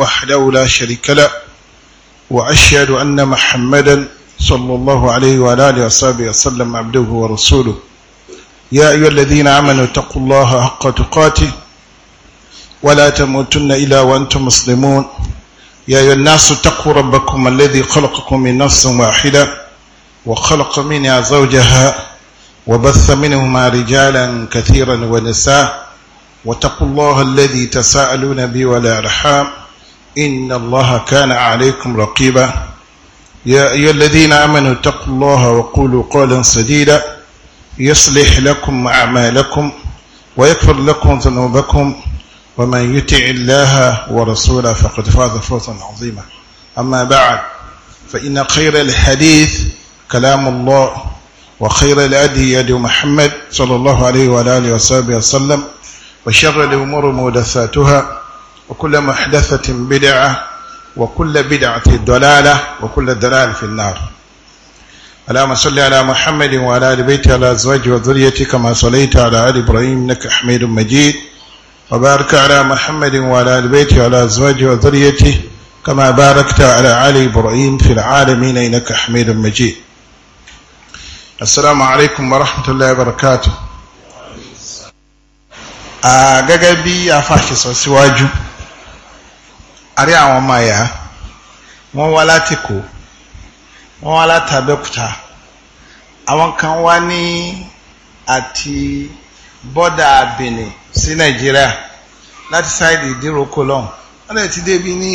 وحده لا شريك له وأشهد أن محمدا صلى الله عليه وعلى آله وصحبه وسلم عبده ورسوله يا أيها الذين آمنوا اتقوا الله حق تقاته ولا تموتن إلا وأنتم مسلمون يا أيها الناس اتقوا ربكم الذي خلقكم من نفس واحدة وخلق منها زوجها وبث منهما رجالا كثيرا ونساء واتقوا الله الذي تساءلون به والأرحام إن الله كان عليكم رقيبا يا أيها الذين آمنوا اتقوا الله وقولوا قولا سديدا يصلح لكم أعمالكم ويغفر لكم ذنوبكم ومن يطع الله ورسوله فقد فاز فوزا عظيما أما بعد فإن خير الحديث كلام الله وخير الأدي يد محمد صلى الله عليه وآله وصحبه وسلم وشر الأمور محدثاتها وكل محدثة بدعة وكل بدعة ضلالة وكل ضلال في النار اللهم صل على محمد وعلى آل بيته على أزواجه وذريته كما صليت على آل إبراهيم إنك حميد مجيد وبارك على محمد وعلى آل بيته على أزواجه وذريته كما باركت على آل إبراهيم في العالمين إنك حميد مجيد السلام عليكم ورحمة الله وبركاته آه، gẹ́gẹ́ bí afáṣẹsọ síwájú àrí àwọn ọmọ ẹ̀yà wọ́n wá láti kó wọ́n wá láti abẹ́kúta àwọn kan wá ní àti bọ́dà Benin sí Nàìjíríà láti sáìdì ìdíròkó lọ́hùn wọ́n lè ti débi ní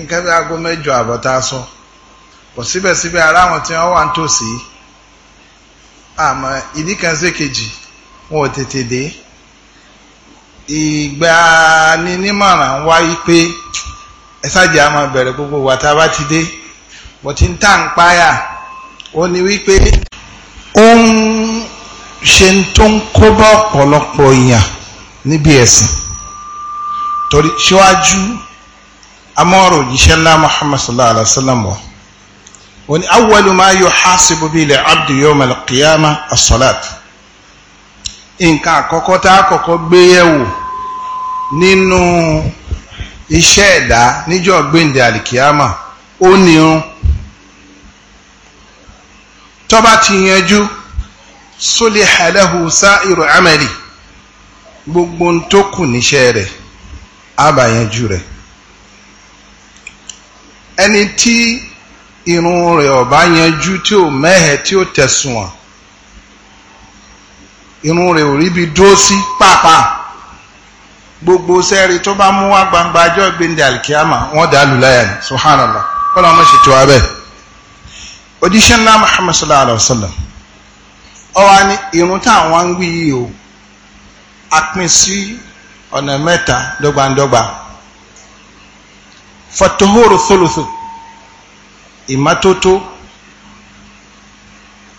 nǹkan bí aago mẹ́jọ àbọ̀tá sọ pọ̀ síbẹ̀síbẹ̀ ara àwọn tí wọ́n wà nítòsí àmọ́ ìdí kan sí kejì wọn ò tètè dé ìgbà ni nímọ̀ràn wá wípé ẹ̀sàjì àmọ́ bẹ̀rẹ̀ gbogbo wa tá a bá ti dé bọ̀tí ń tà ń páyà ó ní wípé ó ń ṣe tó ń kó bọ́ ọ̀pọ̀lọpọ̀ èèyàn níbi ẹ̀sìn torí síwájú amọ́rò òjíṣẹ́ ńlá Muhammad sallallahu alaihi wa sallam wọ́n ní awwalu ma yuhasibu bihi al-abdu yawm al-qiyamah as-salat. nǹkan àkọ́kọ́ tá a kọ́kọ́ gbé yẹ̀wò nínú iṣẹ́ ẹ̀dá níjọ́ gbéǹde àlìkíyàmà ó ní irun tọ́ba ti yanjú sólè halahu sá irò amẹ́lì gbogbo ń tó kù níṣẹ́ rẹ̀ á yanjú rẹ̀ ẹni tí irun rẹ̀ ọ̀bá yanjú tí ò mẹ́hẹ̀ tí ó tẹ̀sùn irun rẹ̀ ò rí bi dúró sí pàápàá gbogbo sẹ́ẹ̀rì tó bá mú wá gbangba ajọ́ gbẹ̀ndẹ̀ alikiyama wọ́n dà lù láyà ní subhanallah kọ́lá ọmọ ṣètò abẹ́ òjíṣẹ́ ńlá muhammad sallallahu alayhi wa sallam ọwọ́ ni irun táwọn ń wí yìí o a pín sí ọ̀nà mẹ́ta dọ́gbandọ́gba fatohoro solotho ìmọ́tótó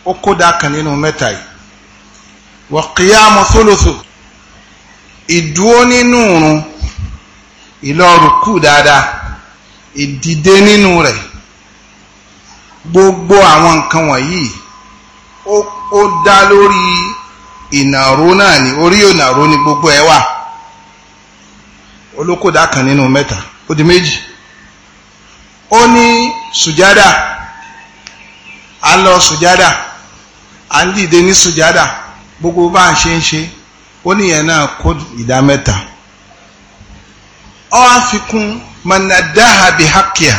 ó kódà kan nínú mẹ́ta yìí wà kíyàmù sólòsò ìdúó nínú ìrun ìlọrùkù dáadáa ìdìde nínú rẹ̀ gbogbo àwọn nǹkan wọ̀nyí ó dá lórí ìnàró náà ni orí ìnàró ni gbogbo ẹ wà olókòdá kan nínú mẹ́ta ó di méjì ó ní sùjádà a lọ sùjádà a ń dìde ní sùjádà gbogbo bá ń ṣe ń ṣe ó níyẹn náà kó ìdá mẹ́ta ọ àfikún mọ̀nàdáhà bí hákìá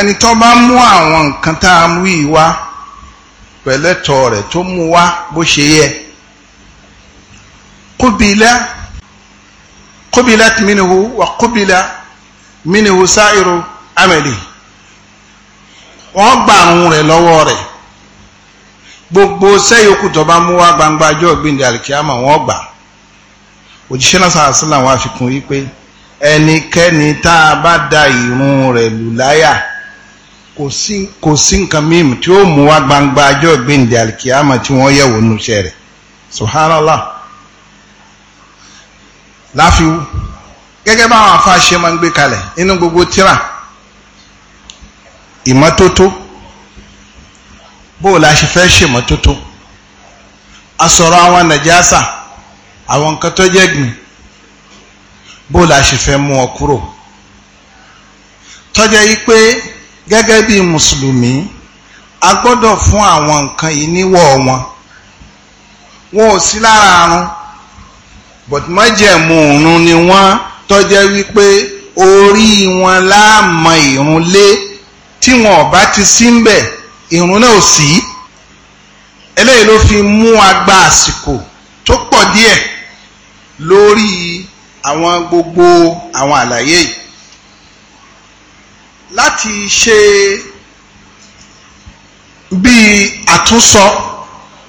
ẹni tó bá mú àwọn nǹkan tá a mú yìí wá pẹ̀lẹ́tọ̀ rẹ̀ tó mú wá bó ṣe yẹ kóbìlá kóbìlá tìmínìhù wà kóbìlá mínìhù sáìrò amẹ̀lì wọ́n gbà àrùn rẹ̀ lọ́wọ́ rẹ̀. gbogbo sẹ́yòkù tó bá mú wá gbangba ọjọ́ ìgbìndì àlìkíyàmọ̀ wọ́n gbà òjíṣẹ́ náà sàásìlà wọn àfikún wípé ẹnikẹ́ni tá a bá da ìrun rẹ̀ lù láyà kò sí nǹkan mímu tí ó mú gbangba ọjọ́ ìgbìndì àlìkíyàmọ̀ tí wọ́n yẹ̀wò nùṣẹ́ rẹ̀ subhanallah láfiwú gẹ́gẹ́ báwọn afáṣe máa ń gbé kalẹ̀ nínú gbogbo tíra ìmọ́tótó bó la ṣe fẹ́ ṣèmọ́tótó a sọ̀rọ̀ àwọn nàjásà àwọn nǹkan tó jẹ́ gbìn bó la ṣe fẹ́ mú ọ kúrò tọ́jẹ́ yí pé gẹ́gẹ́ bí mùsùlùmí a gbọ́dọ̀ fún àwọn nǹkan yìí níwọ̀ wọn wọn ò sí lára àrùn but májẹ̀mú òrùn ni wọ́n tọ́jẹ́ wípé orí wọn láàmọ̀ ìrùn lé tí wọn ò bá ti sí ń bẹ̀ ìrun náà ò sí eléyìí ló fi mú agba àsìkò tó pọ̀ díẹ̀ lórí àwọn gbogbo àwọn àlàyé yìí láti ṣe bí àtúnsọ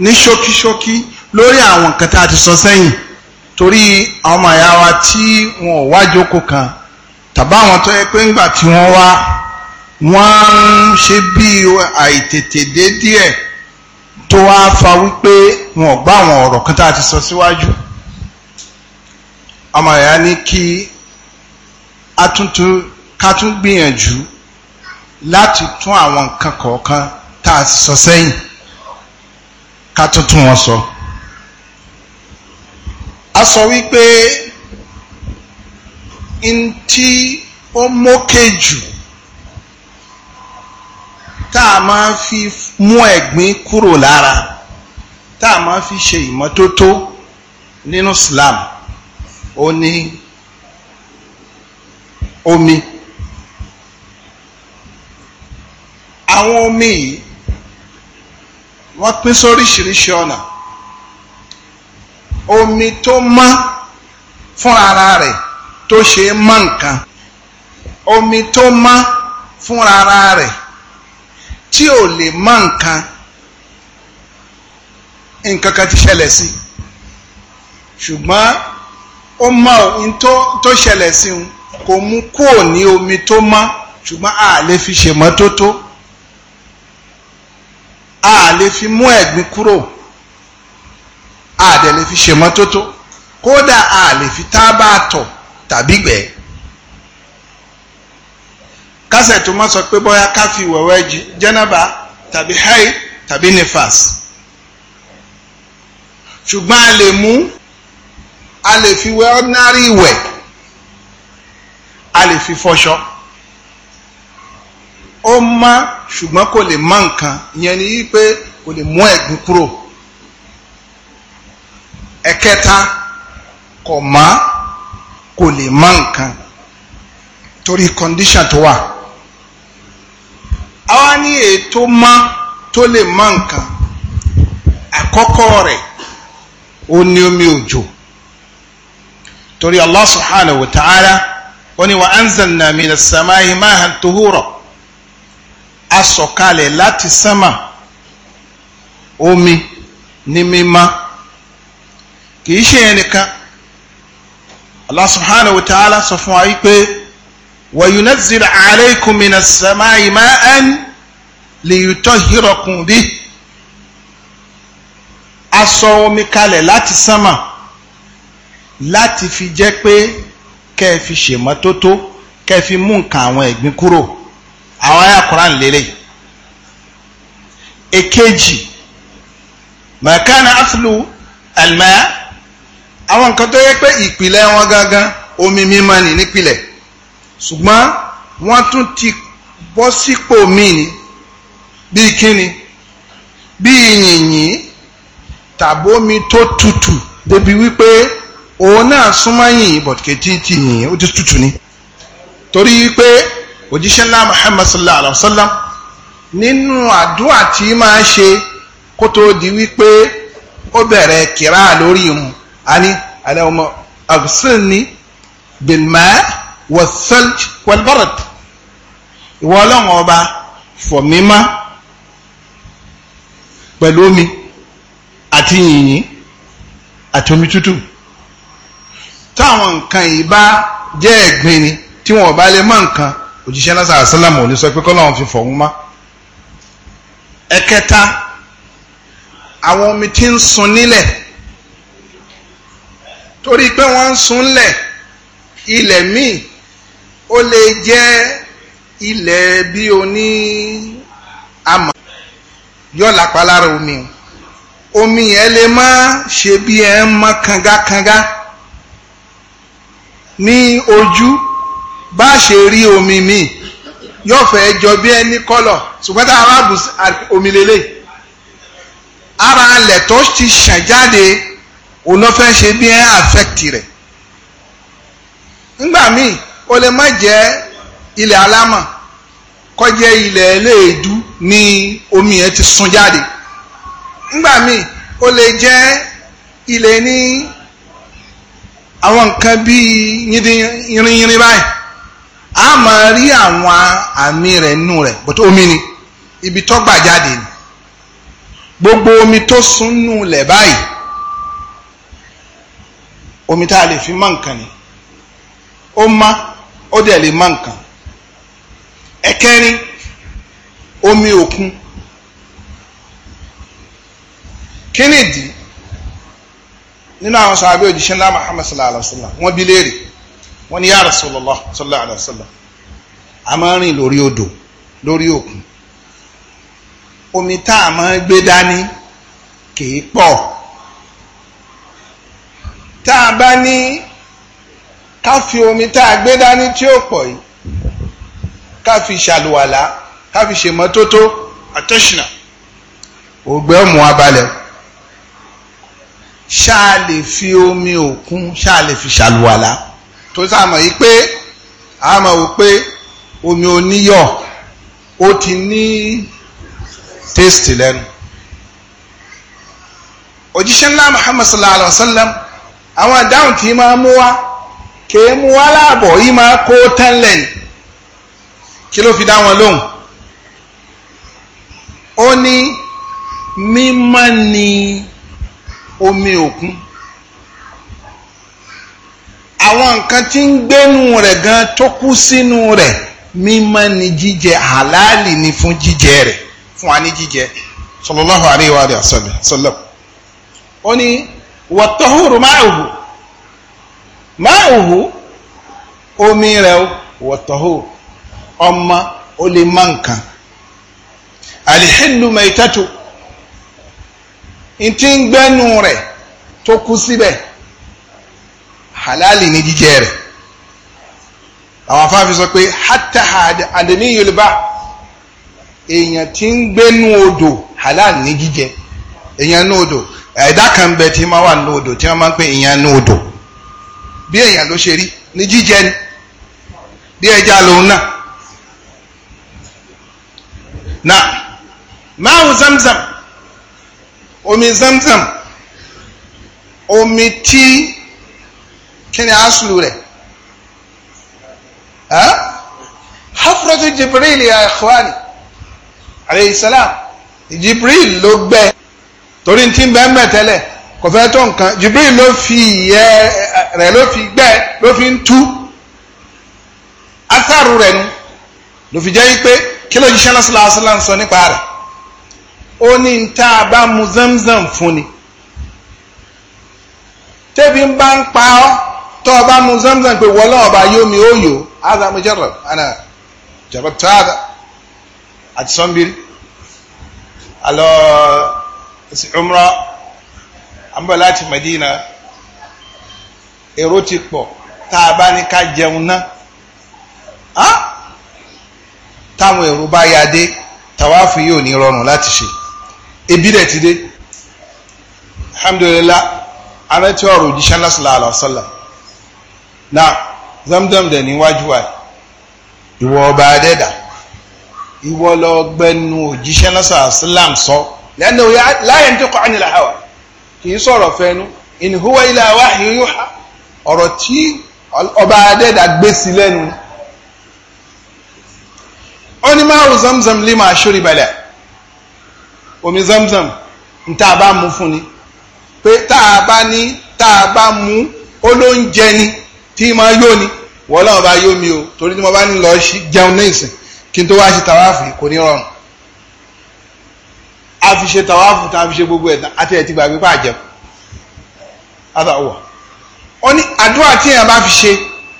ní ṣókíṣókí lórí àwọn nǹkan tá a ti sọ sẹ́yìn torí àwọn ọmọ tí wọn ò wá jókòó kan tàbá àwọn tó yẹ pé ńgbà tí wọ́n wá. Wa wọ́n ń ṣe bí àìtètèdé díẹ̀ tó wá fa wípé wọn ò gbá àwọn ọ̀rọ̀ kan tá a ti sọ síwájú ọmọ ìyá ní kí ká tún gbìyànjú láti tún àwọn nǹkan kọ̀ọ̀kan tá a ti sọ sẹ́yìn ká wọn sọ. a sọ wípé ntí ó mókè jù tá a máa fi mú ẹ̀gbin kúrò lára tá a máa fi ṣe ìmọ́tótó nínú Islam ó ní omi àwọn omi yìí wọ́n pín sóríṣiríṣi ọ̀nà omi tó mọ́ fún ara rẹ̀ tó ṣe mọ́ nǹkan omi tó mọ́ fún ara rẹ̀ tí ò lè má nǹkan nǹkan kan ti ṣẹlẹ̀ sí ṣùgbọ́n ó má òun tó ṣẹlẹ̀ sí òun kò mú kúò ní omi tó mọ́ ṣùgbọ́n a lè fi ṣèmọ́tótó a lè fi mú ẹ̀gbin kúrò a dẹ̀ lè fi ṣèmọ́tótó kódà a lè fi tábà tọ̀ tàbí gbẹ̀ẹ́ kásẹ̀ tó má sọ pé bóyá ká fi wẹ̀wẹ̀ jẹ́nàbà tàbí haid tàbí nifas ṣùgbọ́n a lè mú a lè fi wẹ̀ ordinary wẹ̀ a lè fi fọṣọ ó má ṣùgbọ́n kò lè má nǹkan ìyẹn ni wípé kò lè mú ẹ̀gbin kúrò ẹ̀kẹta kò má kò lè má nǹkan torí condition tó wà àwa ní ètò mọ́ tó lè mọ́ nǹkan àkọ́kọ́ rẹ̀ ó ní omi òjò torí Allah subhanahu wa ta'ala ó ní wa anzalna minas samai mahan tuhura a sọ̀kalẹ̀ láti sánmà omi ní mímá kìí ṣe ẹnìkan Allah subhanahu wa ta'ala sọ fún wa wípé. وينزل عليكم من السماء ماء ليطهركم به aṣọ omi kalẹ̀ láti sánmà láti fi jẹ́ pé kẹ́ ẹ fi ṣèmọ́tótó kẹ́ ẹ fi mú nǹkan àwọn ẹ̀gbin kúrò àwọn ayé àkùrán lélẹ̀ èkejì mẹ̀kánà áfìlú ẹ̀lmẹ́ àwọn nǹkan tó yẹ pé ìpìlẹ̀ wọn gangan omi mímọ́ ni nípìlẹ̀ ṣùgbọ́n wọ́n tún ti bọ́ sípò míì ni bíi kíni bíi yìnyín tàbómi tó tutù débi wípé òun náà súnmọ́ yìnyín bọ̀dùkẹ́tì ti yìnyín ó ti tutù ni torí wípé òjíṣẹ́ ńlá Muhammad sallallahu alayhi wa sallam nínú àdúrà tí máa ń ṣe kó tó di wípé ó bẹ̀rẹ̀ kíra lórí mu a ní alẹ́ ọmọ agsilni bilmaa wọ̀sẹ́lj wọ̀lbọ̀rọ̀t ìwọ ọlọ́run ọba fọ̀ mímọ́ pẹ̀lú omi àti yìnyín àti omi tútù táwọn nǹkan yìí bá jẹ́ ẹ̀gbin ni tí wọn bá lè mọ nǹkan òjíṣẹ́ náà sàásálàmù ò ní sọ pé àwọn omi tí ń sun nílẹ̀ torí pé wọ́n ń sunlẹ̀ ilẹ̀ míì ó lè jẹ́ ilẹ̀ bí oní amọ̀ yọ̀lá palára omi omi yẹn lè má ṣe bí ẹ ń mọ́ kangakanga ní ojú bá ṣe rí omi míì yóò fẹ́ jọ bí ẹni kọ́lọ̀ ṣùgbọ́n tá a bá bù omi lélẹ̀ ara alẹ̀ tó ti ṣàn jáde òun ló fẹ́ ṣe bí ẹ àfẹ́kìtì rẹ̀ ńgbà míì o lè má jẹ́ ilẹ̀ alámọ̀ kó jẹ́ ilẹ̀ eléèdú ni omi yẹn ti sun jáde ńgbà míì ó lè jẹ́ ilẹ̀ ní àwọn nǹkan bíi yìnyín báyìí a máa rí àwọn àmì rẹ̀ nù rẹ̀ bọ́tọ̀ omi ni ibi tó gbà jáde ni gbogbo omi tó sun nù lẹ̀ báyìí omi tá a lè fi mọ́ nǹkan ni ó máa. ó dẹ̀ lè má nǹkan ẹ̀kẹrin omi òkun kí ni ìdí nínú àwọn sàbẹ̀ òjíṣẹ́ ńlá Muhammad sallallahu alaihi wa sallam wọ́n bi léèrè wọ́n ní ya Rasulullah sallallahu alaihi wa sallam a máa ń rìn lórí odò lórí òkun omi tá a máa ń gbé dání kìí pọ̀ tá a bá ní ká fi omi tá a gbé dání tí ó pọ̀ yìí ká fi ṣàlùwàlá ká fi ṣèmọ́tótó àtẹ́ṣìnà ògbẹ́ ọ̀mù abalẹ̀ ṣáà lè fi omi òkun ṣáà lè fi ṣàlùwàlá tó sàmọ̀ yìí pé àmọ̀ wò pé omi oníyọ̀ ó ti ní tẹ́sítì lẹ́nu òjíṣẹ́ ńlá Muhammad sallallahu alaihi wa sallam àwọn àdáhùn tí máa mú wá. kèé ala abụọ láàbọ̀ yìí máa kó tẹ́lẹ̀ kí ló fi dá wọn lóhùn ó ní mímọ́ ni omi òkun àwọn nǹkan tí ń gbénu rẹ̀ gan tó kú sínú rẹ̀ mímọ́ ni ni fún jíjẹ rẹ̀ fún wa ní jíjẹ sallallahu alaihi wa sallam ó ní máa òhù omi rẹ̀ wọ̀tọ̀hù ọmọ ó lè má nǹkan àlìhìlù mẹ́tẹ́tù ntí ń gbẹ́nu rẹ̀ tó kú síbẹ̀ halali ní jíjẹ rẹ̀ àwọn afáfin sọ pé hátà àdèmí yorùbá èèyàn tí ń gbénú odò halal ní jíjẹ èèyàn ní odò ẹ̀dá kan bẹ tí máa wà ní odò tí wọ́n máa ń pè èèyàn ní odò bí èèyàn ló ṣe rí ní jíjẹ ni bí ẹja lòun náà na máàwù zamzam omi zamzam omi tí kíni aslu rẹ̀ hafratu jibril ya ikhwani aleyhi salam jibril ló gbẹ torí tí ń bẹ́ẹ̀ kò fẹ́ tó nǹkan jibril ló fi ìyẹ́ rẹ̀ ló fi gbẹ́ ló fi ń tú asáàrù rẹ̀ nu ló fi jẹ́ wípé kí ló jíṣẹ́ náà sílá sílá ń sọ nípa rẹ̀ ó ní ń tá a bá mu zamzam fún ni tẹ́bi ń bá ń pa ọ́ tọ́ ọ bá mu zamzam pé wọ́n lọ́wọ́ bá yómi ó yò áza mo jẹ́rọ̀ ana jẹ́rọ̀ tó áza àti sọ́nbírí alọ́ umrah an bọ̀ láti Madina èrò ti pọ̀ tá a bá ní ká jẹun náà táwọn èrò bá ya dé tàwáàfù yóò ní rọrùn láti ṣe ebi dẹ̀ ti dé alhamdulillah arẹ́tí ọ̀rọ̀ òjíṣẹ́ lásìlá àlọ́sọ́là na zamzam dẹ̀ níwájú wa ìwọ ọba adẹ́dà ìwọ lọ gbẹnu òjíṣẹ́ lásìlá islam sọ lẹ́nu láyé ń tó kọ́ ànilá hàwà kì í sọ̀rọ̀ fẹ́nu in huwa illa wahyu yuha ọ̀rọ̀ tí ọba adẹ́dà gbé sí lẹ́nu ó ní máa wù zamzam lè máa ṣórí balẹ̀ omi zamzam ní bá mú fún ni pé tá a bá ní tá a bá mú ó ló ń jẹ ni tí ma yó ni wọ́n láwọn bá yó mi o torí tí mo bá ní lọ jẹun ní ìsìn kí n tó wá ṣe tàwáàfù kò ní rọrùn a fi ṣe tàwáàfù tá a fi ṣe gbogbo ẹ̀dá àti ẹ̀ ti gbàgbé pàjẹ́ àtàwọ̀ ó ní àdúrà tí èèyàn bá fi ṣe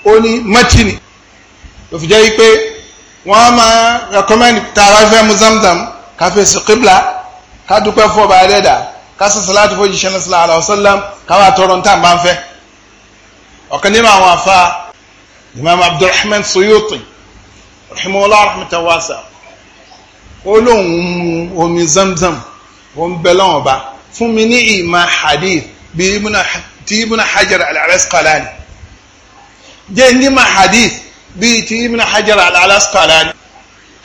ó ní mọ́tìnì tó fi jẹ́ wípé wọ́n máa recommend tààrà fẹ́ mu zamzam ká fèsì kíbla ká dúpẹ́ fún ọba adẹ́dà ká sì sàlátì fún òjíṣẹ́ náà sallallahu alaihi wasallam ká wà tọrọ ní tàǹbà ń fẹ́ ọ̀kan nínú àwọn afa imam abdulrahman suyuti rahimahullah rahmatan ó lóun mu omi zamzam ó ń bẹ lọ́wọ́ fún mi ní ìmọ̀ hadith bí ibùnà ti ibn hajar al-asqalani jẹ́ ní ma hadith bíi ti ibn hajar al-asqalani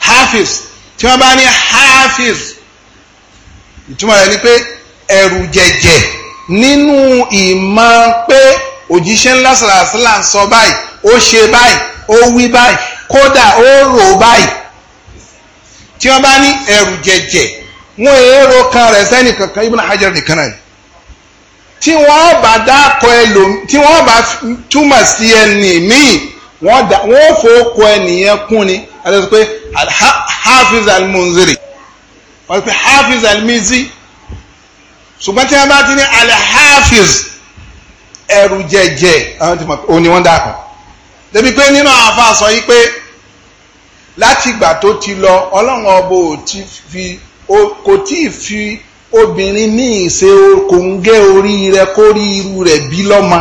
hafiz tí wọ́n bá ní hafiz ìtumọ̀ rẹ̀ ni pé ẹ̀rù jẹ̀jẹ̀ nínú ìmọ̀ pé òjíṣẹ́ ńlá sàlàsílà ń sọ báyìí ó ṣe báyìí ó wí báyìí kódà ó rò báyìí tí wọ́n bá ní ẹ̀rù jẹ̀jẹ̀ èrò kan rẹ̀ sẹ́nì kankan ibn hajar nìkan náà tí wọ́n bá dákọ̀ ẹlò tí wọ́n bá túmọ̀ sí ẹni míì wọ́n fòókọ ẹnìyẹn kún ni àti pé hafiz almunziri wọ́n pe hafiz almizi ṣùgbọ́n tí wọ́n bá ti ní alhafiz ẹrù jẹjẹ òun ni wọ́n dákọ̀ débi pé nínú àfa sọ yìí pé látìgbà tó ti lọ ọlọ́run ọba ò ti fi kò tí ì fi obìnrin míì ṣe kòǹgẹ́ orí rẹ kó rí irú rẹ bí lọ́mọ.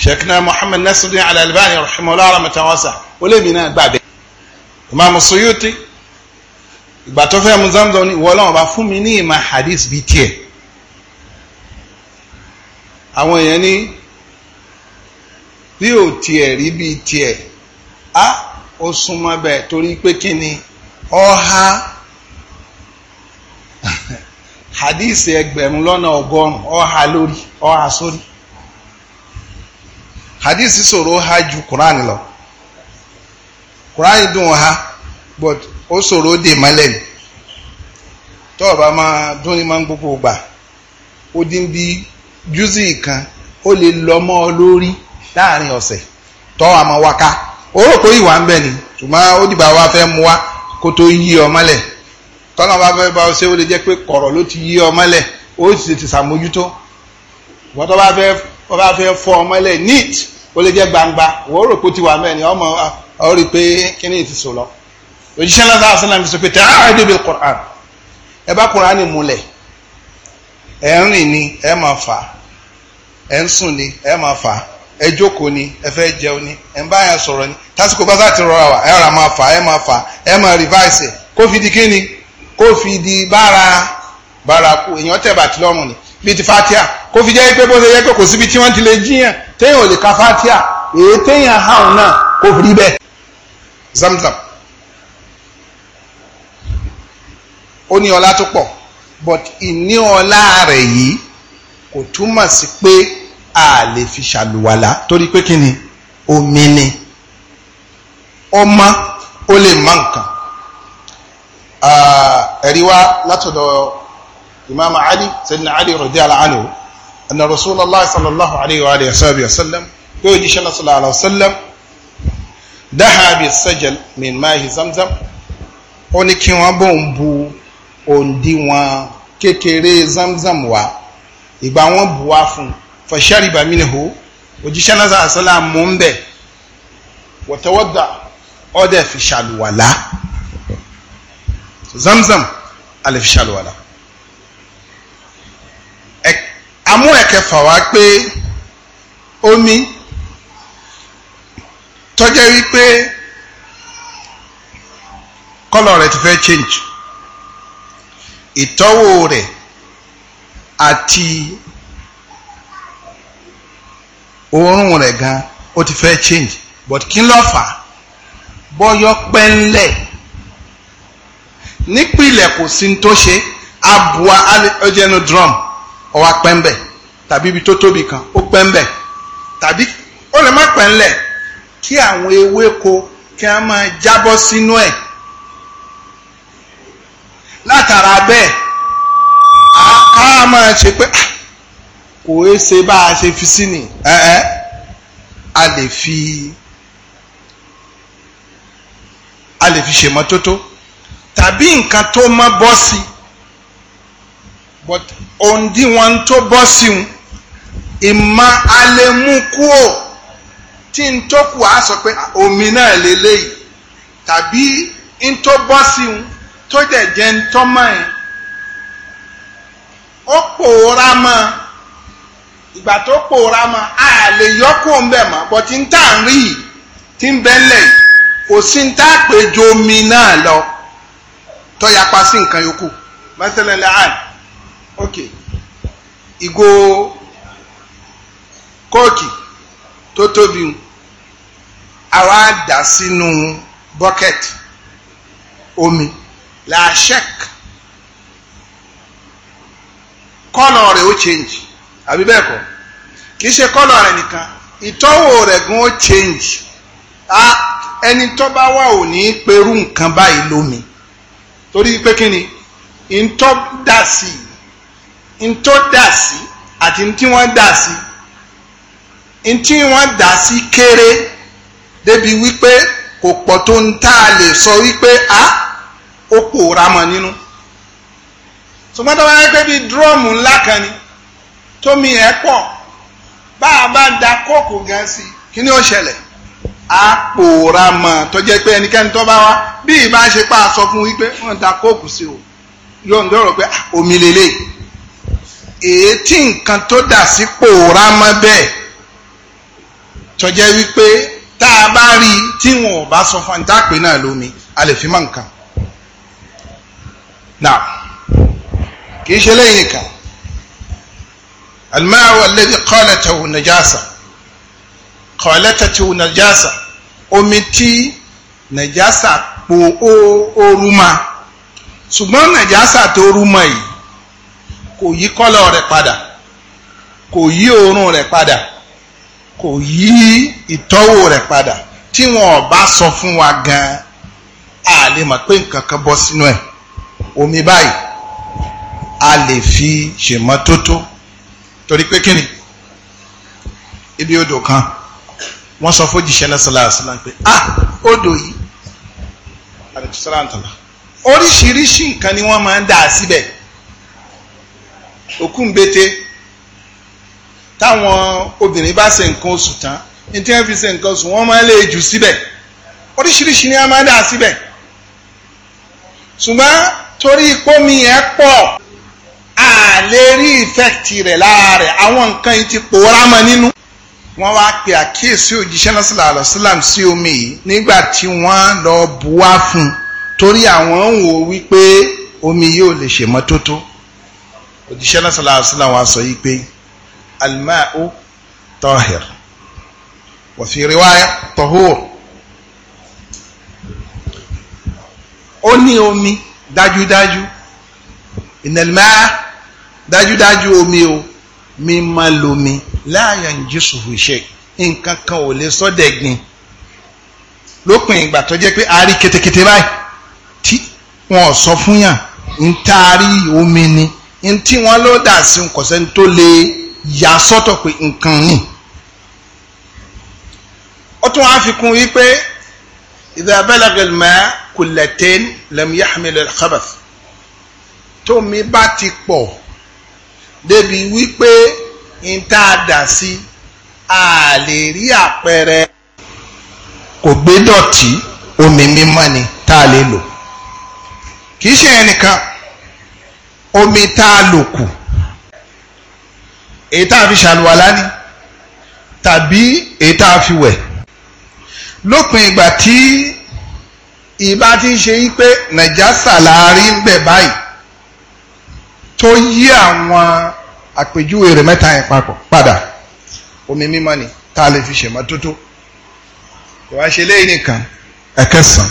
Sheikhna Muhammad Nasiruddin Al-Albani rahimahullah rahmatan wasa ó lè mí náà gbà bẹ́ẹ̀. Imam Suyuti ìgbà tó fẹ́ mu zamzam ni ìwọ Ọlọ́run bá fún mi ní ìmọ̀ hadith bíi tiẹ̀. àwọn èèyàn ní bí ò tiẹ̀ rí bíi tiẹ̀ á ó súnmọ́ bẹ́ẹ̀ torí pé kí ni ọ̀ha. hadith ẹgbẹ̀rún lọ́nà ọgọ́rùn ọha lórí ọha sórí hadith sọ̀rọ̀ ha ju quran lọ quran dùn ha but ó ṣòro dè mọ́lẹ̀ ni tó o bá máa dún ní máa ń gbogbo gbà ó dín bí júzì kan ó lè lọ mọ́ ọ lórí láàrin ọ̀sẹ̀ tó ni ṣùgbọ́n ó dìbò àwa fẹ́ kó tó yí ọ tọ́nà bá fẹ́ bá ọ ṣe ó lè jẹ́ pé kọ̀rọ̀ ló ti yí ọmọlẹ̀ ó sì ti ṣàmójútó wọ́n tó bá fẹ́ fọ bá fẹ́ neat ó gbangba wọ́n rò pé ó ti wà mẹ́rin ọmọ ọ rí i pé kíní ti lọ òjíṣẹ́ sọ pé ẹ bá múlẹ̀ ẹ ń rìn ni ẹ máa fà ẹ ń rọra wà ẹ rà máa fà ẹ kó fi di bára bára kú èèyàn tẹ̀ bàtí lọ́rùn ni bíi ti fatia kó fi jẹ́ pé bó ṣe yẹ pé kò síbi tí wọ́n ti lè jiyàn téèyàn ò lè ka fatia èyí téèyàn hàn náà kó rí bẹ́ẹ̀ zamzam ó ní ọlá tó pọ̀ but ìní ọlá rẹ̀ yìí kò túmọ̀ sí pé a lè fi ṣàlùwàlá torí pé kí ni omi ni ọmọ ó lè má nǹkan ẹ̀rí wá látọ̀dọ̀ imam ali sayyidina ali radiyallahu anhu anna rasulullah sallallahu alayhi wa alihi wa sallam pé òjíṣẹ́ náà sallallahu alayhi wa sallam dáhàbí sajal min mahi zamzam ó ní kí wọ́n bọ̀ ń bu òǹdíwọ̀n kékeré zamzam wá ìgbà wọn bù wá fún fashariba minhu zamzam alẹ́fiṣàlùwàlà amú ẹ̀kẹfà wá pé omi tọ́jẹ́ wípé kọ́lọ̀ rẹ̀ ti fẹ́ change ìtọ́wò rẹ̀ àti òórùn rẹ̀ gan ó ti fẹ́ change but kí ló fà bọ́yọ́ pẹ́ńlẹ̀ nípìlẹ̀ kò sí tó ṣe abua ọjẹ́nu drum ọwọ́ pẹ́ńbẹ̀ tàbí ibi tó tóbi kan ó pẹ́ńbẹ̀ tàbí ó lè má pẹ́ńlẹ̀ kí àwọn ewéko kí a máa jábọ́ sínú ẹ̀ látara bẹ́ẹ̀ ká máa ṣe pé ah, kò é ṣe bá a ṣe fi sí ni a lè fi a lè fi ṣèmọ́tótó tàbí nǹkan tó má bọ́ sí but òǹdíwọ̀n tó bọ́ sí un ìmọ̀ alẹ́ mú kúò tí n tó kù á sọ pé ah, omi náà lélẹ́yìí tàbí n tó bọ́ sí un tó dẹ̀ jẹ́ n tọ́ mọ́ ẹ̀ ó pòórá mọ́ ìgbà tó pòórá mọ́ a lè yọkù ń bẹ̀ mọ́ but n tá à ń rí yìí tí ń bẹ́ńlẹ̀ yìí kò sí n tá à pé omi náà lọ tó yapa sí nǹkan yòókù mẹsẹlẹ lẹ́hàn ok ìgò kóòkì tó tóbi àwa dà sínú bucket omi làṣẹk kọ́lọ̀ rẹ̀ ó change àbí bẹ́ẹ̀ kọ́ kì í ṣe kọ́lọ̀ rẹ̀ nìkan ìtọ́wò rẹ̀ gan ó change ah, ẹni tó bá wà ò ní perú nǹkan báyìí lómi torí pé kí ni ntọ́ dà sí ntọ́ dà sí àti ntí wọ́n dà sí ntí wọ́n dà sí kéré débi wípé kò pọ̀ tó ń tá a lè sọ wípé a ó pòórá mọ́ nínú ṣùgbọ́n tó bá yẹ pé bíi dúrọ́ọ̀mù ńlá kan ni tómi ẹ̀ pọ̀ bá a bá da kóòkù gan sí kí ni ó ṣẹlẹ̀ á pòórá mọ̀ tó jẹ́ pé ẹnikẹ́ni tó bá wá bí ìbá ṣe pa aṣọ fún wípé wọ́n ta kóòkù sí o yóò ń dọ̀rọ̀ pé ah, omi lélẹ̀ èyí tí nǹkan tó dà sí pòórá bẹ́ẹ̀ tó jẹ́ wípé tá a bá rí i tí wọn ò bá sọ fún un dápè náà lómi a lè fi mọ̀ nǹkan náà kì í ṣe lẹ́yìn nìkan الماء الذي قالته نجاسة قالتته نجاسة omi tí nàìjásà po ooru ma ṣùgbọ́n nàìjásà tó rú mọ yìí kò yí kọ́lọ̀ rẹ̀ padà kò yí òórùn rẹ̀ padà kò yí ìtọ́wò rẹ̀ padà tí wọn ò bá sọ fún wa gan a lè mọ̀ pé nǹkan kan bọ́ sínú ẹ̀ omi báyìí a lè fi ṣèmọ́tótó torí pé kí ni ibi odò kan wọ́n sọ fún jíṣẹ́ náà sàlàsàlà pé ah odò yìí àdàtúsálàntàlà oríṣiríṣi nǹkan ni wọ́n máa ń dà síbẹ̀ òkun gbété táwọn obìnrin bá ṣe nǹkan oṣù tán ní tí wọ́n fi ṣe nǹkan oṣù wọ́n máa lè jù síbẹ̀ oríṣiríṣi ni a máa dà síbẹ̀ ṣùgbọ́n torí ipómi yẹn pọ̀ a lè rí ìfẹ́kìtì rẹ̀ lára àwọn nǹkan yìí ti pòórá mọ́ nínú wọ́n wá pe àkíyèsí òjíṣẹ́ náà sílá àlọ́sílám sí omi yìí nígbà tí wọ́n lọ buwá fún un torí àwọn ń wò wípé omi yóò lè ṣe mọ́tótó òjíṣẹ́ náà sílá àlọ́sílám wa sọ yìí pé alma'u tahir wa fi ó ní omi dájúdájú ìnàlmáà dájúdájú omi o mímọ́ lomi láàyè ń jí sùhùṣe nǹkan kan ò lè sọ́dẹ̀gbin lópin ìgbà tó jẹ́ pé a rí ketekete báyìí tí wọ́n sọ fún yàn ń taari omi ni ń tí wọ́n ló dà sí nǹkan sẹ́ni tó lè yà sọ́tọ̀ pé nǹkan ni. ó tún wá fi kún wípé idha balagha al-maa kullatayn lam yahmil tómi bá ti pọ̀ débi wípé n tá a dà sí a lè rí àpẹẹrẹ kò gbé dọ̀tí omi mímọ́ ni tá a lè lò kì í ṣe ẹnìkan omi tá a lò kù èyí tá a fi ṣàlùwàlá ni tàbí èyí tá a fi wẹ̀ lópin ìgbà tí ìbá ti ń ṣe yí pé nàìjásà láàrin ń bẹ̀ báyìí tó yí àwọn àpèjúwe rẹ̀ mẹ́ta yẹn papọ̀ padà omi mímọ́ ni tá a lè fi ṣe mọ́tótó kò wá ṣe léyìn nìkan ẹ̀kẹsàn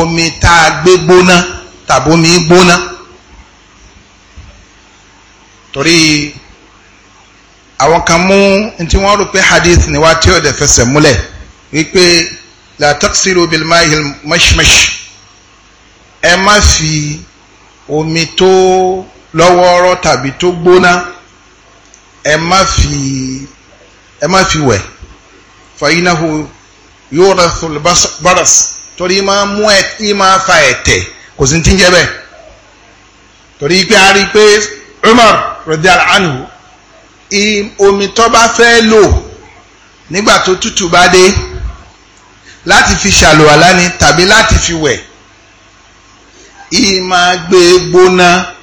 omi tá a gbé gbóná tàbómi gbóná torí àwọn kan mú tí wọ́n rò pé hadith ni wá tí ó dẹ̀ fẹsẹ̀ múlẹ̀ wípé la taksiru bilmahil mashmash ẹ má fi omi tó lọ́wọ́ọ́rọ́ tàbí tó gbóná ẹ má fi ẹ má fi wẹ̀ fàyínáhu yóò rà baras torí máa mú ẹ tí máa fa ẹ̀tẹ̀ kò sí ti ń jẹ́ bẹ́ẹ̀ torí pé a rí i pé Umar rẹ̀díàlá anhu omi tó bá fẹ́ lò nígbà tó tútù bá dé láti fi ṣàlùwàlá ni tàbí láti fi wẹ̀ ìyí máa gbé gbóná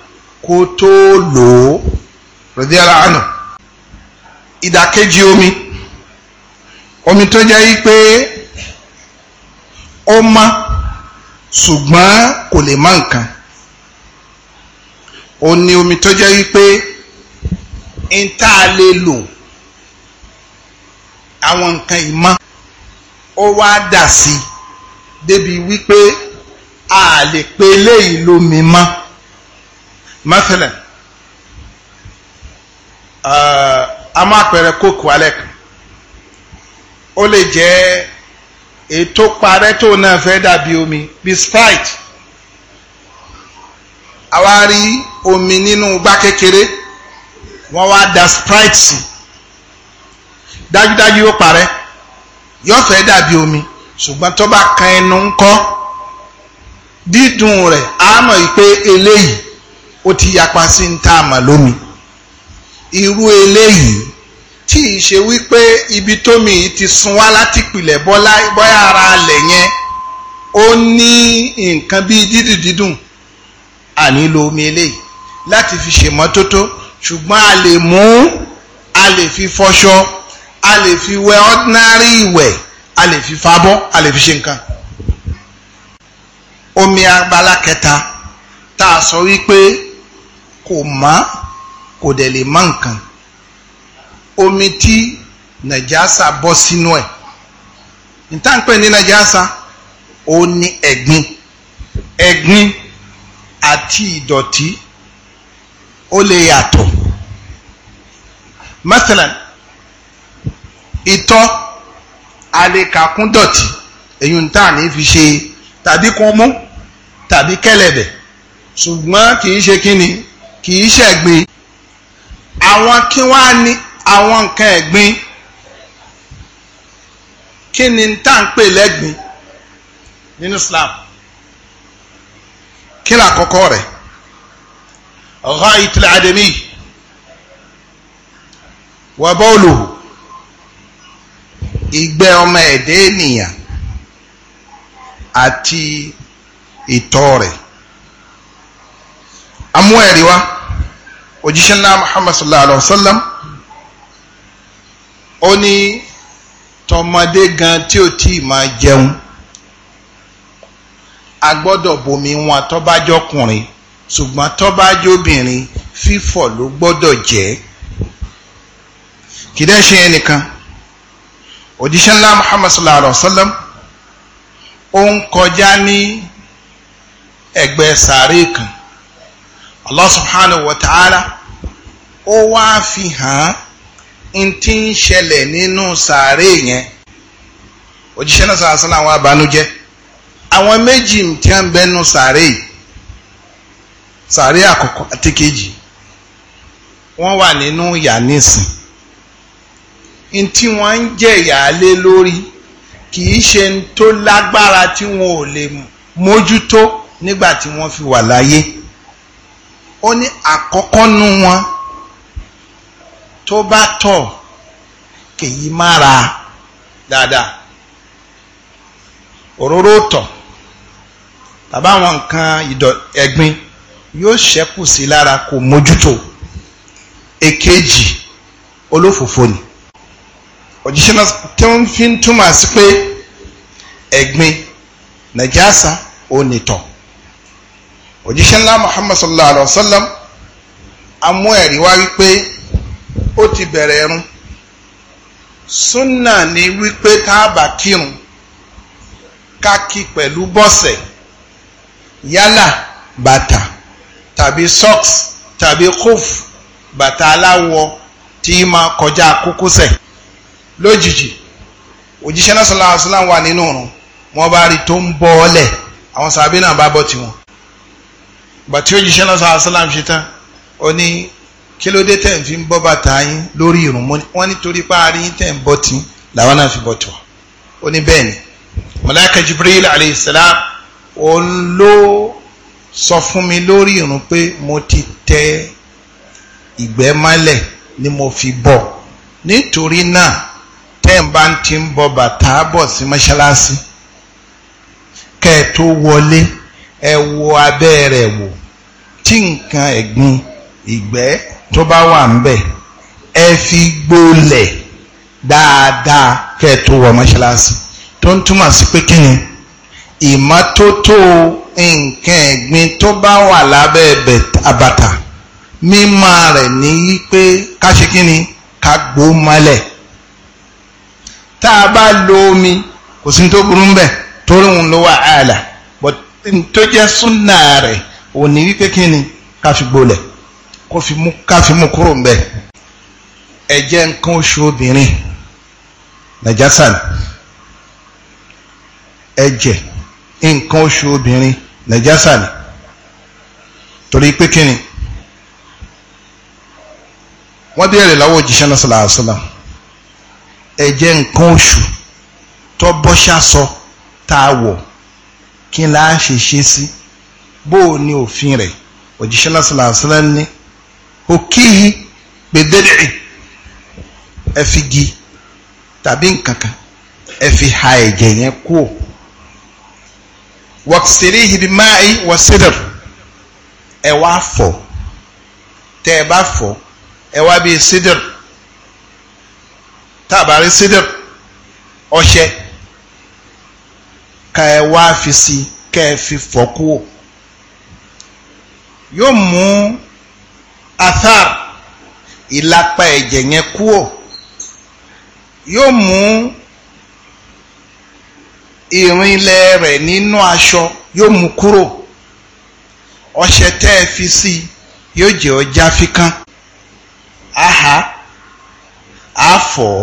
kó tó lò ó rẹ̀díàlá àná ìdàkejì omi omi tó jẹ́ yí pé ó mọ́ ṣùgbọ́n kò lè mọ́ nǹkan ó ní omi tó jẹ́ yí pé ń tá a lè lò àwọn nǹkan ìmọ̀ ó wá dà sí i débi wípé a lè pe eléyìí lómi mọ́ mọ́sílẹ̀ a máa pẹ̀rẹ̀ kókò alẹ́ kan ó lè jẹ́ ètò parẹ́ tó náà fẹ́ dàbí omi bí sprite a wá rí omi nínú gbá kékeré wọ́n wá da sprite sí dájúdájú yóò parẹ́ yóò fẹ́ dàbí omi ṣùgbọ́n tó bá kan ẹnu ńkọ́ dídùn rẹ̀ á mọ̀ pé eléyìí ó ti yapa sí ń tá a mà lómi irú eléyìí tí ì ṣe wípé ibi tómi ti sun wá láti pìlẹ̀ bọ́yá ara alẹ̀ yẹn ó ní nǹkan bíi dídùn dídùn ànílò omi eléyìí láti fi ṣèmọ́tótó ṣùgbọ́n a lè mú a lè fi fọṣọ a lè fi wẹ ordinary ìwẹ̀ a lè fi fabọ́ a lè fi ṣe nǹkan omi abala kẹta tá a sọ wípé kò mọ́ kò dẹ̀ lè mọ́ nǹkan omi tí nàjásà bọ́ sínú ẹ̀ nítàǹpẹ̀ ní nàjásà ó ní ẹ̀gbin ẹ̀gbin àti ìdọ̀tí ó lè yàtọ̀ mathalan ìtọ̀ àlekàkúndọ̀tí èyí ń tà ní fi ṣe tàbí kó mú tàbí kẹ́lẹ̀bẹ̀ ṣùgbọ́n kì í ṣe kíni kì í ṣẹ̀gbin àwọn kí wá ní àwọn nǹkan ẹ̀gbin kí ni tá à ń pè lẹ́gbin nínú Islam kí ni àkọ́kọ́ rẹ̀ ghaitul adami wa bawluhu ìgbẹ́ ọmọ ẹ̀dẹ́ ènìyàn àti ìtọ́ rẹ̀ amú ẹ̀rí wa òjíṣẹ́ ńlá Muhammad sallallahu alayhi wa sallam ó ní tọmọdé gan tí ò tí ì máa jẹun a gbọ́dọ̀ bomi wọn tọ́bájọ́kùnrin ṣùgbọ́n tọ́bájọ́bìnrin fífọ̀ ló gbọ́dọ̀ jẹ́ kìdẹ́ ṣe ẹnìkan òjíṣẹ́ ńlá Muhammad sallallahu alayhi wa sallam ó ń kọjá ní ẹ̀gbẹ́ sàárè kan Allah subhanahu wa ta'ala ó wá fi hàn án tí ń ṣẹlẹ̀ nínú sàárè yẹn òjíṣẹ́ náà sọ̀rọ̀ sọ́nà àwọn abánújẹ́ àwọn méjì tí wọ́n ń bẹ́nu sàárè sàárè àkọ́kọ́ àti kejì wọ́n wà nínú ìyà nísìn n tí wọ́n ń jẹ̀yà lé lórí kì í ṣe tó lágbára tí wọn ò lè mójútó nígbà tí wọ́n fi wà láyé ó ní àkọ́kọ́ nu wọn tó bá tọ̀ kèyí mára dáadáa òróró tọ̀ tàbá àwọn nǹkan ẹ̀gbin yóò ṣẹ́kù sí lára kò mójútó èkejì olófòfò ni òjíṣẹ́ náà tí wọ́n fi ń túmọ̀ sí pé ẹ̀gbin nàìjíríà sa ó nìtọ̀ òjíṣẹ́ ńlá muhammad sallallahu alayhi wa sallam amú ẹ̀rí wá wípé ó ti bẹ̀rẹ̀ ẹ̀rún súnà ni wípé tá a bá kírun ká kí pẹ̀lú bọ́sẹ̀ yálà bàtà tàbí socks tàbí kóf bàtà aláwọ̀ tí máa kọjá kókósẹ̀ lójijì òjíṣẹ́ náà sallallahu alayhi wa sallam wà nínú ọ̀run wọ́n bá rí tó ń bọ́ ọ́lẹ̀ àwọn sàbí bá bọ́ tiwọn bàtí òjíṣẹ́ náà sọ àṣàlám ṣe tán ó ní kí ló dé tẹ̀ ń fi ń bọ́ bàtà yín lórí ìrùn wọ́n nítorí páàrí yín tẹ̀ ń bọ́ tí làwọn náà fi bọ́ tọ̀ ó ní bẹ́ẹ̀ ni mọ̀láìkà Jibril aleyhisselam òun ló sọ fún mi lórí ìrùn pé mo ti tẹ ìgbẹ́ mọ́lẹ̀ ni mo fi bọ̀ nítorí náà tẹ́ ń bá ti ń bọ bàtà bọ̀ sí mọ́ṣáláṣí kẹ́ tó wọlé ẹwọ wo abẹ́ wò tí nǹkan ẹgbin ìgbẹ́ tó bá wà ń bẹ̀ ẹ fi gbólẹ̀ dáadáa kẹ́ tó wọ mọ́ṣáláṣí tó ń túmọ̀ sí pé kí ìmọ́tótó nǹkan ẹ̀gbin tó bá wà lábẹ́ bá wà áàlà. tó jẹ́ súnà rẹ̀ òní wípé kí ni ká fi gbolẹ̀ ká fi mú kúrò ń bẹ̀ ẹ̀jẹ̀ nǹkan oṣù obìnrin najasan ẹ̀jẹ̀ nǹkan oṣù obìnrin najasan torí pé kí ni wọ́n béèrè lọ́wọ́ òjíṣẹ́ náà sọ̀lá àṣọlá ẹ̀jẹ̀ nǹkan oṣù tó bọ́ṣà sọ tá a wọ̀ kí n láà ṣe ṣe sí bó o ní òfin rẹ̀ òjíṣẹ́ lásìlàsílà ní òkìhí gbèdédè ẹ fi gi tàbí nkankan ẹ fi ha ẹ̀jẹ̀ yẹn kú o wọ́kìsìrì ìhìbí máa yí wọ́n fọ̀ tẹ́ fọ̀ ẹ wá bí sídìr tá a ká ẹ wá fi sí ká ẹ fi fọ́ yóò mú athar ìlapa ẹ̀jẹ̀ yẹn kúrò yóò mú ìrìnlẹ̀ rẹ̀ nínú aṣọ yóò mú kúrò ọṣẹ tẹ́ ẹ fi sí yóò jẹ́ ọjà fíkán aha àfọ̀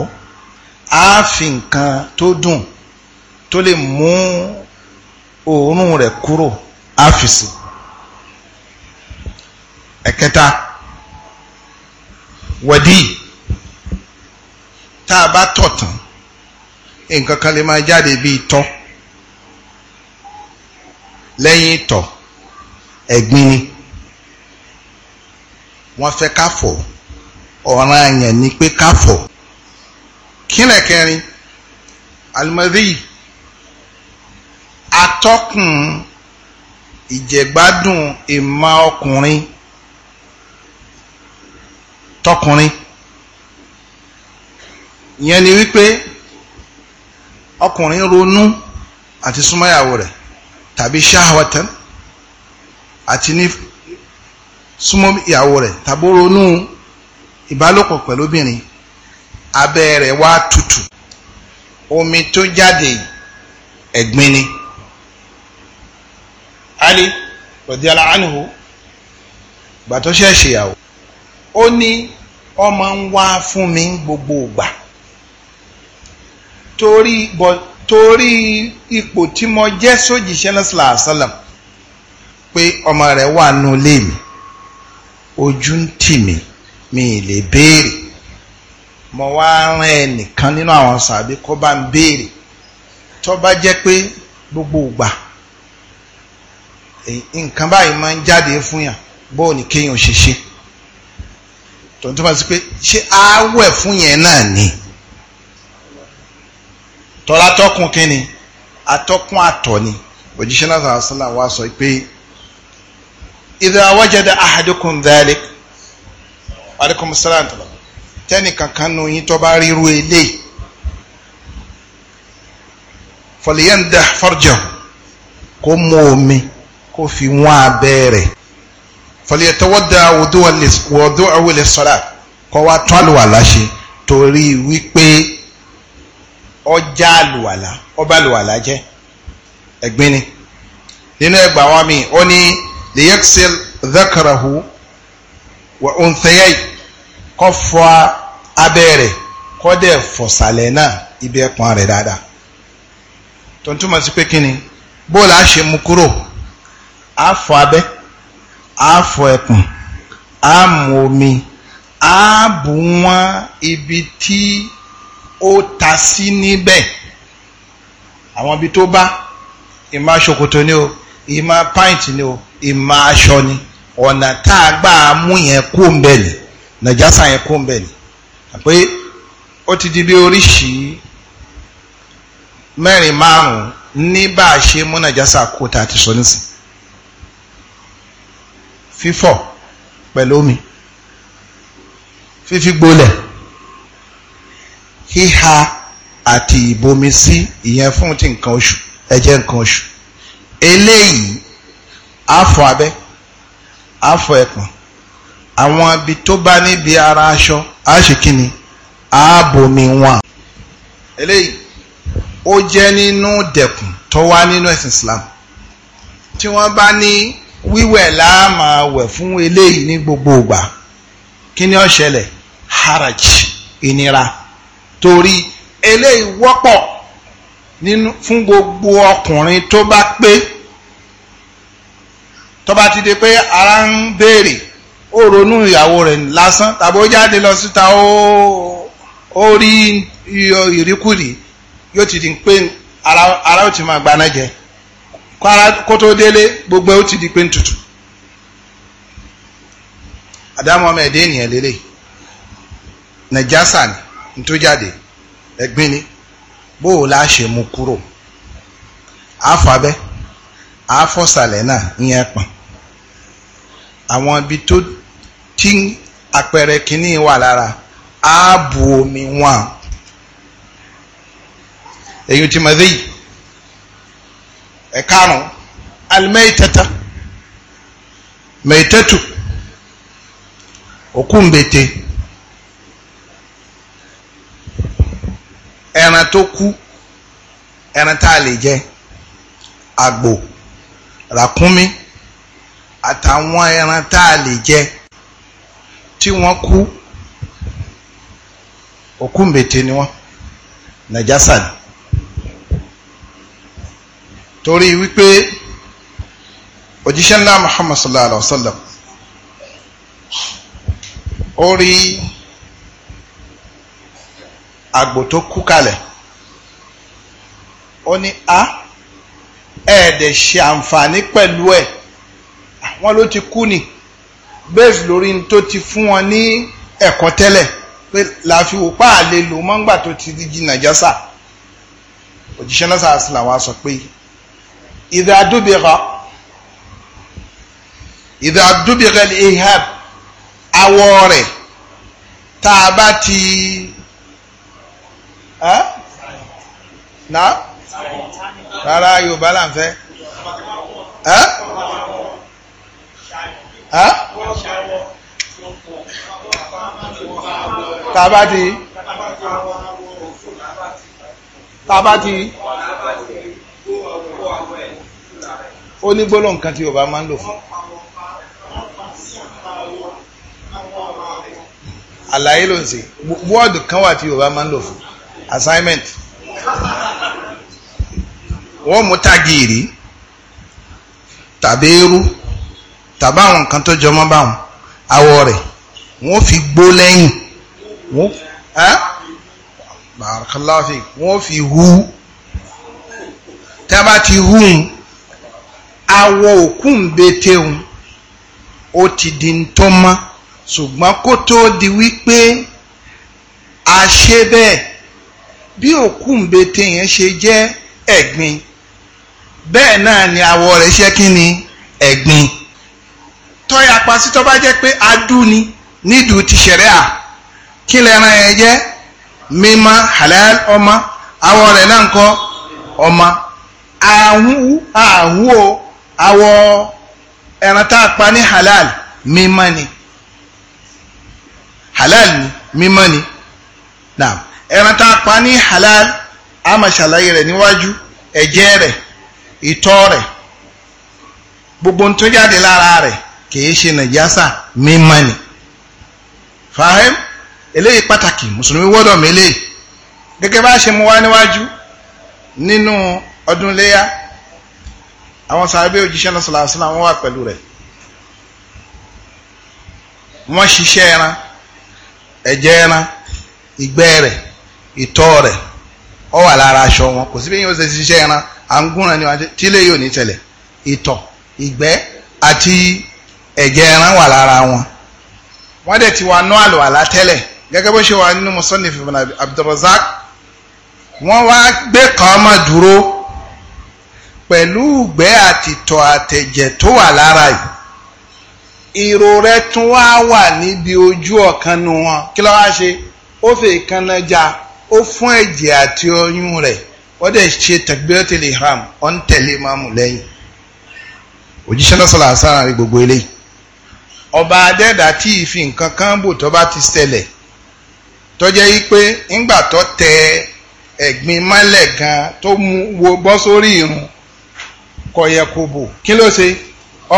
àfi nǹkan tó dùn tó lè mú òórùn rẹ̀ kúrò áfìsì ẹ̀kẹta wẹ̀dí tá a bá tọ̀ tán nǹkan kan lè máa jáde bí itọ́ lẹ́yìn ìtọ̀ ẹ̀gbin ni wọ́n fẹ́ káfọ̀ ọ̀ràn àyàn ni pé káfọ̀ kílẹ̀ kẹrin alimadi atọ́kùn ìjẹ̀gbádùn ìmọ̀ ọkùnrin tọkùnrin ìyẹn ni wípé ọkùnrin ronú àti súnmọ́yàwó rẹ̀ tàbí ṣáhàwátán àti ní súnmọ́yàwó rẹ̀ tàbí ronú ìbálòpọ̀ pẹ̀lú obìnrin abẹ́ rẹ̀ wá tutù omi tó jáde ẹ̀gbin ni. Ali radiyallahu anhu gbà tó ṣẹ̀ṣẹ̀ yàwó ó ní ọmọ ń wá fún mi gbogbo ìgbà torí bọ̀ torí ipò tí mo jẹ́ sójìṣẹ́ lọ́sọ̀lá àṣàlám pé ọmọ rẹ̀ wà nù lé ojú ń tì mí mi lè béèrè mo wá rán ẹnìkan nínú àwọn sàbí kó bá ń béèrè tó bá jẹ́ pé gbogbo ìgbà nǹkan báyìí máa ń jáde fún yàn bó ní kéèyàn ṣe ṣe tòun tó bá sí pé ṣé àwẹ̀ fún yẹn náà ni tọ́lá tọ́kùn kínni atọ́kùn àtọ̀ ni òjíṣẹ́ náà sọ̀rọ̀ sọ́là wa sọ pé idha wajada ahadukum dhalik alaikum salaam tọ́lá tẹ́nì kankan nù yín tó bá ríru eléyìí falyandah farjahu kó mú omi kó fi wọ́n abẹ́ rẹ̀ fọlẹ́tọ́wọ́dà wọ́dọ́ àwọlẹ̀ sọ́ra kọ́ wa tún àlùwàlá ṣe torí wípé ọjà àlùwàlá ọba àlùwàlá jẹ́ ẹ̀gbin ni nínú ẹgbà wọn mi ó ní lèyẹ́kṣẹ́l dhakarahu wà òǹtẹ̀yẹ́ kọ́ fọ abẹ́ rẹ̀ kọ́ dẹ̀ fọ̀sàlẹ̀ náà ibi ẹ̀pọ̀n rẹ̀ dáadáa tó sí pé kí ni bóòlù á ṣe kúrò á fọ abẹ́ á fọ ẹ̀kùn á mu omi á bù wọ́n ibi tí ó ta sí níbẹ̀ àwọn ibi tó bá ìmọ̀ ṣòkòtò ni o ìmọ̀ pint ni o ìmọ̀ aṣọ ni ọ̀nà tá a gbà mú yẹn kó ń bẹ̀ ni nàjásà yẹn kó ń bẹ̀ ni pé ó ti di bí oríṣi mẹ́rin márùn-ún ní bá a ṣe mú nàjásà kó tá ti sọ nísìnyí fífọ̀ pẹ̀lú omi fífi gbolẹ̀ híha àti ìbomi sí ìyẹn fún ti nǹkan oṣù ẹ̀jẹ̀ nǹkan oṣù eléyìí àfọ abẹ́ àfọ ẹ̀pọ̀n àwọn ibi tó bá níbi ara aṣọ àṣekínni ààbòmí wọn. eléyìí ó jẹ́ nínú dẹ̀kùn tó wá nínú ẹ̀sìn Islam tí wọ́n bá ní. Ni wíwẹ̀ la máa wẹ̀ fún eléyìí ní gbogbo ìgbà kí ni ó ṣẹlẹ̀ haraj ìnira torí eléyìí wọ́pọ̀ nínú fún gbogbo ọkùnrin tó bá pé tó bá ti di pé ara ń béèrè ó ronú ìyàwó rẹ̀ lásán tàbí ó jáde lọ síta ó rí ìríkùrí yóò ti di pé ara ó ti máa gbaná jẹ kó tó délé gbogbo ẹ ó ti di pé ń adamu àdámọ́ ọmọ ẹ̀dẹ́ ènìyàn lélẹ̀ nàìjásà ni tó jáde ni bóò la ṣe mú kúrò àfàbẹ́ àfọ̀sàlẹ̀ náà ìyẹn pọ̀n àwọn ibi tó tí àpẹẹrẹ kínní wà lára ààbò omi wọn èyí tí mo dé yìí ẹ̀karùn alimẹ́tẹ́tẹ́ mẹ́tẹ́tù òkúńbètè ẹran tó kú ẹran tá a lè jẹ àgbò ràkúnmí àtàwọn ẹran tá a lè jẹ tí wọ́n kú òkúńbètè ni wọ́n nàjásà ni torí wípé òjíṣẹ́ ńlá Muhammad sallallahu alaihi wa sallam ó rí àgbò tó kú kalẹ̀ ó ní a ẹ̀ẹ́dẹ̀ ṣe àǹfààní pẹ̀lú ẹ̀ àwọn ló ti kú ni bẹ́ẹ̀sì lórí tó ti fún wọn ní ẹ̀kọ́ tẹ́lẹ̀ pé láàfin òpá àlè lò mọ́ngbà tó ti di jìnnà jásà òjíṣẹ́ náà sàásìlà wa sọ pé إذا دبغ إذا دبغ الإيهاب awọ rẹ̀ tá a bá ti na rárá Yorùbá là ń fẹ́ tá a bá ti tá a bá ti ó ní gbólóhùn kan tí Yorùbá máa ń lò fún. àlàyé ló ń ṣe wọ́ọ̀dù kan wà tí Yorùbá máa ń lò fún assignment wọ́n mú tagiri tàbí irú tàbí àwọn nǹkan tó jọmọ́ báwọn awọ rẹ̀ wọ́n fi gbó lẹ́yìn wọ́n barakallahu fi wọ́n fi hu tí a bá ti hu awọ òkú ńbeteun ó ti di ntọ́ mọ́ ṣùgbọ́n kó tó di wípé a ṣe bẹ́ẹ̀ bí òkú ńbete ṣe jẹ́ ẹ̀gbin bẹ́ẹ̀ náà ni awọ rẹ̀ ṣe kí ni ẹ̀gbin tọ́yà pasí bá jẹ́ pé adú ni nídùú ti ṣẹ̀rẹ́ à kí lẹ́ran yẹn jẹ́ mímọ́ halal ọmọ awọ rẹ̀ náà ń kọ́ ọmọ àhú àhú o àwọ̀ ẹran tá a pa ní halal mímọ́ ni halal ni mímọ́ ni naam ẹran tá a pa ní halal a máa ṣàlàyé rẹ̀ níwájú ẹ̀jẹ̀ rẹ̀ ìtọ̀ rẹ̀ gbogbo tó jáde lára rẹ̀ kìí ṣe nàìjásà mímọ́ ni fahim eléyìí pàtàkì mùsùlùmí wọ́dọ̀ mélèé gẹ́gẹ́ bá ṣe mú wá níwájú nínú ọdún léyà àwọn sàábẹ́ òjíṣẹ́ náà na àṣìlá wọn wà pẹ̀lú rẹ̀ wọ́n ṣiṣẹ́ ẹran ẹ̀jẹ̀ ẹran ìgbẹ́ rẹ̀ ìtọ̀ rẹ̀ ó wà lára aṣọ wọn kò sí bí yóò ṣe ṣiṣẹ́ ẹran à ni wọn tí ilé yóò ní tẹ̀lẹ̀ ìtọ̀ ìgbẹ́ àti ẹ̀jẹ̀ ẹran wà lára wọn wọ́n dẹ̀ ti wà nú àlùwàlá tẹ́lẹ̀ gẹ́gẹ́ bó ṣe wà nínú wọ́n wá gbé dúró pẹ̀lú ìgbẹ́ àtìtọ̀ àtẹ̀jẹ̀ tó wà lára yìí ìró rẹ̀ tún wá wà níbi ojú ọ̀kan nu wọn kí ló wá ṣe ó fi ìkànnà já ó fún ẹ̀jẹ̀ àti ọyún rẹ̀ ó dẹ̀ ṣe takbiratul ihram ó ń tẹ̀lé máàmù lẹ́yìn òjíṣẹ́ lọ́sọ̀lá sára rí gbogbo eléyìí ọba adẹ́dà tí ìfi nǹkan kan bò tó bá ti ṣẹlẹ̀ tó yí pé ńgbà tó tẹ ẹ̀gbin mọ́lẹ̀ gan tó mú wo bọ́ sórí irun kọ̀yẹ kò bò kí ló ṣe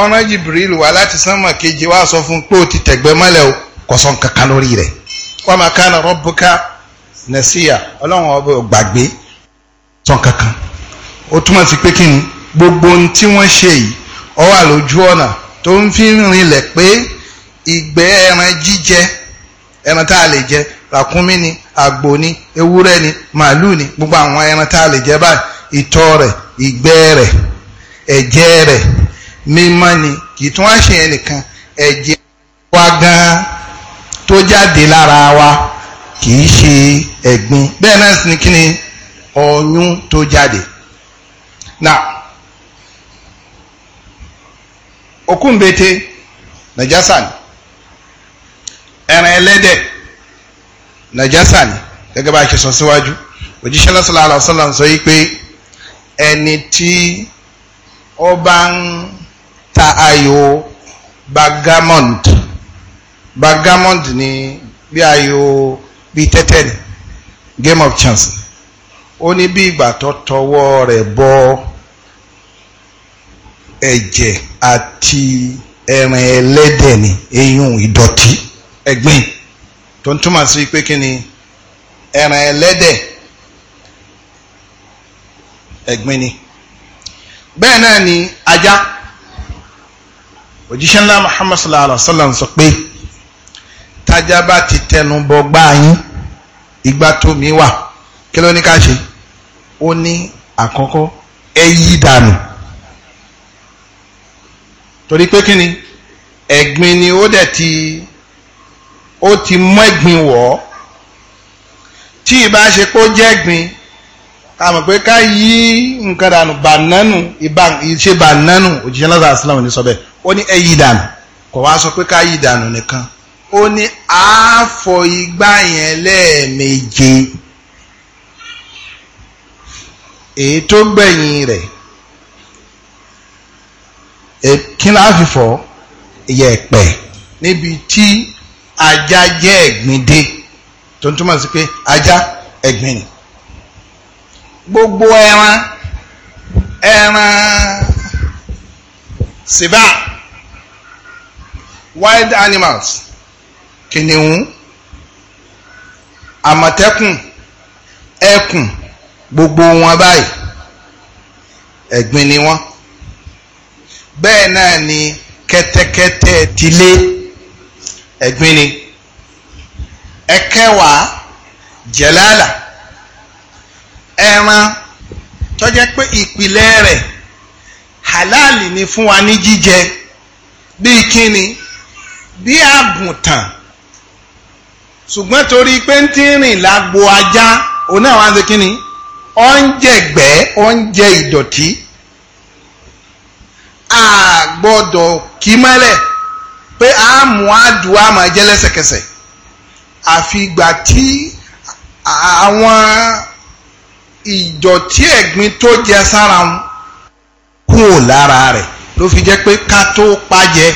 ọ̀ràn Jibril wà láti sánmà keje wá sọ fún pé ó ti tẹ̀gbẹ́ mọ́lẹ̀ o kò kankan lórí rẹ̀ wa ma kana rabbuka nasiya ọlọ́run ọba gbàgbé sọ kankan ó túmọ̀ sí pé kí ni gbogbo ohun tí wọ́n ṣe yìí ọ wà lójú ọ̀nà tó ń fi rinlẹ̀ pé ìgbẹ́ ẹran jíjẹ ẹran tá a lè jẹ ràkúnmí ni àgbò ni ewúrẹ́ ni màálù ni gbogbo àwọn ẹran tá a lè jẹ báyìí ìtọ̀ rẹ̀ ìgbẹ́ rẹ̀ ẹ̀jẹ̀ rẹ̀ mímọ́ ni kì í tún wá ṣe nìkan ẹ̀jẹ̀ wa gan tó jáde lára wa kì í ṣe ẹ̀gbin bẹ́ẹ̀ náà sì ni kí ni ọyún tó jáde. Now, najasani nàjásà ni ẹran ẹlẹ́dẹ̀ nàjásà ni gẹ́gẹ́ bá a ṣe sọ síwájú òjíṣẹ́ lọ́sọ̀lá àlọ́sọ̀lá sọ yí pé ẹni tí ọba ń ta ayò bagamond bagamond ni bí ayò bí tẹ́tẹ́ ni game of chance ó ní bí ìgbà tó tọwọ́ rẹ̀ bọ ẹ̀jẹ̀ àti ẹran ẹlẹ́dẹ̀ ni eyín ìdọ̀tí ẹ̀gbìn tó ń túmọ̀ sí pé kí ni ẹran ẹlẹ́dẹ̀ ẹ̀gbin ni bẹ́ẹ̀ náà ni ajá òjíṣẹ́ ńlá Muhammad sallallahu alaihi wa sallam sọ pé tájá bá ti tẹnu bọ gbá yín ìgbà tó mi wà kí ló ní ká ṣe ó ní àkọ́kọ́ ẹ dànù torí pé kí ni ẹ̀gbin ni ó dẹ̀ ti ó ti mọ́ ẹ̀gbin wọ̀ ọ́ tí ìbá ṣe kó jẹ́ ẹ̀gbin àmọ̀ pé ká yí nǹkan dànù bànánù ìṣe bànánù òjíṣẹ́ lọ́sà àsìlámù ní sọ bẹ́ẹ̀ ó ní ẹ̀yí dànù kò wá sọ pé ká yí dànù nìkan ó ní àáfọ igbá yẹn lẹ́ẹ̀méje èyí tó gbẹ̀yìn rẹ̀ kí láà fi fọ yẹ̀pẹ̀ níbi tí ajá jẹ́ ẹ̀gbìn dé tó ń túmọ̀ sí pé ajá ẹ̀gbìn ni gbogbo ẹran ẹran sìbá wild animals kìnìún àmọ̀tẹ́kùn ẹkùn gbogbo wọn báyìí ẹ̀gbin ni wọ́n bẹ́ẹ̀ náà ni kẹ́tẹ́kẹ́tẹ́ tilé ẹ̀gbin ni ẹ̀kẹwàá jẹ̀láàlà ẹran tó jẹ́ pé ìpìlẹ̀ rẹ̀ halali ni fún wa ní jíjẹ bíi kíni bíi àgùntàn ṣùgbọ́n torí pé ń tí ń rìn lágbo ajá òun náà wá ń ṣe kíni ó ń jẹ̀gbẹ́ ìdọ̀tí a gbọ́dọ̀ kí mọ́lẹ̀ pé a mú àdúrà máa jẹ́ lẹ́sẹ̀kẹsẹ̀ àfìgbà tí àwọn ìdọ̀tí ẹ̀gbin tó jẹ sára wọn kúrò lára rẹ̀ ló fi jẹ́ pé ká tó pàjẹ́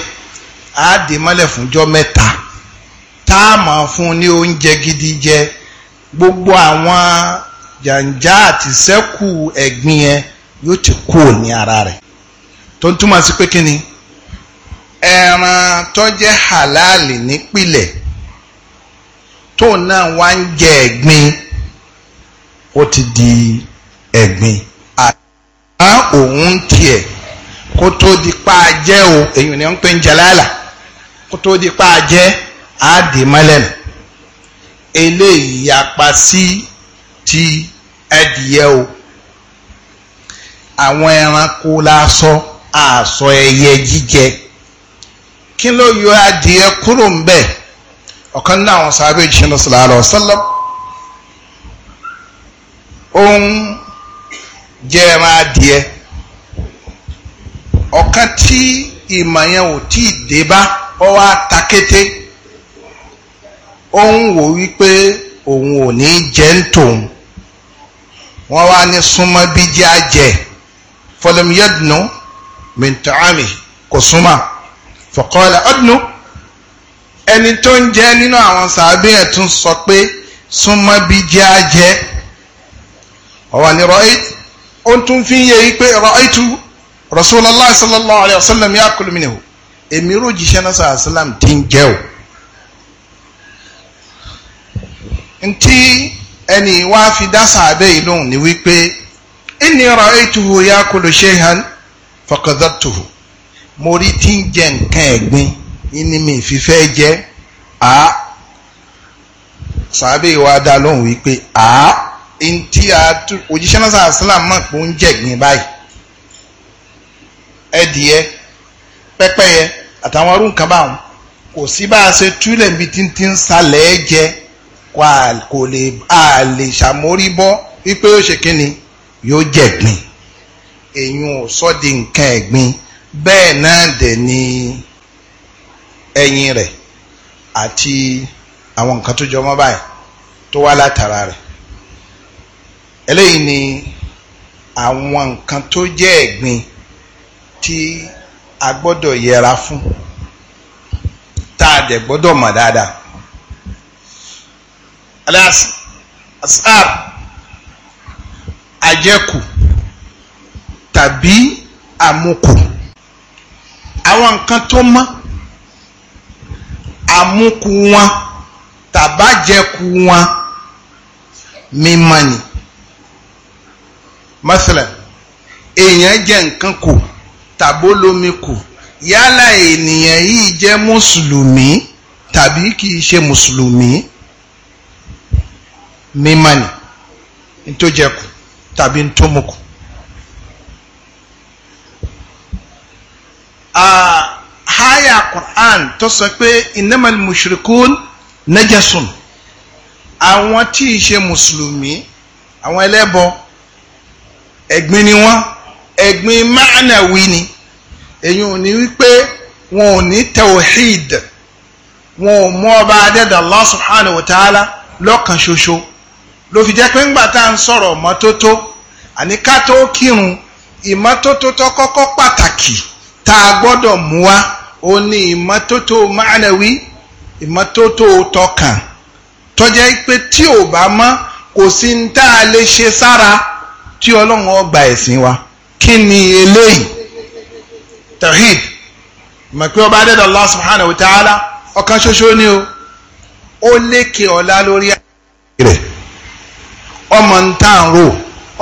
á dè mọ́lẹ̀ fúnjọ́ mẹ́ta tá a máa fún ní oúnjẹ gidi jẹ gbogbo àwọn jàǹjà àti sẹ́kù ẹ̀gbin yẹn yóò ti kúrò ní ara rẹ̀ tó ń túmọ̀ sí pé kí ni ẹran tó ó ti di ẹ̀gbin àmọ́ òun tiẹ̀ kó tó di pa jẹ́ o èyí ni wọ́n pè ń jalala kó tó di pa jẹ́ àádìí mọ́lẹ́nu eléyìí yapa sí ti adìyẹ o àwọn ẹranko la sọ àsọ ẹyẹ jíjẹ kí ló yọ adìyẹ kúrò ń bẹ ọ̀kan náà àwọn sábẹ́ jíṣẹ́ náà sallallahu alaihi ó ń jẹ ẹran adìẹ ọ̀kan tí ìmọ̀ yẹn ò tí ì dé bá ọ wá ta kété ó ń wò wípé òun ò ní jẹ́ ń tòun wọ́n wá ní súnmọ́ bí jẹ́ àjẹ́ fọlọ́mìyẹ́dùnú mìtọ́àmì kò súnmọ́ fọ̀kọ́lá ọdún ẹni tó ń jẹ́ nínú àwọn sàábì ẹ̀ tún sọ pé súnmọ́ bí jẹ́ àjẹ́ ọ̀wà ni ra'ayt ó tún fi ń yẹ yí pé ra'aytu Rasulullah sallallahu alayhi wa sallam ya'kulu minhu èmi ròjìṣẹ́ náà sàlá sàlám ti ń jẹ́ o ntí ẹni wá fi dá sàbẹ̀ yìí lóhùn ni wípé inni ra'aytuhu ya'kulu shay'an fakadhabtuhu mo rí tí ń jẹ nǹkan ẹ̀gbin ní mi fífẹ́ jẹ́ a sàbẹ̀ yìí wá dá lóhùn wípé a ntí àtú òjíṣẹ́ náà sàásìlám mọ̀ pé ó ń jẹ̀gbìn báyìí ẹdìyẹ pẹ́pẹ́yẹ àtàwọn ọdún kan báwọn kò sí bá a ṣe túlẹ̀ níbi tí ń ti ń jẹ kò lè a lè ṣàmórìbọ́ wípé ó ṣe kí ni yóò jẹ̀gbìn èyàn ò sọ di nǹkan ẹ̀gbin bẹ́ẹ̀ náà dẹ̀ ni ẹyin rẹ̀ àti àwọn nǹkan tó jọmọ́ báyìí tó wá látara rẹ̀ eléyìí ni àwọn nǹkan tó jẹ́ ẹ̀gbin tí a gbọ́dọ̀ yẹra fún tá a dẹ̀ gbọ́dọ̀ mọ̀ dáadáa alasar àjẹkù tàbí àmukù àwọn nǹkan tó mọ́ àmukù wọn tàbájẹkù wọn mímọ́ ni mọ́sílẹ̀ èèyàn jẹ nǹkan kù tàbó lómi kù yálà ènìyàn yìí jẹ́ mùsùlùmí tàbí kìí ṣe mùsùlùmí mímánì ntójẹkù tàbí ntómukù. Aya Qur'an tó sọ pé innamal mushrikun najasun àwọn tí ì ṣe mùsùlùmí àwọn ẹlẹ́bọ ẹ̀gbin ni wọ́n ẹ̀gbin mánàwí ni èyí ò ní wípé wọn ò ní tawhid wọn ò mú ọba adẹ́dà Allah subhanahu ta'ala lọ́kàn ṣoṣo ló fi jẹ́ pé ńgbà tá à ń sọ̀rọ̀ mọ́tótó àní ká tó kírun ìmọ́tótó tó kọ́kọ́ pàtàkì tá a gbọ́dọ̀ mú wá ó ní ìmọ́tótó mánàwí ìmọ́tótó tọkàn tó pé tí ò bá mọ́ kò sí ní tá a lè ṣe sára tí ọlọ́run ó gba ẹ̀sìn wa kí ni eléyìí tawhid mọ̀ pé ọba adẹ́dọ̀ Allah subhanahu wa ta'ala ọ̀kan ṣoṣo ni o ó lékè ọ̀la lórí rẹ̀ ọmọ ń tà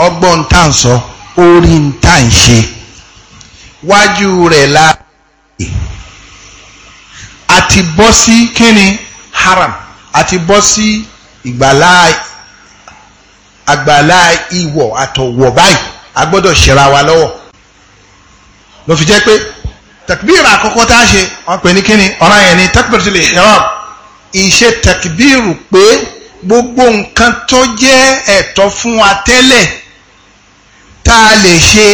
ọgbọ́n ń sọ orí ń ṣe wájú rẹ̀ la àti bọ́ sí kíni haram àti bọ́ sí ìgbàlá àgbàlá ìwọ̀ àtọ̀wọ̀ báyìí a gbọ́dọ̀ ṣera wa lọ́wọ́ ló fi jẹ́ pé takbíra àkọ́kọ́ tá a ṣe wọ́n pè ní kíni ọ̀ràn yẹn ni takbiratul ihram ìṣe takbíru pé gbogbo nǹkan tó jẹ́ ẹ̀tọ́ fún wa tẹ́lẹ̀ tá a lè ṣe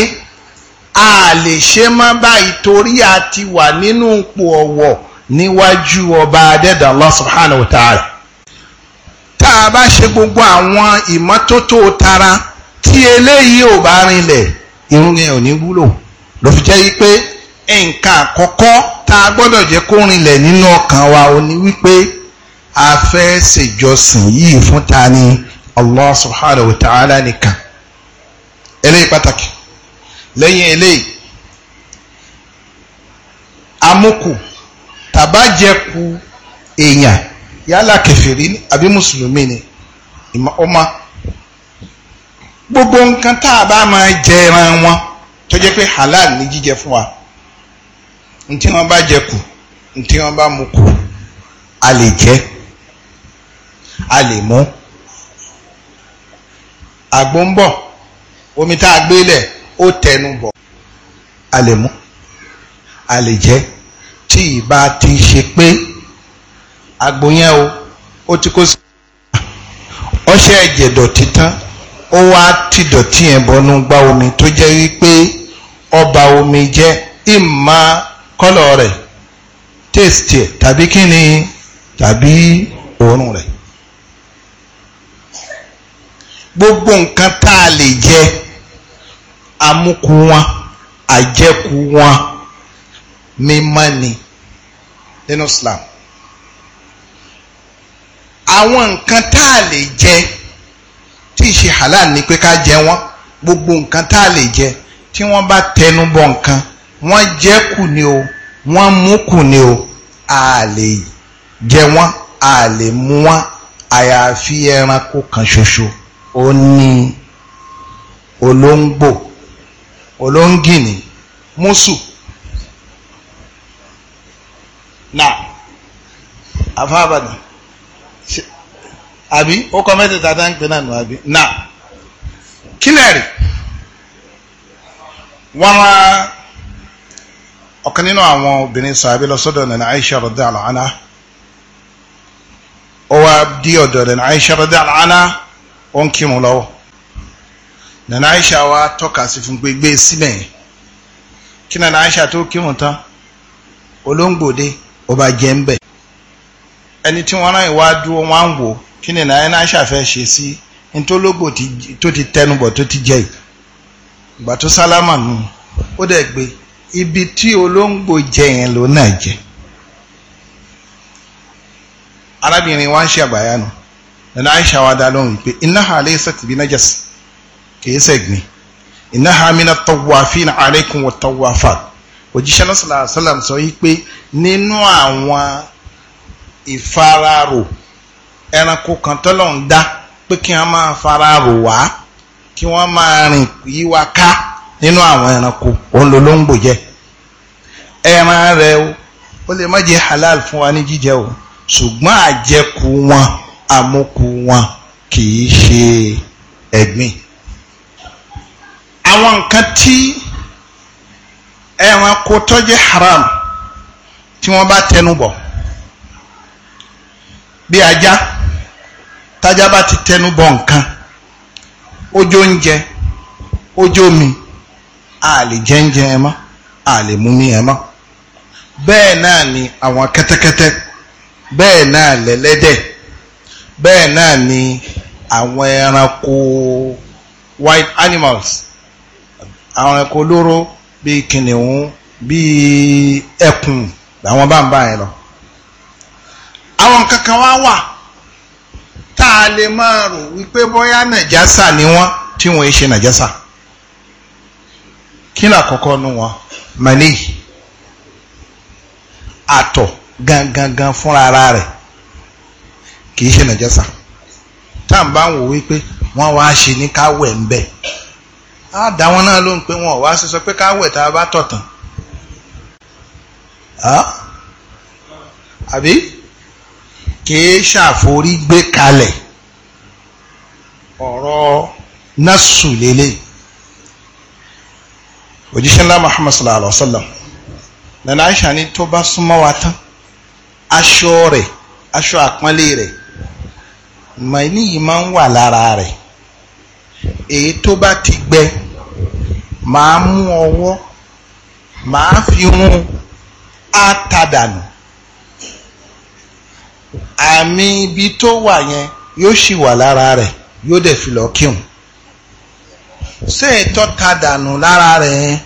a lè ṣe má báyìí torí a ti wà nínú ipò ọ̀wọ̀ níwájú ọba adẹ́dàá Allah subhanahu wa ta'ala tá a bá ṣe gbogbo àwọn ìmọ́tótó tara tí eléyìí ò bá rinlẹ̀ irun yẹn ò ní wúlò ló fi jẹ́ wípé nǹkan àkọ́kọ́ tá a gbọ́dọ̀ jẹ́ kó rinlẹ̀ nínú ọkàn wa ò ní wípé a fẹ́ ṣèjọsìn yìí fún ta ni Allah subhanahu wa ta'ala nìkan eléyìí pàtàkì lẹ́yìn eléyìí amúkù tàbájẹkù èèyàn yálà kẹfìrí àbí mùsùlùmí ni ọmọ gbogbo nǹkan tá a bá máa jẹ ẹran wọn tó jẹ́ pé halal ní jíjẹ fún wa ntí wọn bá jẹ kù ntí wọn bá mu kù a lè jẹ a lè mú àgbo ń bọ̀ omi tá a gbé lẹ̀ ó tẹnu bọ̀ a lè mú a lè jẹ tí ì bá ti ṣe pé àgbo yẹn o ó ti kó sí ọṣẹ ẹ̀jẹ̀ dọ̀tí tán ó wá ti dọ̀tí yẹn bọnú gba omi tó jẹ́ wípé ọba omi jẹ́ ìmọ̀ kọ́lọ̀ rẹ̀ tèstì ẹ̀ tàbí kíni tàbí òórùn rẹ̀ gbogbo nǹkan tá a lè jẹ amúkú wọn àjẹkù wọn mímọ́ ni nínú Islam. No àwọn nǹkan tá a lè jẹ tí ìṣe halal ni pé ká jẹ wọ́n gbogbo nǹkan tá a lè jẹ tí wọ́n bá tẹnu bọ nǹkan wọ́n jẹ kù ni o wọ́n mú kù ni o a lè jẹ wọ́n a lè mú wọ́n àyàfi ẹranko kan ṣoṣo ó ní olóńgbò olóńgìní mùsù náà afábàdàn àbí ó kọ mẹ́tẹ̀ẹ̀ta tá ń pè náà nù àbí náà kílẹ̀rì wọ́n wá ọ̀kan nínú àwọn obìnrin sàbí lọ sọ́dọ̀ nana Aisha radhiyallahu anha ó wá dí ọ̀dọ̀ nana Aisha radhiyallahu anha ó ń kírun lọ́wọ́ nana Aisha wá tọ́ka sí fún gbégbé e sílẹ̀ yẹn kí nana Aisha tó kírun tán olóńgbòde ó bá jẹ́ ń bẹ̀ ẹni tí wọ́n náà wá dúró wọ́n á ń wò kí ni náà ẹni àṣàfẹ́ ṣe sí ntólógbò tó ti tẹnubọ̀ tó ti jẹ́ ìgbà tó sálámà nù ó dẹ̀ gbé ibi tí olóńgbò jẹ yẹn ló náà jẹ arábìnrin wa ń ṣe àbáyánu nana aisha wa dá lóhùn wípé innaha laysat bi najas kìí sẹ́gbìn innaha mina tawafina alaykum wa tawafat òjíṣẹ́ náà sọ̀rọ̀ àṣàlàm sọ wípé nínú àwọn ìfararò ẹranko kan tọ́lọ̀ ń dá pé kí wọ́n máa fararò wá kí wọ́n máa rìn yíwa ká nínú àwọn ẹranko òun ló ló ń gbò ẹran rẹ ó lè má jẹ halal fún wa ní jíjẹ o ṣùgbọ́n àjẹkù wọn àmukù wọn kì í ṣe ẹ̀gbìn àwọn nǹkan tí ẹranko tó haram tí wọ́n bá tẹnu bọ̀. bí ajá tájá bá ti tẹnu bọ nǹkan ojú oúnjẹ ojú omi a lè jẹ oúnjẹ ẹ mọ́ a lè mú mi ẹ mọ́ bẹ́ẹ̀ náà ni àwọn kẹ́tẹ́kẹ́tẹ́ bẹ́ẹ̀ náà lẹ́lẹ́dẹ̀ bẹ́ẹ̀ náà ni àwọn ẹranko white animals àwọn ẹranko olóró bíi kìnìún bíi ẹkùn làwọn bá ń bá yẹn lọ. àwọn nǹkan kan wá wà tá a lè máa rò wípé bóyá nàjásà ni wọ́n tí wọ́n ṣe nàjásà kí ni àkọ́kọ́ nu wọn mani àtọ̀ gangan fúnra ara rẹ̀ kì í ṣe nàjásà tá à ń bá ń wò wípé wọ́n wá ṣe ní káwẹ̀ ń bẹ̀ á dá wọn náà ló pé wọn ò wá sí sọ pé káwẹ̀ tá a bá tọ̀ tán àbí. kìí ṣàforí gbé kalẹ̀ ọ̀rọ̀ násù lélẹ̀ òjíṣẹ́ ńlá Muhammad sallallahu alaihi wa sallam nana Aisha ni tó bá súnmọ́ wa tán aṣọ rẹ̀ aṣọ àpọ́nlé rẹ̀ màíní yìí máa ń wà lára rẹ̀ èyí tó bá ti gbẹ màá mú ọwọ́ fi hun àmì ibi tó wà yẹn yóò sì wà lára rẹ̀ yóò dẹ̀ fi lọ kírun ṣé ìtọ́ka dànù lára rẹ̀ yẹn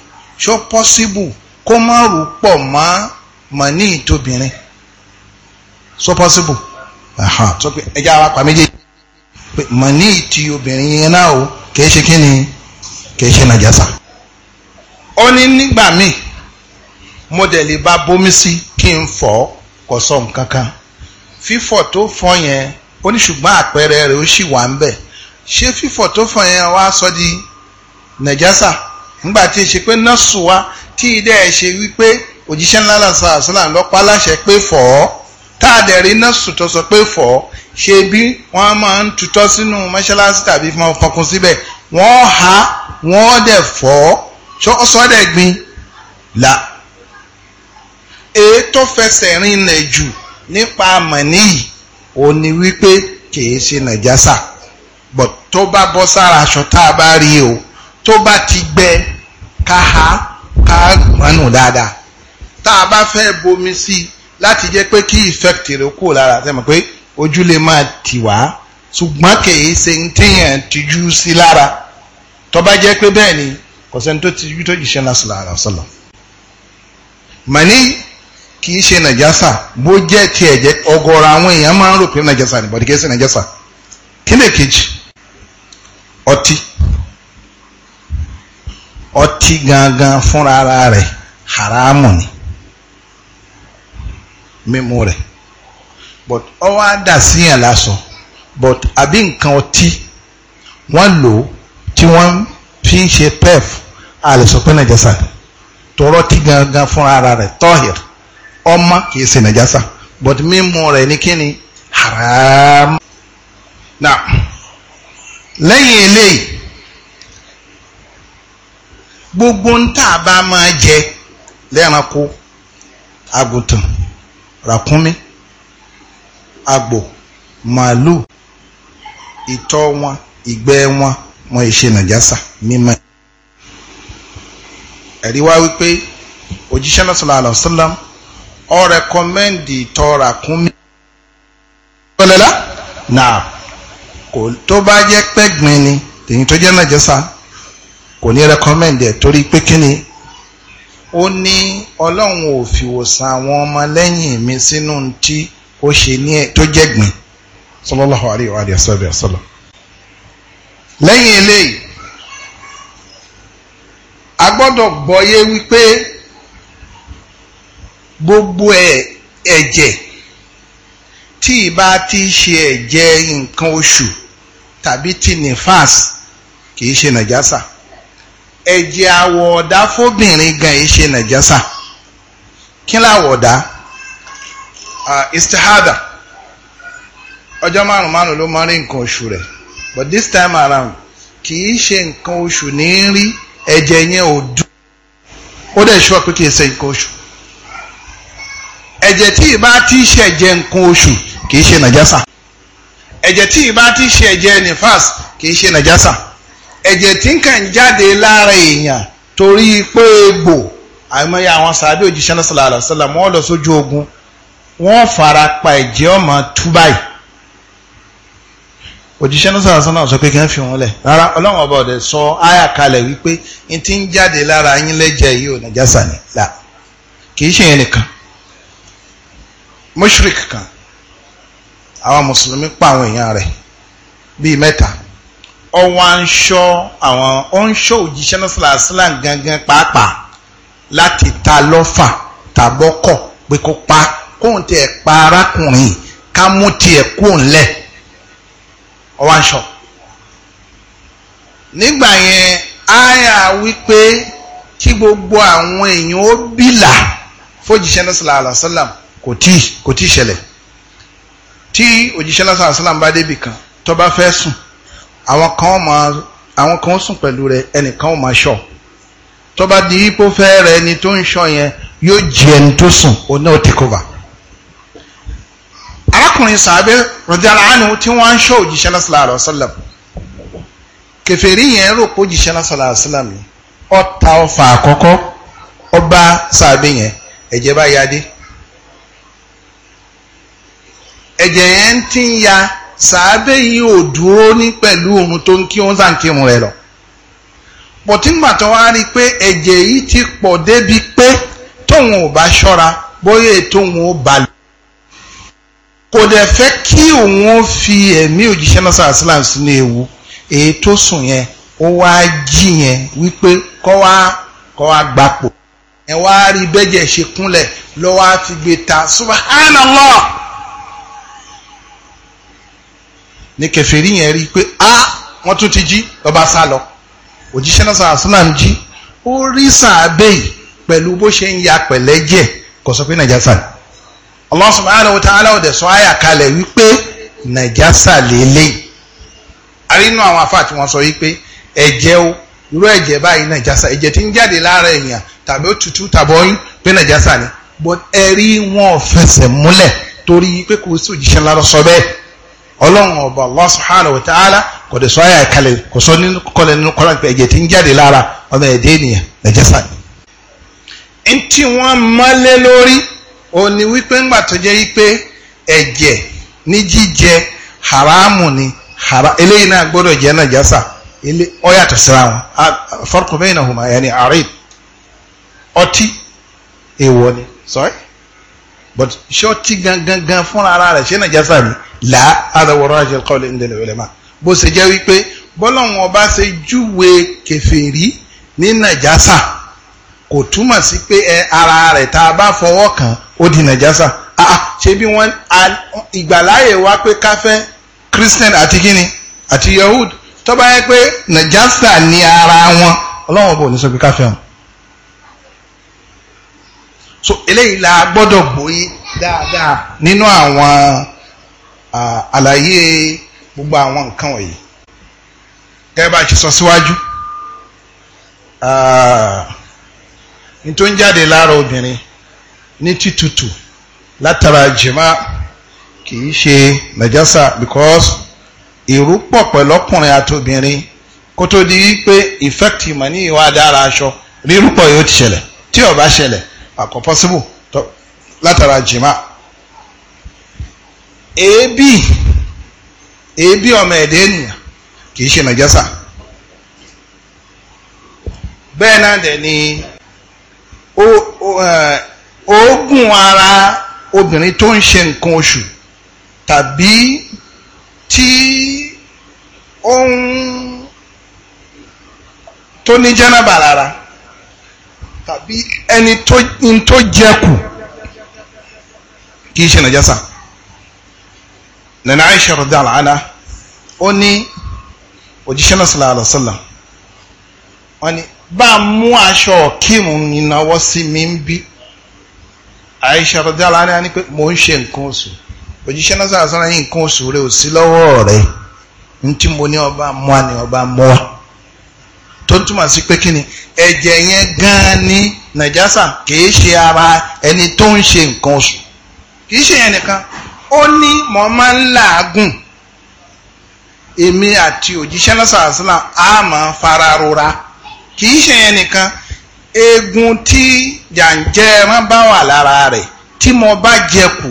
ṣó pọ́síbù kó má rò pọ̀ mọ́ mọ̀ ní ìtòbìnrin ṣó pọ́síbù tó pé ẹja wa pa méjèèjì pé mọ̀ ní ìtì obìnrin yẹn náà o kìí ṣe kí ni kìí ṣe nàjàsà ó ní nígbà míì mo dẹ̀ lè bá bomi sí kí n fọ́ kò sọ nǹkan kan fífọ̀ tó fọ̀ yẹn ó ní ṣùgbọ́n àpẹẹrẹ rẹ̀ ó sì wà ń bẹ̀ ṣé fífọ̀ tó fọ̀ yẹn wá sọ di nàjásà nígbà tí ṣe pé nọ́ọ̀sù wa tí ilé ẹ̀ ṣe wípé òjíṣẹ́ ńlá làṣà àṣàlà ń lọ́pàá láṣẹ pé fọ̀ ọ́ tá a dẹ̀ rí nọ́ọ̀sù tó sọ pé fọ̀ ọ́ ṣe bí wọ́n máa ń tutọ́ sínú mọ́ṣáláṣí tàbí fọkùn síbẹ̀ wọ́n ha wọ́n dẹ̀ fọ̀ ọ́ sọ́dẹ̀ gbin là èyí tó fẹsẹ̀ rinlẹ̀ jù nípa mọ̀ní yìí òun ni wípé kìí ṣe nàjásà but tó bá bọ́ sára aṣọ tá a bá rí o tó bá ti gbẹ ká ha ká mọ́nù dáadáa tá a bá fẹ́ bomi sí i láti jẹ́ pé kí effect rẹ̀ kúrò lára sẹ́mi pé ojú lè máa tì wá ṣùgbọ́n kìí ṣe ń téèyàn tijú sí lára tó bá jẹ́ pé bẹ́ẹ̀ ni kò sẹ́ni tó tijú tó jìṣẹ́ náà sọ̀rọ̀ sọ̀rọ̀ kì í ṣe nàjásà bó jẹ́ tiẹ̀ jẹ́ ọ̀gọ̀rọ̀ àwọn èèyàn máa ń rò pé nàjásà ni bọ̀dì kì í ṣe nàjásà kí ni ọtí ọtí gangan fúnra ara rẹ̀ haramu ni mímu rẹ̀ but ọwọ́ àdà síyàn lásán but àbí nǹkan ọtí wọ́n lò ó tí wọ́n fi ń ṣe pef a sọ pé tọrọ tí gangan fúnra ara rẹ̀ tọ́hìrì. ọmọ kìí ṣe nàjásà but mímu rẹ̀ ní kíni haram. Na lẹ́yìn eléyìí gbogbo ń tà bá máa jẹ lẹ́ranko àgùntàn ràkúnmí àgbò màálù ìtọ̀ wọn ìgbẹ́ wọn wọn ìṣe nàjásà mímọ́ ẹ̀rí wá wípé òjíṣẹ́ náà sallallahu alaihi wasallam ọ rẹkọmẹ́ndì ìtọ̀ ràkúnmí. ọlẹ́lá Na kò tó bá jẹ́ pẹ́gbin ni tèyí tó jẹ́ nàjẹ́sà kò ní rẹkọmẹ́ndì ẹ̀ torí pé ni ó ní ọlọ́run ò fìwòsàn àwọn ọmọ lẹ́yìn mi sínú tí ó ṣe ní ẹ tó jẹ́gbin sallallahu alayhi wa sallam sallam lẹ́yìn eléyìí a gbọ́dọ̀ gbọ́yé wípé. gbogbo ẹ̀jẹ̀ tí ìbá ti ṣe ẹ̀jẹ̀ nǹkan oṣù tàbí ti nifas kìí ṣe nàjásà ẹ̀jẹ̀ àwọ̀ọ̀dá fóbìnrin gan yìí ṣe nàjásà kí láwọ̀ọ̀dá istihada ọjọ́ márùn márùn ló máa rí nǹkan oṣù rẹ̀ but this time around kìí ṣe nǹkan oṣù ní rí ẹ̀jẹ̀ yẹn ò dùn ó dẹ̀ ṣọ́ pé kìí ṣe nǹkan oṣù ẹ̀jẹ̀ tí ìbá ti ṣẹ̀jẹ̀ nǹkan oṣù kì í ṣe nàjásà ẹ̀jẹ̀ tí ìbá ti ṣẹ̀jẹ̀ nifas kì í ṣe nàjásà ẹ̀jẹ̀ tí kàn jáde lára èèyàn torí pé egbò àìmọye àwọn sàbí òjíṣẹ́ náà sallallahu alaihi wasallam wọ́n lọ sójú ogun wọ́n fara pa ẹ̀jẹ̀ ọmọ túbáì òjíṣẹ́ náà sallallahu alaihi wasallam sọ pé kí wọ́n fi wọn lẹ̀ rárá ọlọ́run ọba ọ̀dẹ sọ áyà kalẹ̀ wípé n ti ń jáde lára yín lẹ́jẹ̀ yìí ò nàjásà ni là kì í ṣe yẹn nìkan mushrik kan àwọn mùsùlùmí pa àwọn èèyàn rẹ̀ bíi mẹ́ta ọwọ́ à ń ṣọ́ àwọn ó ń ṣọ́ òjíṣẹ́ náà sílàsílà gangan pàápàá láti ta lọ́fà tàbọ́kọ̀ pé kó pa kóun tiẹ̀ pa arákùnrin ká mú tiẹ̀ kóun lẹ̀ ọwọ́ à nígbà yẹn aya wípé kí gbogbo àwọn èèyàn ó bìlà fójíṣẹ́ náà sílàsílà kò tí kò tí ṣẹlẹ̀ tí òjíṣẹ́ lásán àṣàlám bá débì kan tó bá fẹ́ sùn àwọn kan máa àwọn kan sùn pẹ̀lú rẹ̀ ẹnìkan ò máa ṣọ́ tó bá di ipò fẹ́ rẹ̀ ẹni tó ń ṣọ́ yẹn yóò jí ẹni tó sùn òun náà take over arákùnrin sàbẹ rọdíàlá àánú tí wọn ń ṣọ́ òjíṣẹ́ náà sàlàrọ sàlàm kẹfẹẹrí yẹn rò pé òjíṣẹ́ náà sàlàrọ sàlàm ọta ọfà àkọ́kọ́ ọba sàbẹ yẹn ẹ̀jẹ̀ bá yá dé ẹ̀jẹ̀ yẹn ń tí ń ya sàábé yìí ò dúró ní pẹ̀lú ohun tó ń kí wọn sàn kírun rẹ̀ lọ pọ̀tíngbà tó wá rí i pé ẹ̀jẹ̀ yìí ti pọ̀ débi pé tóun ò bá ṣọ́ra bóyá tóun ò bá kò dẹ̀ fẹ́ kí òun fi ẹ̀mí òjíṣẹ́ náà sàásìlám sínú ewu èyí tó sùn yẹn ó wá jí yẹn wípé kọ́ wá kọ́ wá gbapò ẹ̀ wá rí bẹ́jẹ̀ ṣe kúnlẹ̀ lọ́wọ́ á fi gbé ta subhanallah. ní kèfèrí yẹn rí pé a wọ́n tún ti jí lọ́ba sá lọ òjíṣẹ́ náà sàn àṣùlà ń jí ó rí sàábẹ́ pẹ̀lú bó ṣe ń ya pẹ̀lẹ́ jẹ́ kò sọ pé nàìjásà ni Allah subhanahu wa ta'ala ó dẹ̀ sọ àyà kalẹ̀ wípé nàìjásà lélẹ̀ arínú àwọn afá tí wọ́n sọ wípé ẹ̀jẹ̀ o irú ẹ̀jẹ̀ báyìí nàìjásà ẹ̀jẹ̀ tí ń jáde lára èèyàn tàbí òtútù tàbọ́yìn pé nàìjásà ni but ẹ̀rí wọn ò fẹsẹ̀ múlẹ̀ torí pé kò sí òjíṣẹ́ ńlá lọ sọ bẹ́ẹ̀ ọlọ́run ọba Allah subhanahu wa ta'ala kò dé sọ ayà kalẹ̀ kò sọ nínú kọlẹ̀ nínú kọlẹ̀ pé ẹ̀jẹ̀ tí ń jáde lára ọmọ ẹ̀dẹ́ ènìyàn nàjẹ́sà ni. n tí wọ́n mọ́lé lórí o ní wípé ńgbà tó jẹ́ wípé ẹ̀jẹ̀ ní jíjẹ haramu ni eléyìí náà gbọ́dọ̀ jẹ́ nàjẹ́sà ó yàtọ̀ síra wọn farqu bainahuma yani àárín ọtí èèwọ̀ ni sorry but ṣọ́ọ̀tì gangan fúnra ara rẹ̀ ṣé nàjásà ni là àdàwọ̀rọ̀ àṣekọ́lé ńlẹ̀ lọ́wọ́lẹ́mà bó ṣe jẹ́ wípé bọ́lọ́hún ọba ṣe júwe kèfèrí ní nàjásà kò túmọ̀ sí pé ẹ ara rẹ̀ tá a bá fọwọ́ kàn ó di nàjásà ṣé bí wọ́n ìgbàláyè wá pé káfẹ́ christian àti kíni àti yahud tó yẹ pé nàjásà ni ara wọn ọlọ́wọ́n bò ní sọ pé káfẹ́ wọn so eléyìí la gbọ́dọ̀ gbọ́yé dáadáa nínú àwọn àlàyé gbogbo àwọn nǹkan wọ̀nyí gẹ́gẹ́ bá a ti sọ síwájú ní tó ń jáde lára obìnrin ní títutù látara jìmá kì í ṣe nàjásà because èrú pọ̀ pẹ̀lú ọkùnrin àti obìnrin kó tó di wípé effect ìmọ̀ ní ìwà dára aṣọ rírúpọ̀ yóò ti ṣẹlẹ̀ tí ó ṣẹlẹ̀ àkọ́ possible tọ́ látara jìmá èébì èébì ọmọ ẹ̀dẹ́ ènìyàn kì í ṣe nàjẹ́sà bẹ́ẹ̀ náà dẹ̀ ni oògùn ara obìnrin tó ń ṣe nǹkan oṣù tàbí tí ó ń tó ní jẹ́nàbà lára tàbí ẹni tó jẹ kù kì í ṣe nàjásà nana Aisha radhiyallahu anha ó ní òjíṣẹ́ náà sallallahu alaihi wasallam wọ́n ní bá mú aṣọ kíìmù ìnáwó sí mi ń bí Aisha radhiyallahu anha ní pé mò ń ṣe nǹkan oṣù òjíṣẹ́ náà sallallahu alaihi wasallam yìí nǹkan oṣù rẹ̀ ò sí lọ́wọ́ rẹ̀ ní tí mo ní ọba mú ni ọba mú wa tó ń túmọ̀ sí pé kí ni ẹ̀jẹ̀ yẹn gan-an ní nàìjásà kìí ṣe ara ẹni tó ń ṣe nǹkan oṣù kìí ṣe yẹn nìkan ó ní mọ̀ máa ń làágùn èmi àti òjíṣẹ́ lọ́sàásílà á máa fara rora kìí ṣe yẹn nìkan eegun tí jàǹjẹ́ ẹran bá wà lára rẹ̀ tí mo bá jẹ kù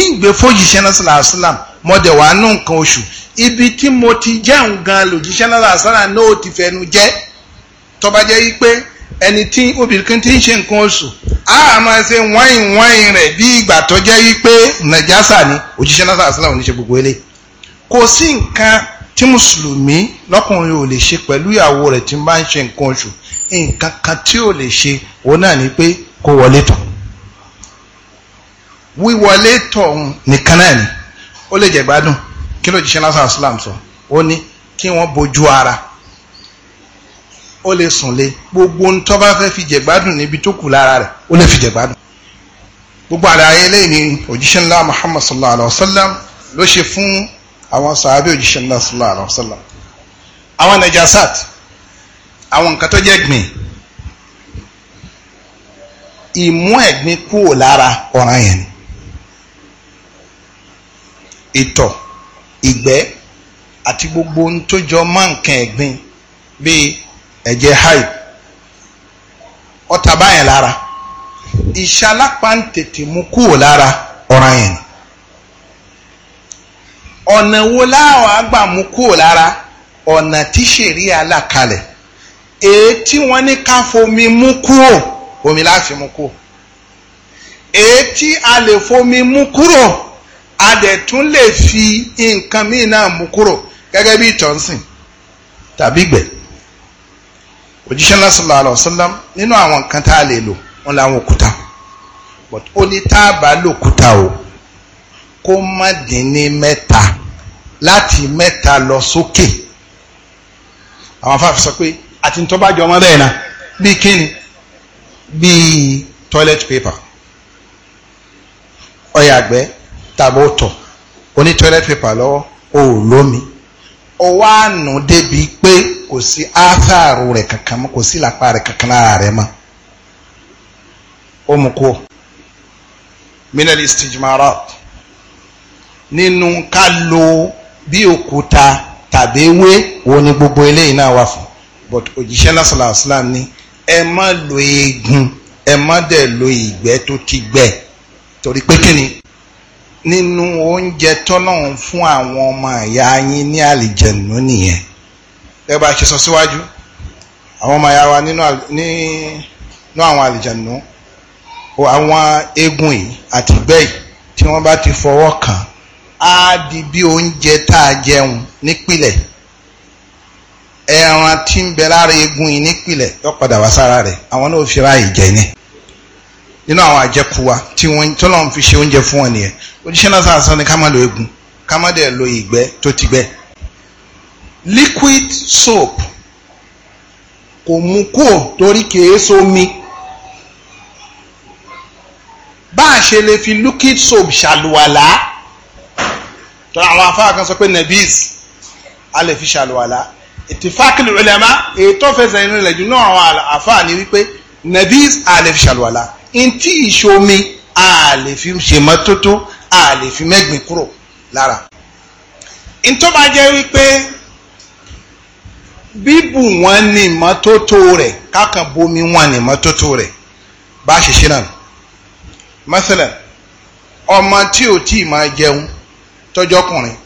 ìgbé fòjíṣẹ́ lọ́sàásílà mo dẹ̀ wà nù nǹkan oṣù ibi tí mo ti jẹun gan lòjíṣẹ́ lọ́sàásílà náà ó ti fẹnu jẹ́ tọ́ba jẹ́ yí pé ẹni tí obìnrin kan ń ṣe nǹkan oṣù a máa ṣe wáìn wáìn rẹ̀ bí ìgbà tó jẹ́ yí pé nàjásà ni òjíṣẹ́ náà sàásìlà ò ní ṣe gbogbo eléyìí kò sí nǹkan tí mùsùlùmí lọ́kùnrin ò lè ṣe pẹ̀lú ìyàwó rẹ̀ tí ń bá ń ṣe nǹkan oṣù nǹkan kan tí ò lè ṣe òun náà ni pé kó wọlé tọ̀ wíwọlé tọ̀ nìkan náà ni ó lè jẹ́ kí ló jíṣẹ́ lásán sọ ó ní kí wọ́n bojú ara ó lè sùn lé gbogbo ń tọ́ bá fẹ́ fi jẹ̀gbádùn níbi tó kù lára rẹ̀ ó lè fi jẹ̀gbádùn. gbogbo àlàyé lẹ́yìn ni òjíṣẹ́ ńlá muhammad sallallahu alayhi wa sallam ló ṣe fún àwọn sàábé òjíṣẹ́ ńlá sallallahu alayhi wa sallam. àwọn najasat àwọn nǹkan tó jẹ́ gbìn ìmú ẹ̀gbin kúrò lára ọ̀ràn yẹn ni ìtọ̀ ìgbẹ́ àti gbogbo ohun tó jọ mọ́ nǹkan ẹ̀gbin bíi ẹ̀jẹ̀ haid ọ̀tá báyẹn lára ìṣalápá ń tètè mú kúrò lára ọràn yẹn ọ̀nà wo láwọn àgbà mú kúrò lára ọ̀nà tí ṣèrí alákalẹ̀ èyí e tí wọ́n ní ká fomi mú kúrò omi láfi mú kúrò èyí tí fi nǹkan míì náà mú kúrò gẹ́gẹ́ bí ìtọ́nsìn tàbí òjíṣẹ́ náà sallallahu alaihi wasallam nínú àwọn nǹkan tá a lè lò wọn làwọn òkúta but ó ní tá a bá lòkúta o kó má dín ní mẹ́ta láti mẹ́ta lọ sókè àwọn afáàfin sọ pé àti ní tó bá jọ ọmọ bẹ́ẹ̀ náà bíi kíni bíi toilet paper ọ̀yàgbẹ́ tàbí ọ̀tọ̀ oní toilet paper lọ́wọ́ o ò lómi ọwọ́ àánú débi pé kò sí ásáàrù rẹ̀ kankan mọ́ kò sí làpá rẹ̀ kankan lára rẹ̀ mọ́ ó mú kú minal istijmarat nínú ká lo bí òkúta tàbí ewé wo ni gbogbo eléyìí náà wà fún but òjíṣẹ́ lásìlá islam ní ẹ má lo eegun ẹ má dẹ̀ lo ìgbẹ́ tó ti gbẹ torí pé kí ni nínú oúnjẹ tọ́lọ́run fún àwọn ọmọ àyà yín ní àlìjẹ̀nù nìyẹn ẹgbà ṣe sọ síwájú àwọn ọmọ ya wa nínú àwọn àlìjànú àwọn eegun yìí àti ìgbẹ́ yìí tí wọ́n bá ti fọwọ́ kàn á di bí oúnjẹ tá a jẹun nípìlẹ̀ ẹran tí ń bẹ lára eegun yìí nípìlẹ̀ yọ padà wá sára rẹ̀ àwọn náà fi ráàyè jẹ ni nínú àwọn àjẹkù wa tí wọ́n tọ́lọ́run fi ṣe oúnjẹ fún wọn nìyẹn òjíṣẹ́ náà sáà ni ká má lo eegun ká má dẹ̀ lo ìgbẹ́ tó ti gbẹ́ liquid soap kò mú kúò torí kìí somi bá a ṣe lè fi liquid soap ṣàlùwàlá tó àwọn afáà kan sọ pé nebis a lè fi ṣàlùwàlá ìtìfákìlì ulama ètò fẹsẹ̀ inú ilẹ̀ jù náà àwọn afáà ní wípé nebis a lè fi ṣàlùwàlá ntí ìṣomi a lè fi ṣèmọ́tótó a lè fi mẹ́gbìn kúrò lára ntọ́ jẹ́ wípé bíbù wọn ní ìmọ́tótó rẹ̀ kákan bomi wọn ní ìmọ́tótó rẹ̀ bá ṣe ṣe náà mọ́sálẹ̀ ọmọ tí ò tí ì máa jẹun tọ́jọ́kùnrin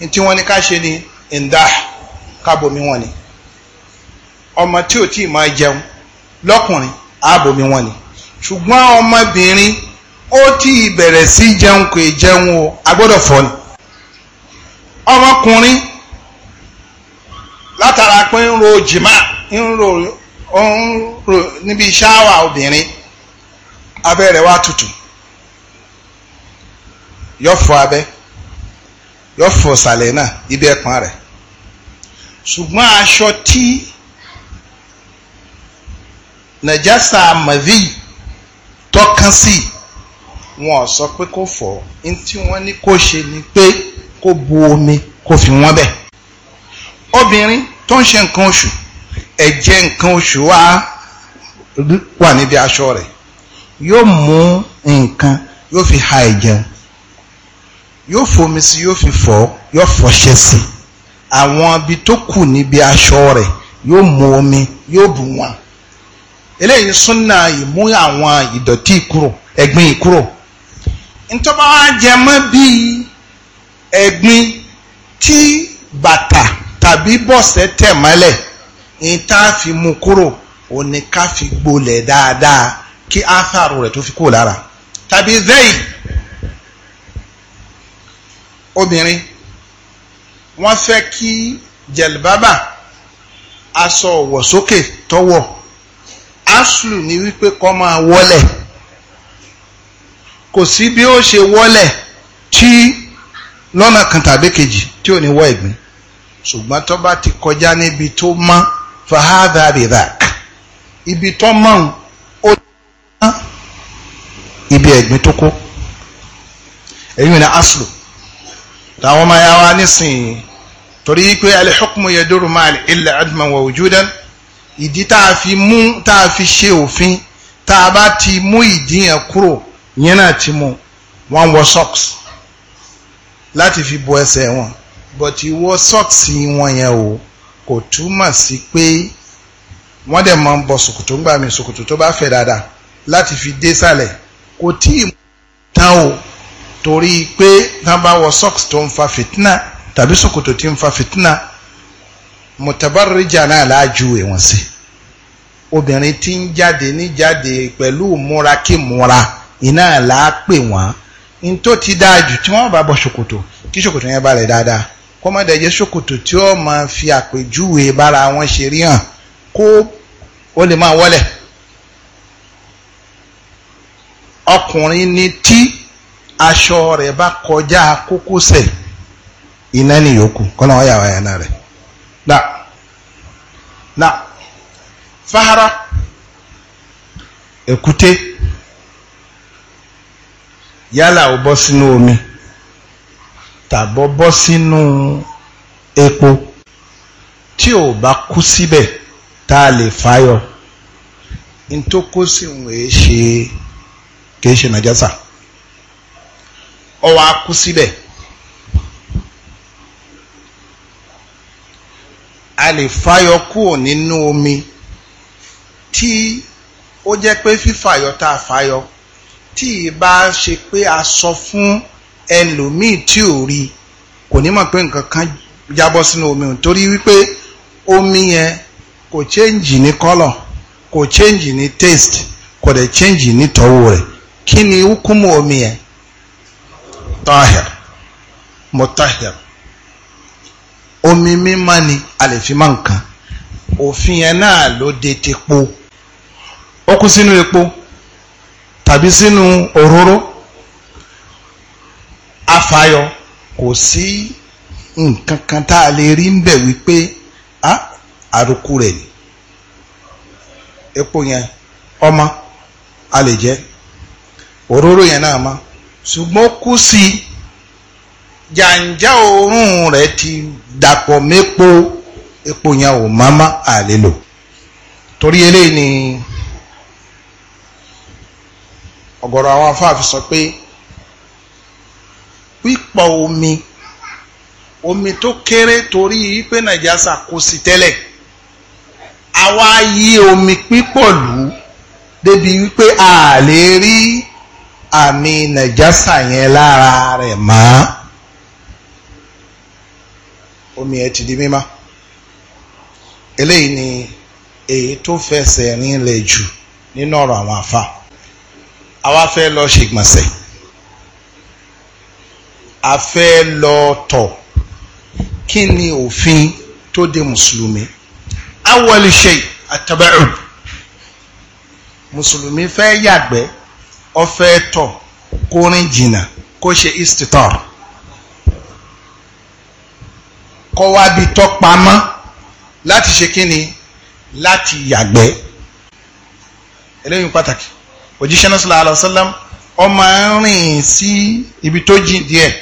ní tí wọ́n ní ká ṣe ni ǹdá ká bomi wọn ni ọmọ tí ò tí ì máa jẹun lọ́kùnrin ààbòmí wọn ni ṣùgbọ́n ọmọbìnrin ó tí ì bẹ̀rẹ̀ sí jẹun kò jẹun o agbọ́dọ̀ fọ́ ni ọmọkùnrin látara pé ń ro jìmá ń ro ń ro níbi ṣáwà obìnrin abẹ́ rẹ̀ wá tutù yóò fọ abẹ́ yóò fọ ìsàlẹ̀ náà ibi ẹ̀pọ̀n rẹ̀ ṣùgbọ́n aṣọ tí nàjásà màdí tọ́kàn sí wọn sọ pé kó fọ̀ ní tí wọ́n ní kó ṣe ni pé kó bu omi kó fi wọ́n bẹ́ẹ̀ obìnrin tó ń ṣe nǹkan oṣù ẹ̀jẹ̀ nǹkan oṣù wa wà níbi aṣọ rẹ̀ yóò mú nǹkan yóò fi ha ẹ̀jẹ̀ yóò fomi sí yóò fi fọ̀ yóò fọṣẹ sí àwọn ibi tó kù níbi aṣọ rẹ̀ yóò mú omi yóò bù wọn eléyìí súnà ìmú àwọn ìdọ̀tí kúrò ẹ̀gbin kúrò ntọ́ba wa jẹ mọ́ bíi ẹ̀gbin tí bàtà tàbí bọ̀sẹ̀ tẹ̀ mọ́lẹ̀ ní tá a fi mú kúrò ó ní ká fi gbolẹ̀ dáadáa kí áfàrò rẹ̀ tó fi kúrò lára tàbí zeyi obìnrin wọ́n fẹ́ kí jẹ̀lbábà aṣọ ọ̀wọ̀sókè tọ́wọ̀ aslu ni wípé kó máa wọlẹ̀ kò sí bí ó ṣe wọlẹ̀ tí lọ́nà kan tàbí kejì tí ò ní wọ ìgbín ṣùgbọ́n tó bá ti kọjá níbi tó mọ́ fahadà rìdàk ibi tó mọ́ ó mọ́ ibi ẹ̀gbin tó kó èyí ni aslu táwọn ọmọ ya wa nísìnyí torí pé al-hukmu yaduru ma'al illa adman wa wujudan ìdí tá a fi mú tá a fi ṣe òfin tá a bá ti mú ìdí yẹn kúrò yẹn náà ti mú wọn wọ socks láti fi bo ẹsẹ̀ wọn but ìwọ sọ́ọ̀sì wọn yẹn o kò túmọ̀ sí pé wọ́n dẹ̀ máa ń bọ ṣòkòtò ń gbà mí ṣòkòtò tó bá fẹ̀ dáadáa láti fi dé sàlẹ̀ kò tí ì tán o torí pé tán bá wọ sọ́ọ̀sì tó ń fa fìtínà tàbí ṣòkòtò tí ń fa fìtínà mùtàbárìjà náà láàjú ìwọ̀n sí obìnrin tí ń jáde ní jáde pẹ̀lú múra kí múra iná làá pè wọ́n ní tó ti dáa jù tí wọ́n bá bọ ṣòkòtò kí ṣòkòtò yẹn balẹ̀ dáadáa kọ́mọ̀dẹ̀jẹ́ ṣòkòtò tí ó máa fi àpèjúwe bára wọn ṣe rí hàn kó ó lè máa wọlẹ̀ ọkùnrin ni tí aṣọ rẹ̀ bá kọjá kókósẹ̀ iná ni yòókù kọ́nà ọ̀yà ọ̀yà rẹ̀ na na fahara èkúté yálà ó bọ́ sínú omi tàbọ́ bọ́ sínú epo tí ò bá kú síbẹ̀ tá a lè fáyọ n tó kó sí òun èé ṣe kìí ṣe nàjásà ọwọ́ á kú síbẹ̀ a lè fáyọ kúrò nínú omi tí ó jẹ́ pé fífàyọ tá a fáyọ tí ì bá ṣe pé a sọ fún. ẹlòmíì tí ò rí kò ní mọ̀ pé nǹkan kan jábọ́ sínú omi òun torí wípé omi yẹn kò change ní color kò change ní taste kò dẹ̀ change ní tọ́wọ́ rẹ̀ kí ni hukumu omi yẹn tahir mutahir omi mímọ́ ni a lè fi mọ́ nǹkan òfin yẹn náà ló de ti po ó kú sínú epo tàbí sínú òróró àfàyọ kò sí nǹkan kan tá a lè rí ń bẹ̀ wípé àrùkù rẹ̀ ni epo yẹn ọmọ a lè jẹ òróró yẹn náà mọ ṣùgbọ́n kú sí jàǹjà òórùn rẹ̀ ti dàpọ̀ mépo epo yẹn ò a lè lò torí eléyìí ni ọ̀gọ̀rọ̀ àwọn afáàfin sọ pé. pípọ̀ omi omi tó kéré torí pé nàìjásà kò tẹ́lẹ̀ àwa yí omi pípọ̀ lù débi wípé a lè rí àmì nàìjásà yẹn lára rẹ̀ mọ́ omi ẹ ti di mímọ́ eléyìí ni èyí tó fẹsẹ̀ rinlẹ̀ jù nínú ọ̀rọ̀ àwọn àfa àwa fẹ́ lọ ṣègbọ̀nsẹ̀ a fẹ́ lọ tọ̀ kí ni òfin tó de mùsùlùmí awwal shay at-taba'ud mùsùlùmí fẹ́ yàgbẹ́ ó fẹ́ tọ̀ kó rìn jìnnà kó ṣe istitar kó wá bí tọ́ pamọ́ láti ṣe kí ni láti yàgbẹ́ eléyìí pàtàkì òjíṣẹ́ náà sallallahu alaihi wasallam rìn sí ibi tó jìn díẹ̀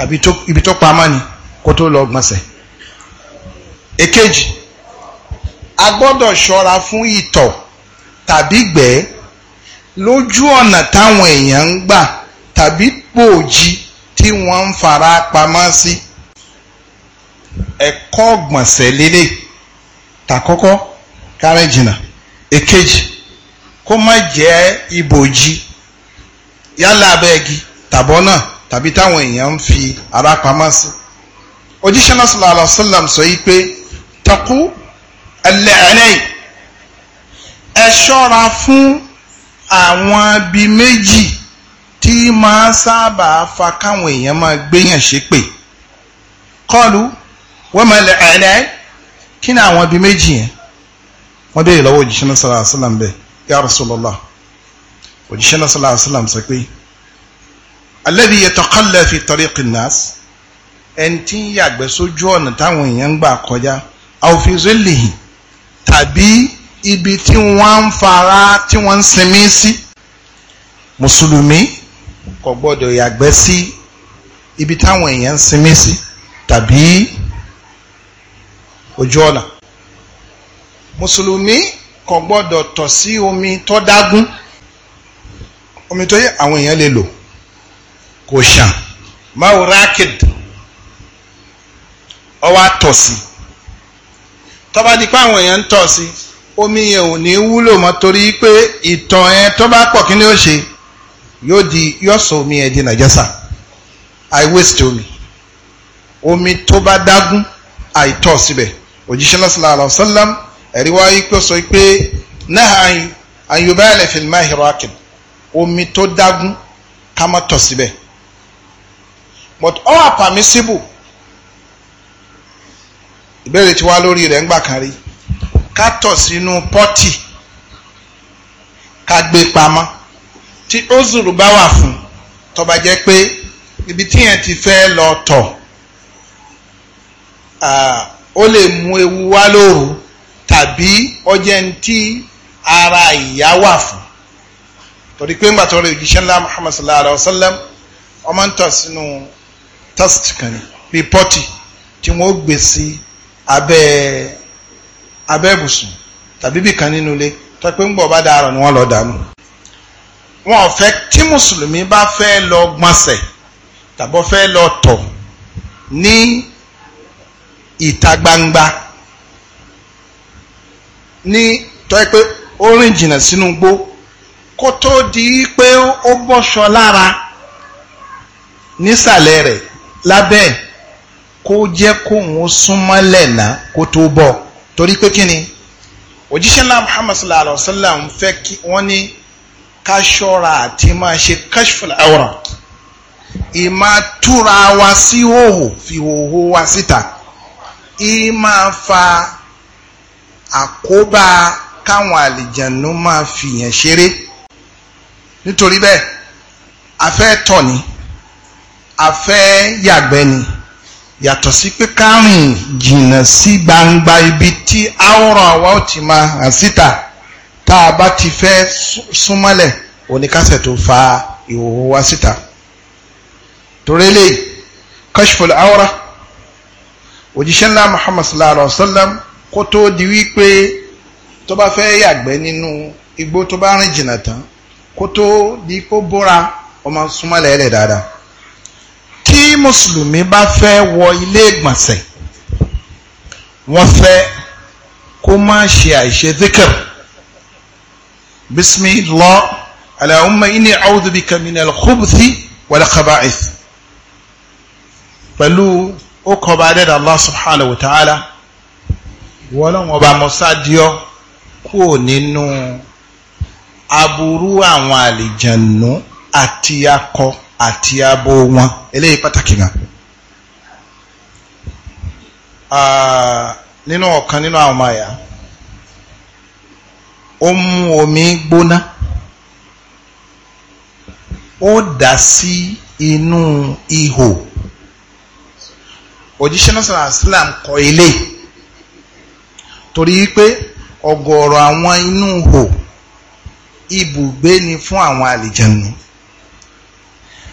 tàbí ibi tó pamọ́ ni kó tó lọ gbọ̀nsẹ̀. èkejì a gbọ́dọ̀ ṣọ́ra fún ìtọ̀ tàbí gbẹ́ lójú ọ̀nà táwọn èèyàn ń gbà tàbí pòòjì tí wọ́n ń fara pamọ́ sí ẹ̀kọ́ gbọ̀nsẹ̀ lélẹ̀ tàkọ́kọ́ kárẹ́ jìnnà èkejì kó má jẹ́ ibòji yálà abẹ́gi tàbọ́ náà tàbí táwọn èèyàn ń fi ara pamọ́ sí. òjíṣẹ́ náà sallallahu alaihi wasallam sọ yìí pé takú ẹlẹ́ẹ̀lẹ́yìn ẹ ṣọ́ra fún àwọn ibi méjì tí máa sábà fa káwọn èèyàn máa gbéyàn ṣépè kọlu wọ́n máa lẹ ẹ̀lẹ́ kí ni àwọn ibi méjì yẹn wọ́n béèrè lọ́wọ́ òjíṣẹ́ náà sallallahu alaihi wasallam bẹ́ẹ̀ ya Rasulullah òjíṣẹ́ náà sallallahu alaihi wasallam sọ pé alladhi yataqalla fi tariqi nnas ẹni tí ń yàgbẹ́ sójú ọ̀nà táwọn èèyàn ń gbà kọjá aw fi zillihi tàbí ibi tí wọ́n ń fara tí wọ́n ń sinmi sí mùsùlùmí kò gbọ́dọ̀ yàgbẹ́ sí ibi táwọn èèyàn ń sinmi sí tàbí ojú ọ̀nà mùsùlùmí kò gbọ́dọ̀ tọ̀ sí omi tó dágún omi tó yẹ àwọn èèyàn lè lò kò ṣàn máwò rákìd ọwọ́ àtọ̀sí tọ́ba di pé àwọn èèyàn ń tọ̀ sí omi yẹn ò ní wúlò mọ́ torí pé ìtàn ẹ̀ tó bá pọ̀ kí ni ó ṣe yóò di yóò sọ omi ẹ̀ di nàjẹ́sà i waste omi omi tó bá dágún àìtọ̀ síbẹ̀ òjíṣẹ́ lọ́sọ̀lá àlọ́sọ́lám ẹ̀rí wá yí pé sọ pé náà àyùbá ẹ̀lẹ́fìn máa hìrọ̀ àkìn omi tó dágún ká má tọ̀ síbẹ̀ but all are permissible ìbéèrè tí wá lórí rẹ̀ ń gbà kan rí ká tọ̀ sínú pọ́tì ká gbé pamọ́ tí ozuru bá wà fún tó bá jẹ́ pé ibi tí yẹn ti fẹ́ lọ tọ̀ ó lè mú ewu wá lóru tàbí ọjẹ́ ń tí ara ìyá wà fún torí pé ńgbà tó rẹ̀ òjíṣẹ́ ńlá Muhammad sallallahu alayhi wa sallam ọmọ ń tọ̀ sínú tastikari rìpọ́tì tí wọ́n gbé sí abẹ́ abẹ́ ibùsùn tàbí bìkan nínú ilé tọ́pẹ́ ń bọ̀ bá dàrọ̀ ni wọ́n lọ dànù. wọn ò tí mùsùlùmí bá fẹ́ lọ gbọ̀nsẹ̀ tàbọ̀ fẹ́ lọ tọ̀ ní ìta gbangba ní tọ́pẹ́ orin jìnnà sínú igbó kó tó di pé ó bọ́ṣọ lára nísàlẹ̀ rẹ̀ lábẹ́ kó jẹ́ kóhun súnmọ́lẹ̀ náà kó tó bọ̀ torí pé kí ni òjíṣẹ́ ńlá Muhammad sallallahu alaihi wa sallam fẹ́ kí wọ́n ní ká ṣọ́ra àti máa ṣe kashful awrat ìmá túra wa sí hòhò fi hòhò wa síta ìmá fa àkóbá káwọn àlìjànú máa fìyàn ṣeré nítorí bẹ́ẹ̀ afẹ́ tọ̀ ni afẹ́ yàgbẹ́ ni yàtọ̀ sí pé kárìn jìnnà sí gbangba ibi tí àwòrán àwa ò ti máa hàn síta tá a bá ti fẹ́ súnmọ́lẹ̀ oníkásẹ̀ tó fa ìhòòhò wá síta torí lè kashful awra òjíṣẹ́ ńlá Muhammad sallallahu alaihi wa sallam kó tó di wípé tó bá fẹ́ yàgbẹ́ nínú igbó tó bá rìn jìnnà tán kó tó di kó bóra ọmọ súnmọ́lẹ̀ ẹ̀lẹ̀ dáadáa tí mùsùlùmí bá fẹ́ wọ ilé ìgbọ̀nsẹ̀ wọ́n fẹ́ kó má ṣe àìṣe zikr bismillah allahumma inni a'udhu bika minal khubuthi wal khaba'ith pẹ̀lú ó kọba adẹ́dà Allah subhanahu wa ta'ala wọ́lọ́wọ́n ọba mọ́sádíọ́ kúrò nínú aburú àwọn àlìjànú àti akọ àti abo wọn eléyìí pàtàkì gan nínú ọ̀kan nínú àwọn ọmọ àyà ó mú omi gbóná ó dà sí inú ihò òjíṣẹ́ náà sọ̀rọ̀ islam kọ ilé torí pé ọ̀gọ̀ọ̀rọ̀ àwọn inú ihò ibùgbé ni fún àwọn àlìjẹ̀nu.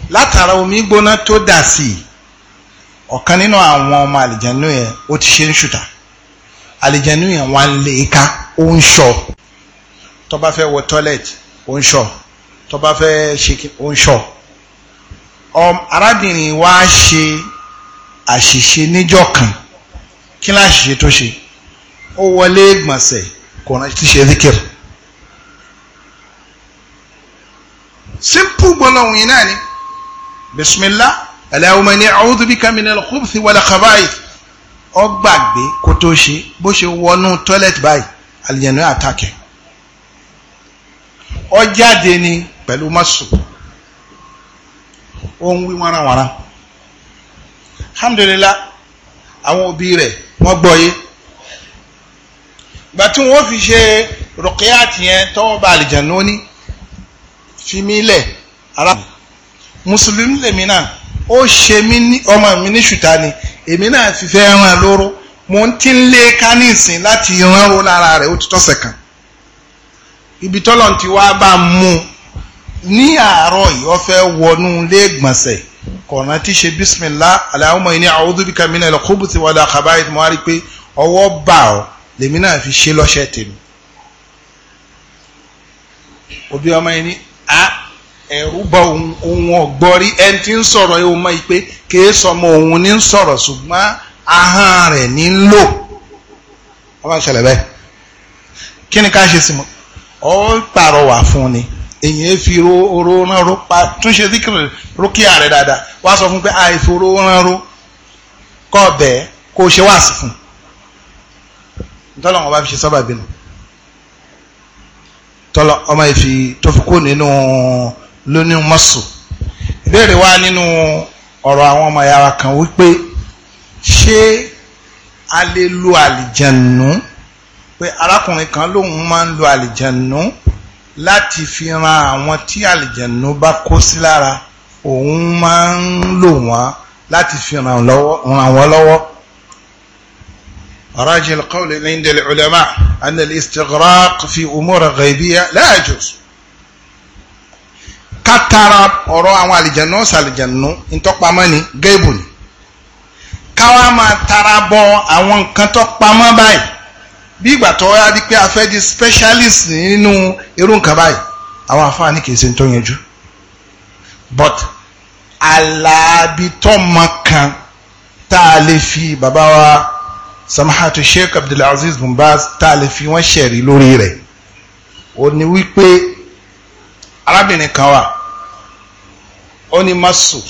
látara omi gbóná tó dà sí i ọ̀kan nínú àwọn ọmọ àlìjẹ̀nú yẹn ó ti ṣe ń ṣùtà àlìjẹ̀nú yẹn wà ń lè ka ó ń ṣọ tó bá fẹ́ wọ tọ́lẹ̀tì ó ń ṣọ tó bá fẹ́ ṣe ó ń ṣọ arábìnrin wa ṣe àṣìṣe níjọ́ kan kí ni àṣìṣe tó ṣe ó wọlé gbọ̀nsẹ̀ kò rántí ṣe zikir. simple gbọ́nà òun yìí náà ni bisimilá aláwọ̀mọ̀ ní àwùjọbíkà minal khubuthi wal khaba'ith ọ gbàgbé kó tó ṣe bó ṣe wọnú tọ́lẹ̀tì báyìí àlìyànnú àtàkẹ́ ọ jáde ni pẹ̀lú mọ́sù ó ń wí wánrawànra alhamdulillah àwọn òbí rẹ̀ wọ́n gbọ́ yé gbàtí wọ́n fi ṣe rọ̀kíyàtì yẹn tọ́wọ́ bá àlìjànnú ní fi mí mùsùlùmí lèmi náà ó ṣe mí ní ọmọ mi ní ṣùtá ni èmi náà ti fẹ́ ràn lóró mo ń tí ń lé kánísìn láti ránró lára rẹ̀ ó ti tọ́sẹ̀ kan ibi tọ́lọ̀ ti wá bá mú ní àárọ̀ yìí ó fẹ́ wọnú lé gbọ̀nsẹ̀ kọ̀ọ̀nà tí ṣe bísímìlá Allahumma inni a'udhu bika minal khubuthi wal khaba'ith mo wá rí i pé ọwọ́ bà ọ́ lèmi náà fi ṣe lọ́ṣẹ́ tèmi òbí ọmọ yìí ní a ah, ẹ̀rú bá ohun ọ̀gbọ́rí ẹni tí ń sọ̀rọ̀ yóò mọ̀ pé kìí sọmọ òun ní ń sọ̀rọ̀ ṣùgbọ́n ahọ́n rẹ̀ ní ń lò wọ́n máa ń ṣẹlẹ̀ bẹ́ẹ̀ kí ni ká ṣe sí mu ọ́ pàrọwà fún ni èyàn fi oró ránró pa túnṣe díkìrì rókìá rẹ̀ dáadáa wá sọ fún pé àìfi oró ránró kọ́ bẹ́ẹ̀ kó ṣe wá sí fún ntọ́lọ́wọ́n bá fi ṣe sábàbí nù tọ́lọ́ ọmọ ìfi tó fi kú nínú. No lónìí mọ́sù ìbéèrè wa nínú ọ̀rọ̀ àwọn ọmọ yàrá kan wípé ṣé a lè lo àlìjànnú pé arákùnrin kan lòun máa ń lo àlìjànnú láti fi ran àwọn tí àlìjànnú bá kó sí lára òun máa ń lò wọ́n láti fi ràn wọ́n lọ́wọ́. راجع القول عند العلماء أن الاستغراق في أمور غيبية لا يجوز Katara ọ̀rọ̀ àwọn àlìjẹ̀nú ṣàlìjẹ̀nú ntọ́pamọ́ ni géèbù ni káwa máa tara bọ àwọn nǹkan tó pamọ́ báyìí bí ìgbà tó wáyá di pé a fẹ́ di specialist nínú irú nǹkan báyìí àwọn afáàní kì í ṣe ń tó yanjú but alábitọ́mọ kan tá a lè fi bàbá wa samahatu sheikh abdulaziz bumbaz tá a lè fi wọ́n ṣẹ̀rí lórí rẹ̀ ó ní wípé arábìnrin kan wà ó ní masu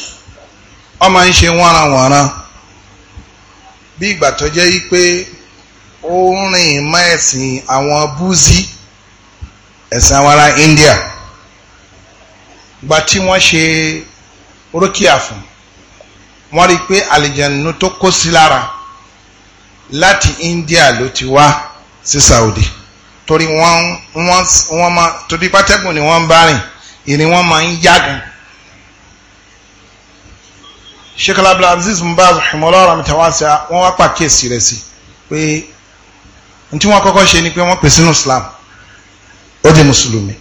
ó máa ń ṣe wọ́nranwọ̀nran bí ìgbà tó jẹ́ wípé ó rìn mọ́ àwọn búzí ẹ̀sìn àwọn ará India gba tí wọ́n ṣe rókìá fún wọ́n rí i pé àlìjẹ̀nu tó kó sí lára láti India ló ti wá sí Saudi torí wọ́n wọ́n wọ́n máa torí pátẹ́gùn ni wọ́n bá rìn ìrìn wọ́n máa ń yágan sheikh abdulaziz mbaz himola ramitawasa wọ́n wá pàkíyèsí rẹ̀ sí pé n tí wọ́n kọ́kọ́ ṣe ni pé wọ́n pè sínú islam ó di mùsùlùmí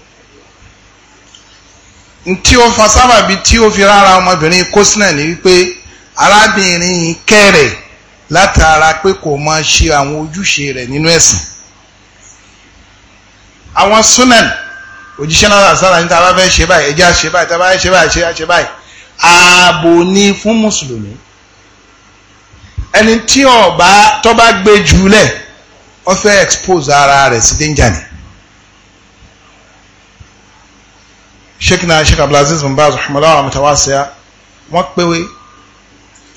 n tí ó fa sábàbí tí ó fi rárá ọmọbìnrin kó sínà ni wípé arábìnrin kẹrẹ látara pé kò máa ṣe àwọn ojúṣe rẹ̀ nínú ẹ̀sìn àwọn sunan òjíṣẹ́ náà sára ní bá fẹ́ ṣe báyìí ẹjẹ́ àṣẹ báyìí tá a ṣe báyìí ṣe àṣẹ báyìí ààbò ni fún mùsùlùmí ẹni tí ọba tó gbé jùlẹ̀ ó fẹ́ expose ara rẹ̀ sí danger ni. sheikina sheik abdulaziz bin baz rahimahullah mutawasiya wọ́n pé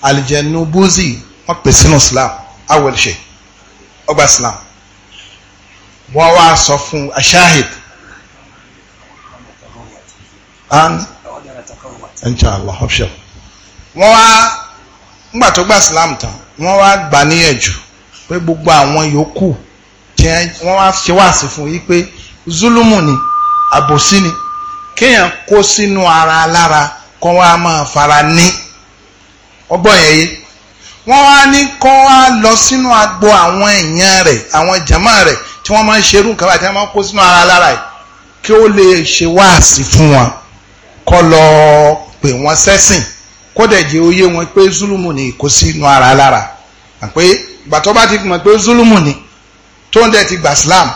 alijanu buzi wọ́n pè sínú islam awel sheik ọgbà islam wọ́n wá sọ fún ashahid inshallah ọ̀ṣọ́ wọ́n wá ńgbà tó gba islam tán wọ́n wá gbà níyànjú pé gbogbo àwọn yòókù wọ́n wá fi wáàsí fún yí pé zulumu ni àbòsí ni kéèyàn kó sínú ara lára kó wá máa fara ní ọgbọ́n yẹn yé wọ́n wá ní kó wá lọ sínú agbo àwọn èèyàn rẹ̀ àwọn jàmá rẹ̀ tí wọ́n máa ń ṣerú nǹkan àti máa ń kó sínú ara lára yìí kí ó lè ṣe wáàsí fún wọn kó lọ pè wọ́n sẹ́sìn kódẹ̀ jẹ́ oyé wọn pé zulumu ni kò sí inú ara lára pé ìgbà tó bá ti mọ̀ pé zulumu ni tó ń dẹ̀ ti gbà Islam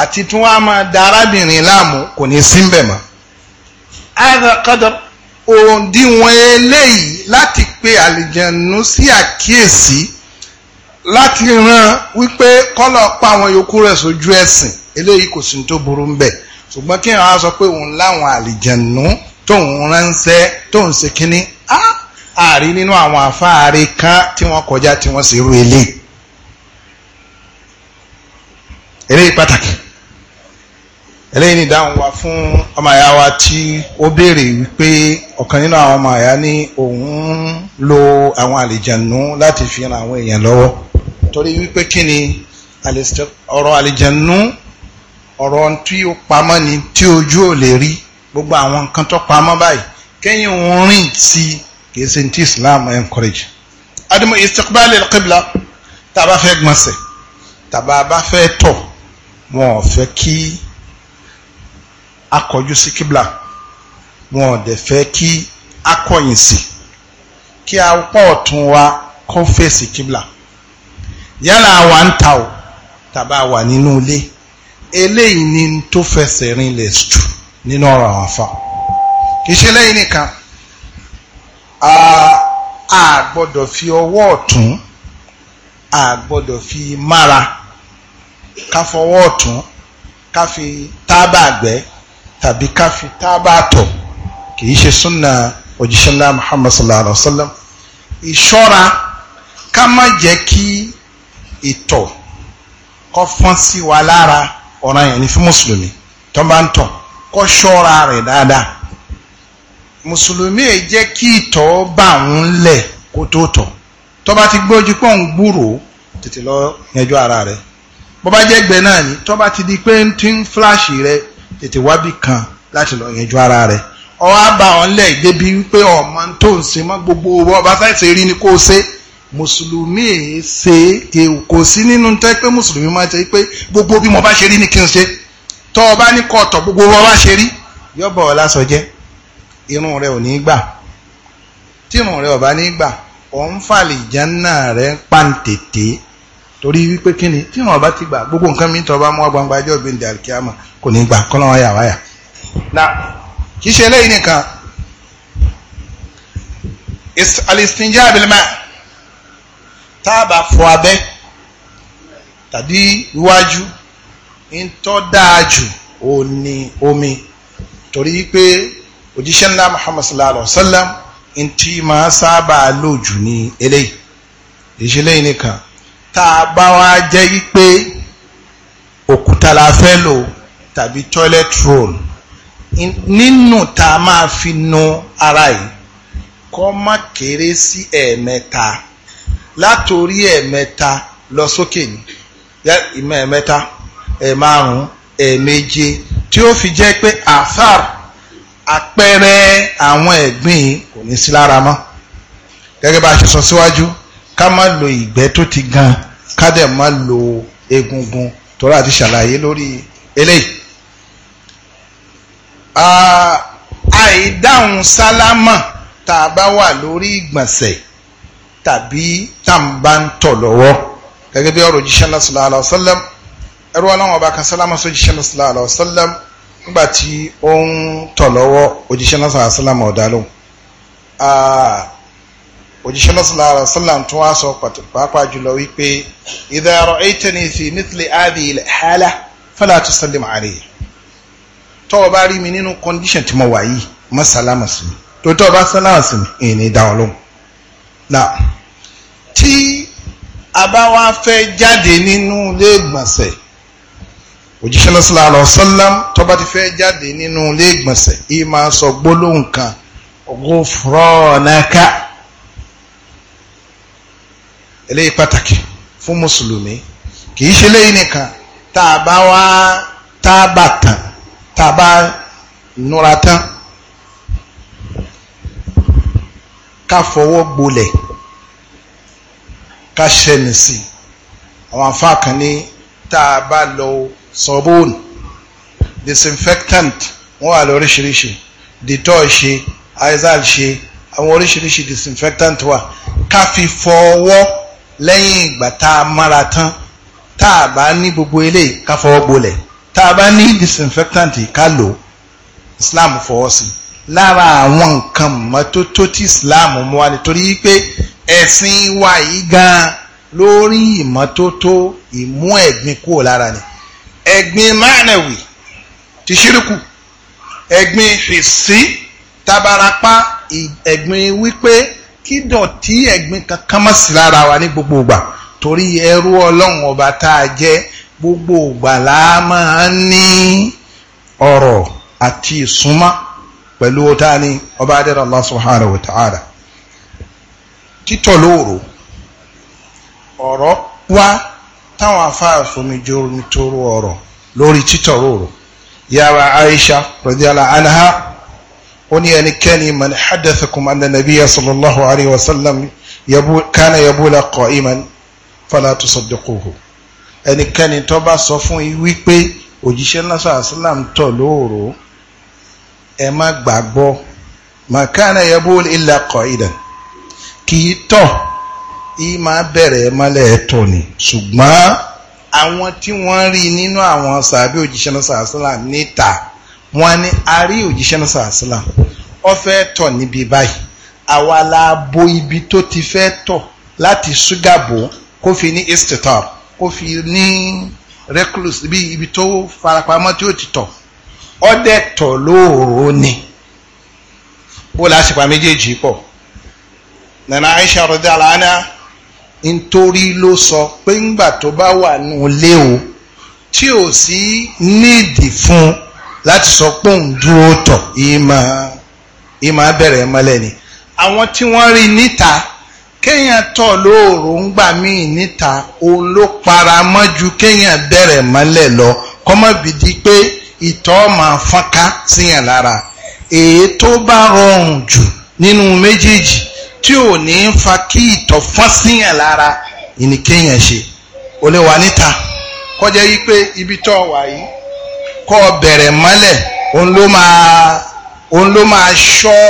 àti tún wá máa da arábìnrin láàmú kò ní sí mbẹ̀ mọ́. òdiwọ̀n eléyìí láti pe àlìjẹ̀nu sí àkíyèsí láti ran wípé kọ́lọ̀ pa àwọn yòókù rẹ̀ sójú ẹ̀sìn eléyìí kò sí tó burú mbẹ̀ ṣùgbọ́n kí wọ́n sọ pé òun láwọn àlìjẹ̀nu tóun ránṣẹ́ tóun ṣe kínní àárín nínú àwọn àfáàrí kan tí wọ́n kọjá tí wọ́n sì rú ilé eléyìí pàtàkì eléyìí ni ìdáhùn wa fún ọmọ àyà wa tí ó béèrè wípé ọ̀kan nínú àwọn ọmọ àyà ní òun ń lo àwọn àlìjànú láti fi ran àwọn èèyàn lọ́wọ́ torí wípé kí ni ọ̀rọ̀ àlìjànú ọ̀rọ̀ tí ó pamọ́ ni tí ojú ò lè rí gbogbo àwọn nǹkan tó pamọ́ báyìí kẹ́yìn òun rìn sí kìí ṣe ti islam encourage. adamu istiqbal al-qibla Taba fẹ́ gbọ̀nsẹ̀ tàbá bá fẹ́ tọ̀ wọn ò fẹ́ kí akọjú sí kíbla wọn ò dẹ̀ fẹ́ kí akọyìn sí kí apá ọ̀tún wa kó fèsì kíbla yálà àwa ń ta o tàbá wà nínú ilé eléyìí ni tó fẹsẹ̀ rinlẹ̀ jù nínú ọ̀rọ̀ àwọn afa kì í ṣe lẹ́yìn nìkan a gbọ́dọ̀ fi ọwọ́ ọ̀tún a gbọ́dọ̀ fi mára ká fọwọ́ ọ̀tún ká fi tábà gbẹ́ tàbí ká fi tábà tọ̀ kì ṣe súnà òjíṣẹ́ ńlá Muhammad sallallahu alaihi wa sallam ìṣọ́ra ká má jẹ́ kí ìtọ̀ kó fọ́n sí wa lára ọ̀ranyàn ni fún mùsùlùmí tó bá ń tọ̀ kọ́ ṣọ́ra rẹ̀ dáadáa mùsùlùmí ẹ̀ jẹ́ kí ìtọ̀ bá òun lẹ̀ kó tó tọ̀ tó bá ti gbójú pọ̀ ń gbúrò tètè lọ yanjú ara rẹ̀ bó bá jẹ́ gbẹ náà ni tó bá ti di pé ń tí ń fúláṣì rẹ̀ tètè wábì kan láti lọ yanjú ara rẹ̀ ọwọ́ àbá òun lẹ̀ débi wípé ọmọ tó ń ṣe mọ́ gbogbo ọba fẹ́ẹ́ rí ni kó ṣe mùsùlùmí ṣe kò sí nínú tẹ́ pé mùsùlùmí máa ń ṣe pé gbogbo bí mo bá ṣe rí ni kí n ṣe tọ́ ọ bá ní kọ́ọ̀tọ̀ gbogbo wọn wá ṣe rí yọ́bọ̀ ọ lásọ jẹ́ irun rẹ ò ní gbà tírun rẹ ò bá ní gbà ọ̀ ń fàlè jánà rẹ pàǹtètè torí wípé kí ni tírun ọba ti gbà gbogbo nǹkan mi tọ́ bá mú ọgbọ̀n gbàjọ́ ìbíndì àríkíámà kò ní gbà kọ́lọ́n wáyà wáyà na kì í ṣe eléyìí nìkan alistinja abilima tá a bá fọ abẹ́ tàbí iwájú ń tọ́ dáa jù ó ní omi torí pé òjíṣẹ́ ńlá muhammad sallallahu alaihi wa sallam ń tí máa sábà lò jù ní eléyìí ìṣẹ̀lẹ̀ yìí nìkan tá a bá wá jẹ́ wípé òkúta la fẹ́ lò tàbí toilet roll nínú tá a máa fi nu ara yìí kọ́ má kéré sí ẹ̀ẹ̀mẹ́ta látòrí ẹ̀ẹ̀mẹ́ta lọ sókè ní ẹ̀ẹ̀mẹ́ta. Yeah, ẹ̀ẹ̀márùn-ún ẹ̀ẹ̀méje tí ó fi jẹ́ pé àfàr àpẹẹrẹ àwọn ẹ̀gbìn kò ní sí lára mọ́ gẹ́gẹ́ bá a ṣe sọ síwájú ká má lo ìgbẹ́ tó ti gan ká dẹ̀ má lo egungun torí àti ṣàlàyé lórí eléyìí àìdáhùn sálámà tá a bá wà lórí ìgbọ̀nsẹ̀ tàbí tá a bá ń tọ̀ lọ́wọ́ gẹ́gẹ́ bí ọ̀rọ̀ jíṣẹ́ lásìlá aláṣálẹ́mù ẹrú ọlọ́run ọba kan sálámà sójíṣẹ́ náà sílá àlọ́ sálámà nígbà tí ó ń tọ̀ lọ́wọ́ òjíṣẹ́ náà sọ̀rọ̀ sálámà ọ̀dà lóhùn òjíṣẹ́ náà sílá àlọ́ sálámà tó wá sọ pàápàá jùlọ wípé idha ra'aytani fi mithli hadhihi al-hala fala tusallim alayya tọ́ ọ bá rí mi nínú condition tí mo wà yìí má sálámà sí mi tó tọ́ bá sálámà sí mi èyí ni dáhùn tí a bá wá fẹ́ jáde nínú ilé òjíṣẹ́ náà sallallahu alaihi wasallam tó bá ti fẹ́ jáde nínú ilé ìgbọ̀nsẹ̀ yìí máa sọ gbólóhùn kan ghufranaka eléyìí pàtàkì fún mùsùlùmí kì í ṣe léyìí nìkan tá a bá wá tá a bá tán tá a bá núra tán ká fọwọ́ gbolẹ̀ ká ṣẹ́ni sí àwọn afáàkàn ní tá a bá lọ sọ̀bùn disinfectant wọ́n wà lóríṣiríṣi detol ṣe aizal ṣe àwọn oríṣiríṣi disinfectant wà ká fi fọ ọwọ́ lẹ́yìn ìgbà tá a mára tán tá a bá ní gbogbo eléyìí ká fọwọ́ gbolẹ̀ tá a bá ní disinfectant ká lò ó Islam fọwọ́ sí lára àwọn nǹkan mọ́tótó tí Islam mú wa nítorí pé ẹ̀sìn wa yìí gan-an lórí ìmọ́tótó ìmú ẹ̀gbin kúrò lára ni. ẹ̀gbin mánàwì ti ṣírìkù ẹ̀gbin fèsì tabarapá ẹ̀gbin wípé kí dọ̀tí ẹ̀gbin kankan má sí lára wa ní gbogbo ìgbà torí ẹrú ọlọ́run ọba tá a jẹ́ gbogbo ìgbà la máa ń ní ọ̀rọ̀ àti ìsúnmọ́ pẹ̀lú ọ̀tá ni ọba adẹ́rẹ́ Allah subhanahu títọ̀ lóòrò ọ̀rọ̀ wá táwọn afáà fomi jóomi tóró ọ̀rọ̀ lórí títọ̀rọ̀ rò yàrá Aisha radiyallahu anha ó ní ẹnikẹ́ni man hadathakum anna nabiyya sallallahu alayhi wa sallam kana yabula qa'iman fala tusaddiquhu ẹnikẹ́ni tó bá sọ fún yín wípé òjíṣẹ́ lásán àsìlám tọ̀ lóòrò ẹ má gbàgbọ́ màkánà yabul illa qa'idan kì í tọ̀ yìí máa bẹ̀rẹ̀ mọ́lẹ̀ ẹ̀tọ́ ni ṣùgbọ́n àwọn tí wọ́n rí nínú àwọn sàbí òjíṣẹ́ náà sàásìlà níta wọ́n ní a rí òjíṣẹ́ náà sàásìlà ó fẹ́ tọ̀ níbi báyìí àwa la bo ibi tó ti fẹ́ tọ̀ láti ṣúgàbò kó fi ní istitar kó fi ní recluse bí ibi tó farapamọ́ tí ó ti tọ̀ ó tọ̀ lóòrò ni ó láṣepà méjèèjì pọ̀ nana Aisha radiyallahu anha nítorí ló sọ pé ńgbà tó bá wà nù lé o tí ò sí nídìí fún láti sọ pé òun dúró tọ̀ ìmọ̀ ìmọ̀ bẹ̀rẹ̀ ni àwọn tí wọ́n rí níta kéèyàn tọ̀ lóòrò ńgbà míì níta òun ló para mọ́jú kéèyàn bẹ̀rẹ̀ mọ́lẹ̀ lọ kọ́mọ́bìdí pé ìtọ̀ máa fọ́nká síyàn lára èyí tó bá rọrùn jù nínú méjèèjì tí ò ní fa kí ìtọ̀ fọ́n síyàn lára ìníkéyàn ṣe ó lè wà níta kọjá yí pé ibi tó wà yìí kọ́ bẹ̀rẹ̀ mọ́lẹ̀ òun ló máa òun ló máa ṣọ́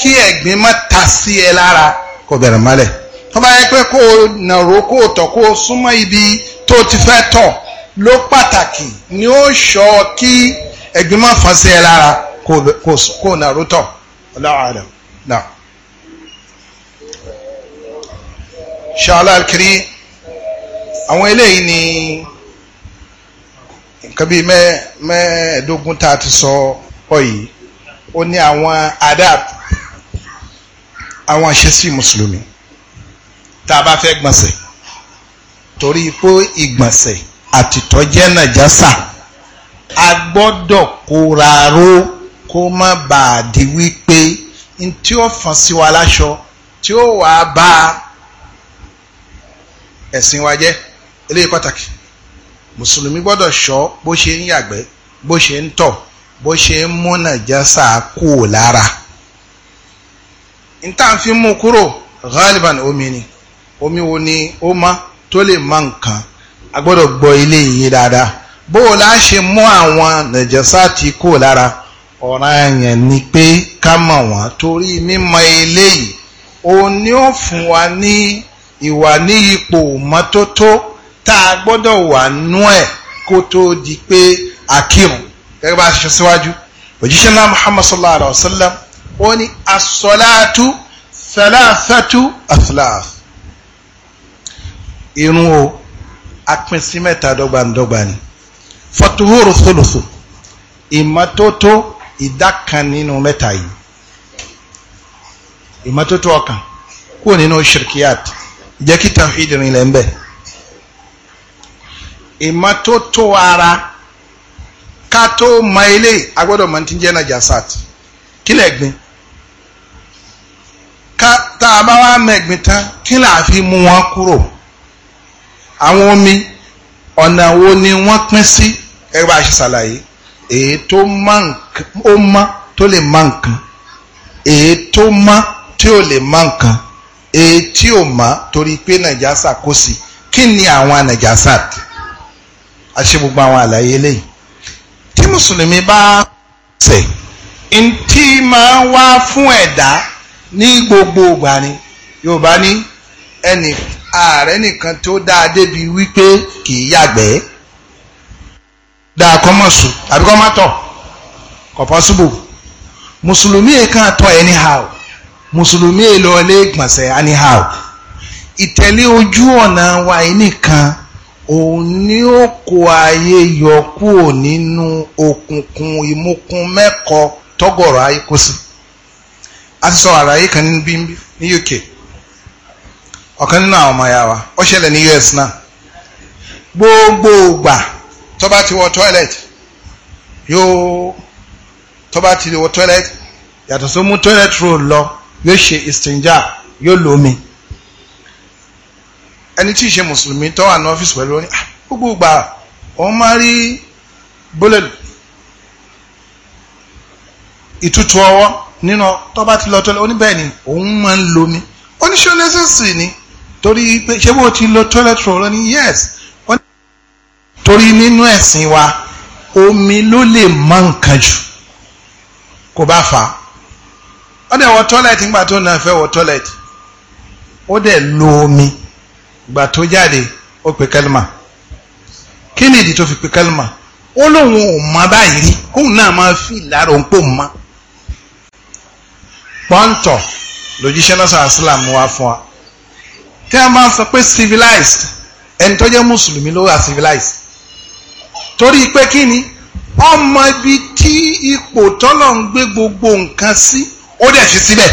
kí ẹ̀gbin má ta sí ẹ lára kọ́ bẹ̀rẹ̀ mọ́lẹ̀ tó bá yẹ pé kó o nàró kó o tọ̀ kó o súnmọ́ ibi tó ti fẹ́ tọ̀ ló pàtàkì ni ó ṣọ́ kí ẹ̀gbin má fọ́n sí ẹ lára kó o nàró tọ̀ ọlọ́run àdàm náà. ṣàlá alkiri àwọn eléyìí ni nǹkan bíi mẹ́ẹ̀ẹ́dógún tá a ti sọ ọ yìí ó ní àwọn adab àwọn àṣẹ́sí mùsùlùmí tá a bá fẹ́ gbọ̀nsẹ̀ torí pé ìgbọ̀nsẹ̀ àtìtọ́jẹ́ nàjásà a gbọ́dọ̀ kóra ró kó má bàa di wípé tí ó fọ́n sí wa láṣọ tí ó wàá bá a. ẹ̀sìn wa jẹ́ eléyìí pàtàkì mùsùlùmí gbọ́dọ̀ ṣọ́ bó ṣe ń yàgbẹ́ bó ṣe ń tọ̀ bó ṣe ń múnà jásà kúò lára n tá à ń fi mú kúrò ghaliban omi ni omi wo ni ó mọ́ tó lè mọ nǹkan a gbọ́dọ̀ gbọ́ ilé yìí dáadáa bó o lá ṣe mú àwọn nàjásà ti kú lára ọ̀ràn yẹn ni pé ká mọ̀ wọ́n torí mímọ̀ eléyìí òun ni ó fún wa ní. ìwà ní ipò mọ́tótó tá a gbọ́dọ̀ wà nú ẹ̀ kó tó di pé akírun gẹ́gẹ́ bá a ṣe síwájú òjíṣẹ́ náà muhammad sallallahu alayhi wa sallam ó ní asọ́láàtú thalathatu athlaf irun o apin sí mẹ́ta dọ́gbandọ́gba ni fọtuhóró sólòsò ìmọ́tótó ìdá kan nínú mẹ́ta yìí ìmọ́tótó ọkàn kúrò nínú shirkiyat jẹ́ kí tawhid rinlẹ̀ ń bẹ̀ ìmọ́tótó ara ká tó mọ ilé agbọ́dọ̀ mọ̀ tí ń jẹ́ najasat kílẹ̀ gbin ká tá a bá wá mẹ̀gbin tán kí là fi mú wọn kúrò àwọn omi ọ̀nà wo ni wọ́n pín sí ẹgbẹ́ bá ṣàlàyé èyí tó mọ́ tó lè mọ nǹkan èyí tó mọ́ tí ò lè mọ nǹkan etí ò mọ́ torí pé nàìjásà kò sí kí ni àwọn nàìjásà tì a ṣe gbogbo àwọn àlàyé eléyìí tí mùsùlùmí bá ṣẹ̀ ntí máa wá fún ẹ̀dá ní gbogbo ìgbà ni yorùbá ní ẹnì ààrẹ nìkan tó dáa débi wípé kì í yàgbẹ́ dáa kọ́ mọ̀ sùn àbí kọ́ má tọ̀ kọ̀ pọ́síbù mùsùlùmí kan anyhow mùsùlùmí èlò ọlé ìgbọ̀nsẹ̀ anyhow ìtẹ̀lé ojú ọ̀nà wa nìkan òun ni ó kó ayé yọ kúrò nínú òkùnkùn ìmúkun mẹ́kọ tọ́gọ̀rọ̀ ayé kó sí a ti sọ àlàyé kan níbi ní UK ọ̀kan nínú àwọn ọmọ ya wa ó ṣẹlẹ̀ ní US náà gbogbo ìgbà tó bá ti wọ toilet yóò tó bá ti wọ toilet yàtọ̀ só mú toilet roll lọ yóò ṣe istinja yóò lómi ẹni tí ì ṣe mùsùlùmí tó wà ní ọ́fíìsì pẹ̀lú ó ní ah, gbogbo ìgbà òun máa rí bólẹ̀lù ìtútù ọwọ́ nínú tó ti lọ tọ́lẹ̀ oníbẹ̀ẹ́ni òun máa ń lomi oníṣẹ́ lẹ́sẹ̀sì ni torí pé ṣé bó ti lo toilet roll ó ní yes torí nínú ẹ̀sìn wa omi ló lè mọ nǹkan jù kò bá fà ó dẹ̀ wọ tọ́lẹ̀tì nígbà tó náà fẹ́ wọ tọ́lẹ̀tì ó dẹ̀ lo omi ìgbà tó jáde ó pe kẹ́lìmà kí ni ìdí tó fi pe kẹ́lìmà ó lóun ò mọ báyìí rí kóun náà máa fi ìlàrọ̀ ń pò mọ́ pọ́ńtọ̀ lójíṣẹ́ lọ́sàn islam wá fún wa tí a máa sọ pé civilized ẹni tó jẹ́ mùsùlùmí ló wà civilized torí pé kí ọmọ ibi tí ipò tọ́lọ̀ ń gbé gbogbo nǹkan sí. Si ó dẹ̀ fi síbẹ̀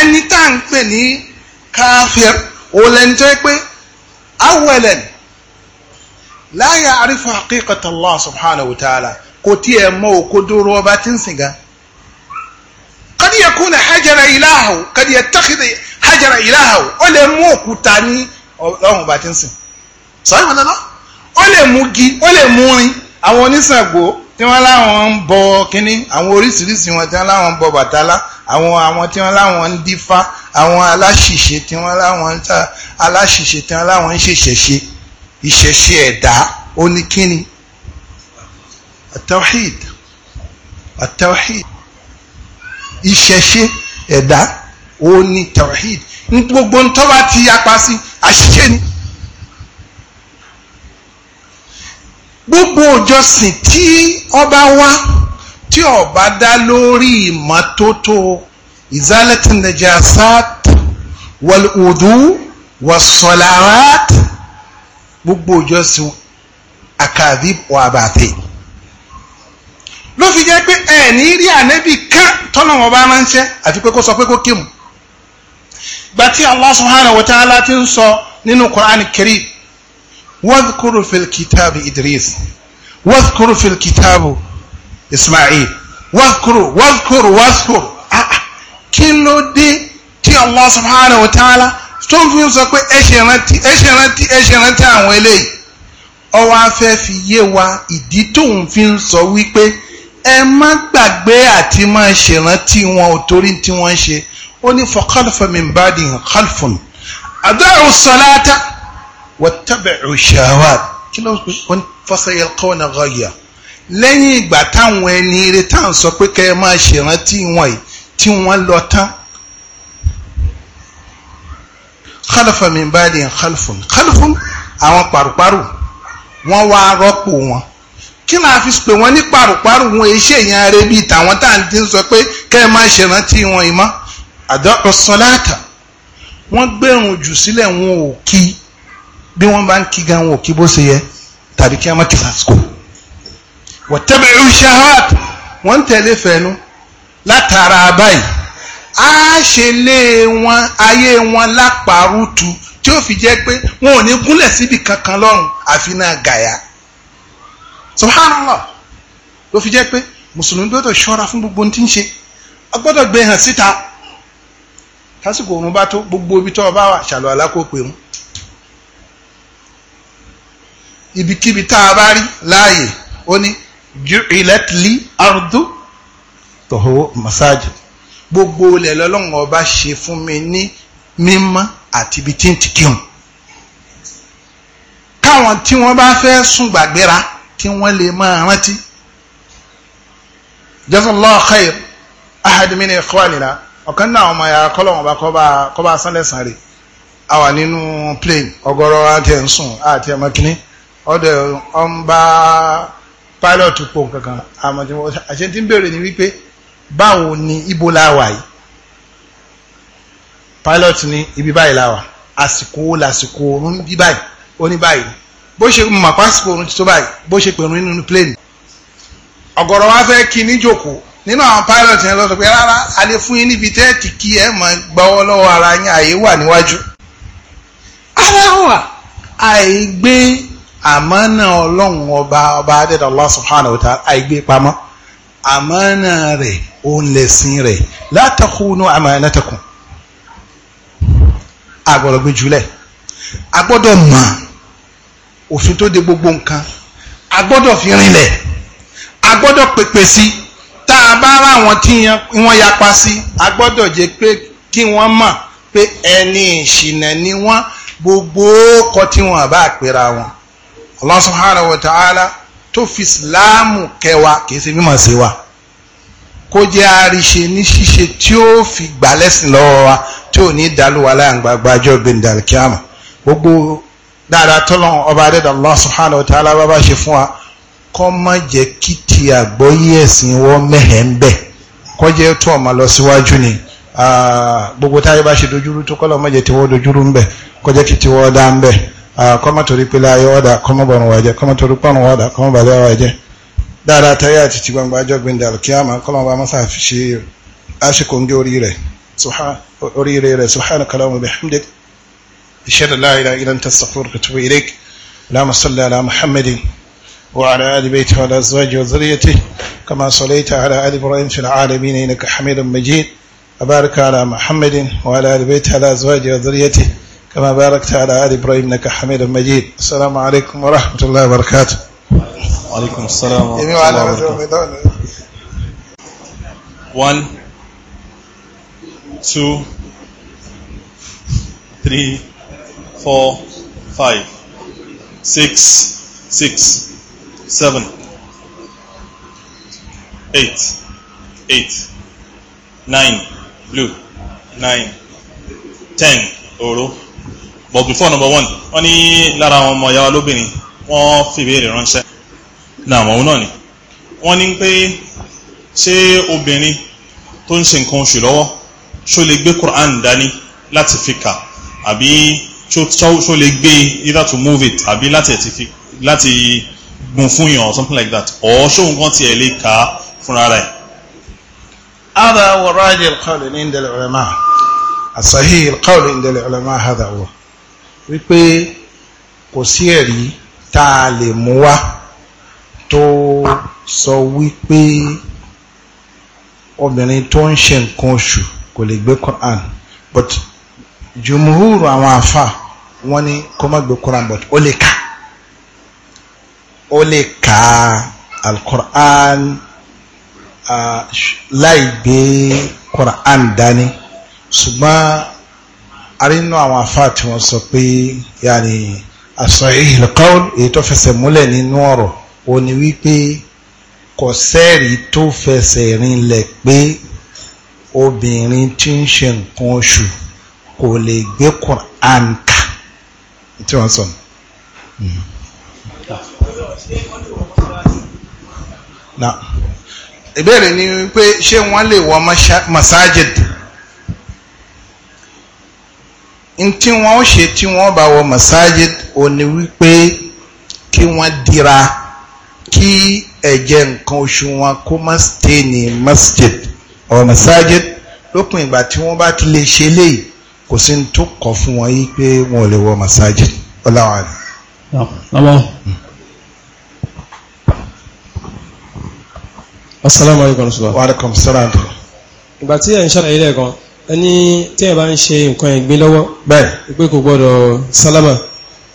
ẹni tá à ń pè ní káfíìr òun lẹni tó yẹ pé awẹ́lẹ̀ la ya'rifu haqiqata Allah subhanahu wa ta'ala kò tiẹ̀ mọ òkodoro ọba tí ń sìn gan kadi yakuna hajara ilahu kadi yattakhidhi hajara ilahu ó lè mú òkúta ní ọlọ́run ọba tí ń sìn sọ́yìn wọn lọ́nà ó lè mú gi ó lè mú rin àwọn onísàgbò tí wọ́n láwọn ń bọ kínní àwọn oríṣiríṣi wọn tí wọ́n láwọn ń bọ bàtálá àwọn àwọn tí wọ́n láwọn ń dífá àwọn aláṣìṣe tí wọ́n láwọn ń ta aláṣìṣe tí wọ́n láwọn ń ṣèṣẹ̀ṣe ìṣẹ̀ṣe ẹ̀dá oníkínní atawhid atawhid ìṣẹ̀ṣe ẹ̀dá oní tawhid gbogbo ń tọ́ bá ti yapa sí àṣìṣe ni. gbogbo òjọsìn tí ọba wá tí ọba dá lórí ìmọ́tótó ìzálẹ́tì najasat wàlúùdú wàsọ̀làwàt gbogbo òjọsìn àkàdí wàbàtẹ́ ló fi jẹ́ pé ẹ̀ ní rí ànẹ́bì kan tọ́nà wọn ránṣẹ́ àfi pé kó sọ pé kó kémù gbàtí Allah subhanahu wa ta'ala ti ń sọ nínú Qur'an Karim واذكر في الكتاب إدريس واذكر في الكتاب إسماعيل واذكر واذكر واذكر kí ló dé tí Allah subhanahu wa ta'ala tó ń fi sọ pé ẹ ṣe rántí ẹ ṣe rántí ẹ ṣe rántí àwọn eléyìí ọwọ́ afẹ́ fi yé wa ìdí tóun fi ń sọ wípé ẹ má gbàgbé àti má ṣèrántí wọn ò torí tí wọ́n ń ṣe ó ní fa khalafa min ba'dihim khalfun ada'u salata wattaba'u shahawat kí ló ń fasayalqawna ghayya lẹ́yìn ìgbà táwọn ẹni eré tá à ń sọ pé kẹ́ ẹ máa ṣèrántí wọn yìí tí wọ́n lọ tán khalafa min ba'dihim khalfun khalfun àwọn pàrùpàrù wọ́n wá rọ́pò wọn kí náà fi pè wọ́n ní pàrùpàrù wọn iṣẹ́ èèyàn rẹ̀ bíi tàwọn tá à ń ti sọ pé kẹ́ ẹ máa ṣèrántí wọn yìí mọ́ àdọ́kọ̀ sọ́láàtà wọ́n gbẹ̀rùn jù sílẹ̀ wọn ò kí i bí wọ́n bá ń kí gan wọn ò kí bó ṣe yẹ tàbí kí wọ́n má kí sàṣkò wọ́tẹ́bẹ̀rù shahad wọ́n ń tẹ̀lé fẹ́nu látara báyìí á ṣe lé wọn ayé wọn lápárùtù tí ó fi jẹ́ pé wọn ò ní gúnlẹ̀ síbi kankan lọ́rùn àfi gàyà subhanallah ló fi jẹ́ pé mùsùlùmí gbọ́dọ̀ ṣọ́ra fún gbogbo tí ń ṣe a gbọ́dọ̀ síta tásìkò òun bá tó gbogbo ibi tó o bá wà ṣàlọ́ alákòópe mu ibikíbi tá a bá rí láàyè ó ní ju'ilatli ardu tọ̀hó masaji gbogbo ilẹ̀ lọ́lọ́run ọba ṣe fún mi ní mímọ́ àti ibi tí ń ti kírun káwọn tí wọ́n bá fẹ́ sùn gbàgbéra kí wọ́n lè máa rántí jazallahu khair ahad min ikhwanina ọ̀kan náà ọmọ ya kọ́lọ́wọ́n bá kọ́ bá sánlẹ̀ sàn rè a nínú plane ọgọ́rọ́ àti ẹ̀ ń sùn àti ẹ̀ mọ́kínní ọdọ̀ ọm bá pálọ̀tù pò kankan àṣẹ tí ń bèèrè ní wípé báwo ni ibo láwà yìí pilot ni ibi báyìí láwà àsìkò lásìkò oorun bí báyìí ó ní báyìí bó ṣe mọ̀ pásìkò oorun tó báyìí bó ṣe pẹ̀rún nínú plane ọ̀gọ̀rọ̀ wa fẹ́ kí ní jòkó nínú àwọn pilot yẹn lọ́sọ̀ pé rárá a lè fún yín níbi tẹ́ẹ̀tì kí ẹ mọ̀ gbọ́wọ́ lọ́wọ́ ara yín àyè wà níwájú. ara wà àìgbé àmánà ọlọ́run ọba ọba adẹ́dà Allah subhanahu wa ta'ala àìgbé pamọ́ àmánà rẹ̀ òun lẹ̀sìn rẹ̀ la takhunu amanatakum àgbọ̀rọ̀ gbé jùlẹ̀ agbọ́dọ̀ mọ̀ òfin tó de gbogbo nǹkan agbọ́dọ̀ fi rinlẹ̀ agbọ́dọ̀ pèpè sí tá a bá rà wọn tí wọ́n yapa sí agbọ́dọ̀ jẹ́ pé kí wọ́n mọ̀ pé ẹni ìṣìnà ni wọ́n gbogbo kọ tí wọ́n àbá àpèrà wọn. Allah subhanahu wa ta'ala tó fi ìsìláàmù kẹwa kìí ṣe mímọ̀ sí wa kó jẹ́ àríṣe ní ṣíṣe tí ó fi gbà lẹ́sìn lọ́wọ́ wa tí ò ní dálúwa láàgbàgbà ọjọ́ gbẹ̀ndà kíámà gbogbo dáadáa tọ́lọ́n ọba adẹ́dà Allah subhanahu wa ta'ala bá bá ṣe fún wa kọ́ má jẹ́ kí ti àgbọ́yé ẹ̀sìn wọ́n mẹ́hẹ̀ ń bẹ̀ kọ́ jẹ́ tó ọmọ lọ síwájú ni gbogbo táyé bá ṣe dojúrú tó kọ́lọ́ má jẹ́ tiwọ́ dojúrú ń bẹ̀ kọ́ jẹ́ kí tiwọ́ dá ń bẹ̀ kọ́mọ̀ torí pé láyé ọ̀dà kọ́mọ̀ bọ̀rùn wájẹ́ jẹ́ kọ́mọ̀ torí pọ̀rùn wádà kọ́mọ̀ bàlẹ́ wájẹ́ jẹ́ dáadáa táyé àti ti gbangba ajọ́ gbẹ̀ndẹ̀ alkiyama kọ́mọ̀ bá mọ́sá fi ṣe àṣekò ń gé oríire rẹ̀ subhana kalamu bihamdik ishada la ilaha illa anta astaghfiruka wa atubu ilaik allahumma salli ala muhammadin wa ala ali baiti wa ala azwaji wa zuriyati kama sallaita ala ali ibrahim fil alamin innaka hamidun majid wa barik ala muhammadin wa ala ali baiti wa ala azwaji wa zuriyati كما باركت على آل إبراهيم إنك حميد مجيد السلام عليكم ورحمة الله وبركاته وعليكم السلام ورحمة الله وبركاته One, two, three, four, five, six, six, seven, eight, eight, nine, blue, nine, ten, oro, but before number one wọ́n ní lára àwọn ọmọ ìyá wa lóbìnrin wọ́n fìbéèrè ránṣẹ́ náà àwọn náà ni wọ́n ní pé ṣé obìnrin tó ń ṣe nǹkan oṣù lọ́wọ́ ṣó lè gbé Quran dání láti fi kà àbí ṣó lè gbé either to move it àbí láti gbùn fún yàn or something like that or ṣóun kan tiẹ̀ lè kà á fúnra rẹ̀. هذا هو راجع القول عند العلماء الصحيح القول عند العلماء هذا هو wípé kò sí ẹ̀rí tá a lè mú wá tó sọ wípé obìnrin tó ń ṣe nǹkan oṣù kò lè gbé Quran but jùmùhúrù àwọn àfà wọ́n ní kó má gbé Quran but ó lè kà ó lè kà al-Quran láì gbé Quran dání ṣùgbọ́n arínú àwọn afá tí wọ́n sọ pé yàní as-sahihul qawl èyí tó fẹsẹ̀ múlẹ̀ nínú ọ̀rọ̀ ó ní wípé kò sẹ́ẹ̀rí tó fẹsẹ̀ rinlẹ̀ pé obìnrin tí ń ṣe nǹkan oṣù kò lè gbé Qur'an kà tí wọ́n sọ. ìbéèrè ni wípé ṣé wọ́n lè wọ masajid. n tí wọ́n ó ṣe tí wọ́n bá wọ masajid ò ní wípé kí wọ́n dira kí ẹ̀jẹ̀ nǹkan oṣù wọn kó má stay ní masjid or masajid lópin ìgbà tí wọ́n bá ti lè ṣe léyìí kò sí ní tó kọ̀ fún wọn yìí pé wọn ò lè wọ masajid ọláwà asalaamualeykum. wa aleykum salaam. ìgbà tí ẹ̀ ń ṣàlàyé lẹ́ẹ̀kan ẹni tí ẹ bá ń ṣe nǹkan ẹ̀gbin lọ́wọ́ bẹ́ẹ̀ pé kò gbọ́dọ̀ sálámà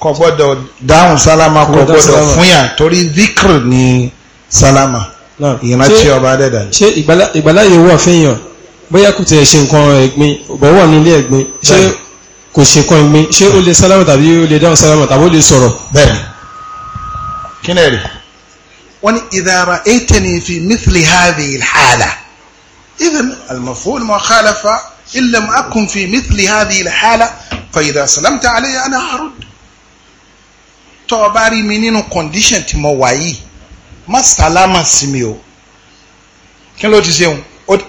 kò gbọ́dọ̀ dáhùn sálámà kò gbọ́dọ̀ fúnyà torí díkìrì ní sálámà ìrántí ọba dẹ́dà ni. ṣé ìgbàláyè wà fẹ́yàn bóyá kò tẹ̀ ṣe nǹkan ẹ̀gbin bọ̀ wà nílé ẹ̀gbin ṣé kò ṣe nǹkan ẹ̀gbin ṣé ó lè sálámà tàbí ó lè dáhùn sálámà tàbí ó lè sọ̀rọ̀. bẹ́ẹ̀ni إن لم أكن في مثل هذه الحالة فإذا سلمت علي أنا هرد tọ́ ọ bá rí mi nínú condition tí mo wà yìí má sàlámà sí mi o kí ló ti ṣeun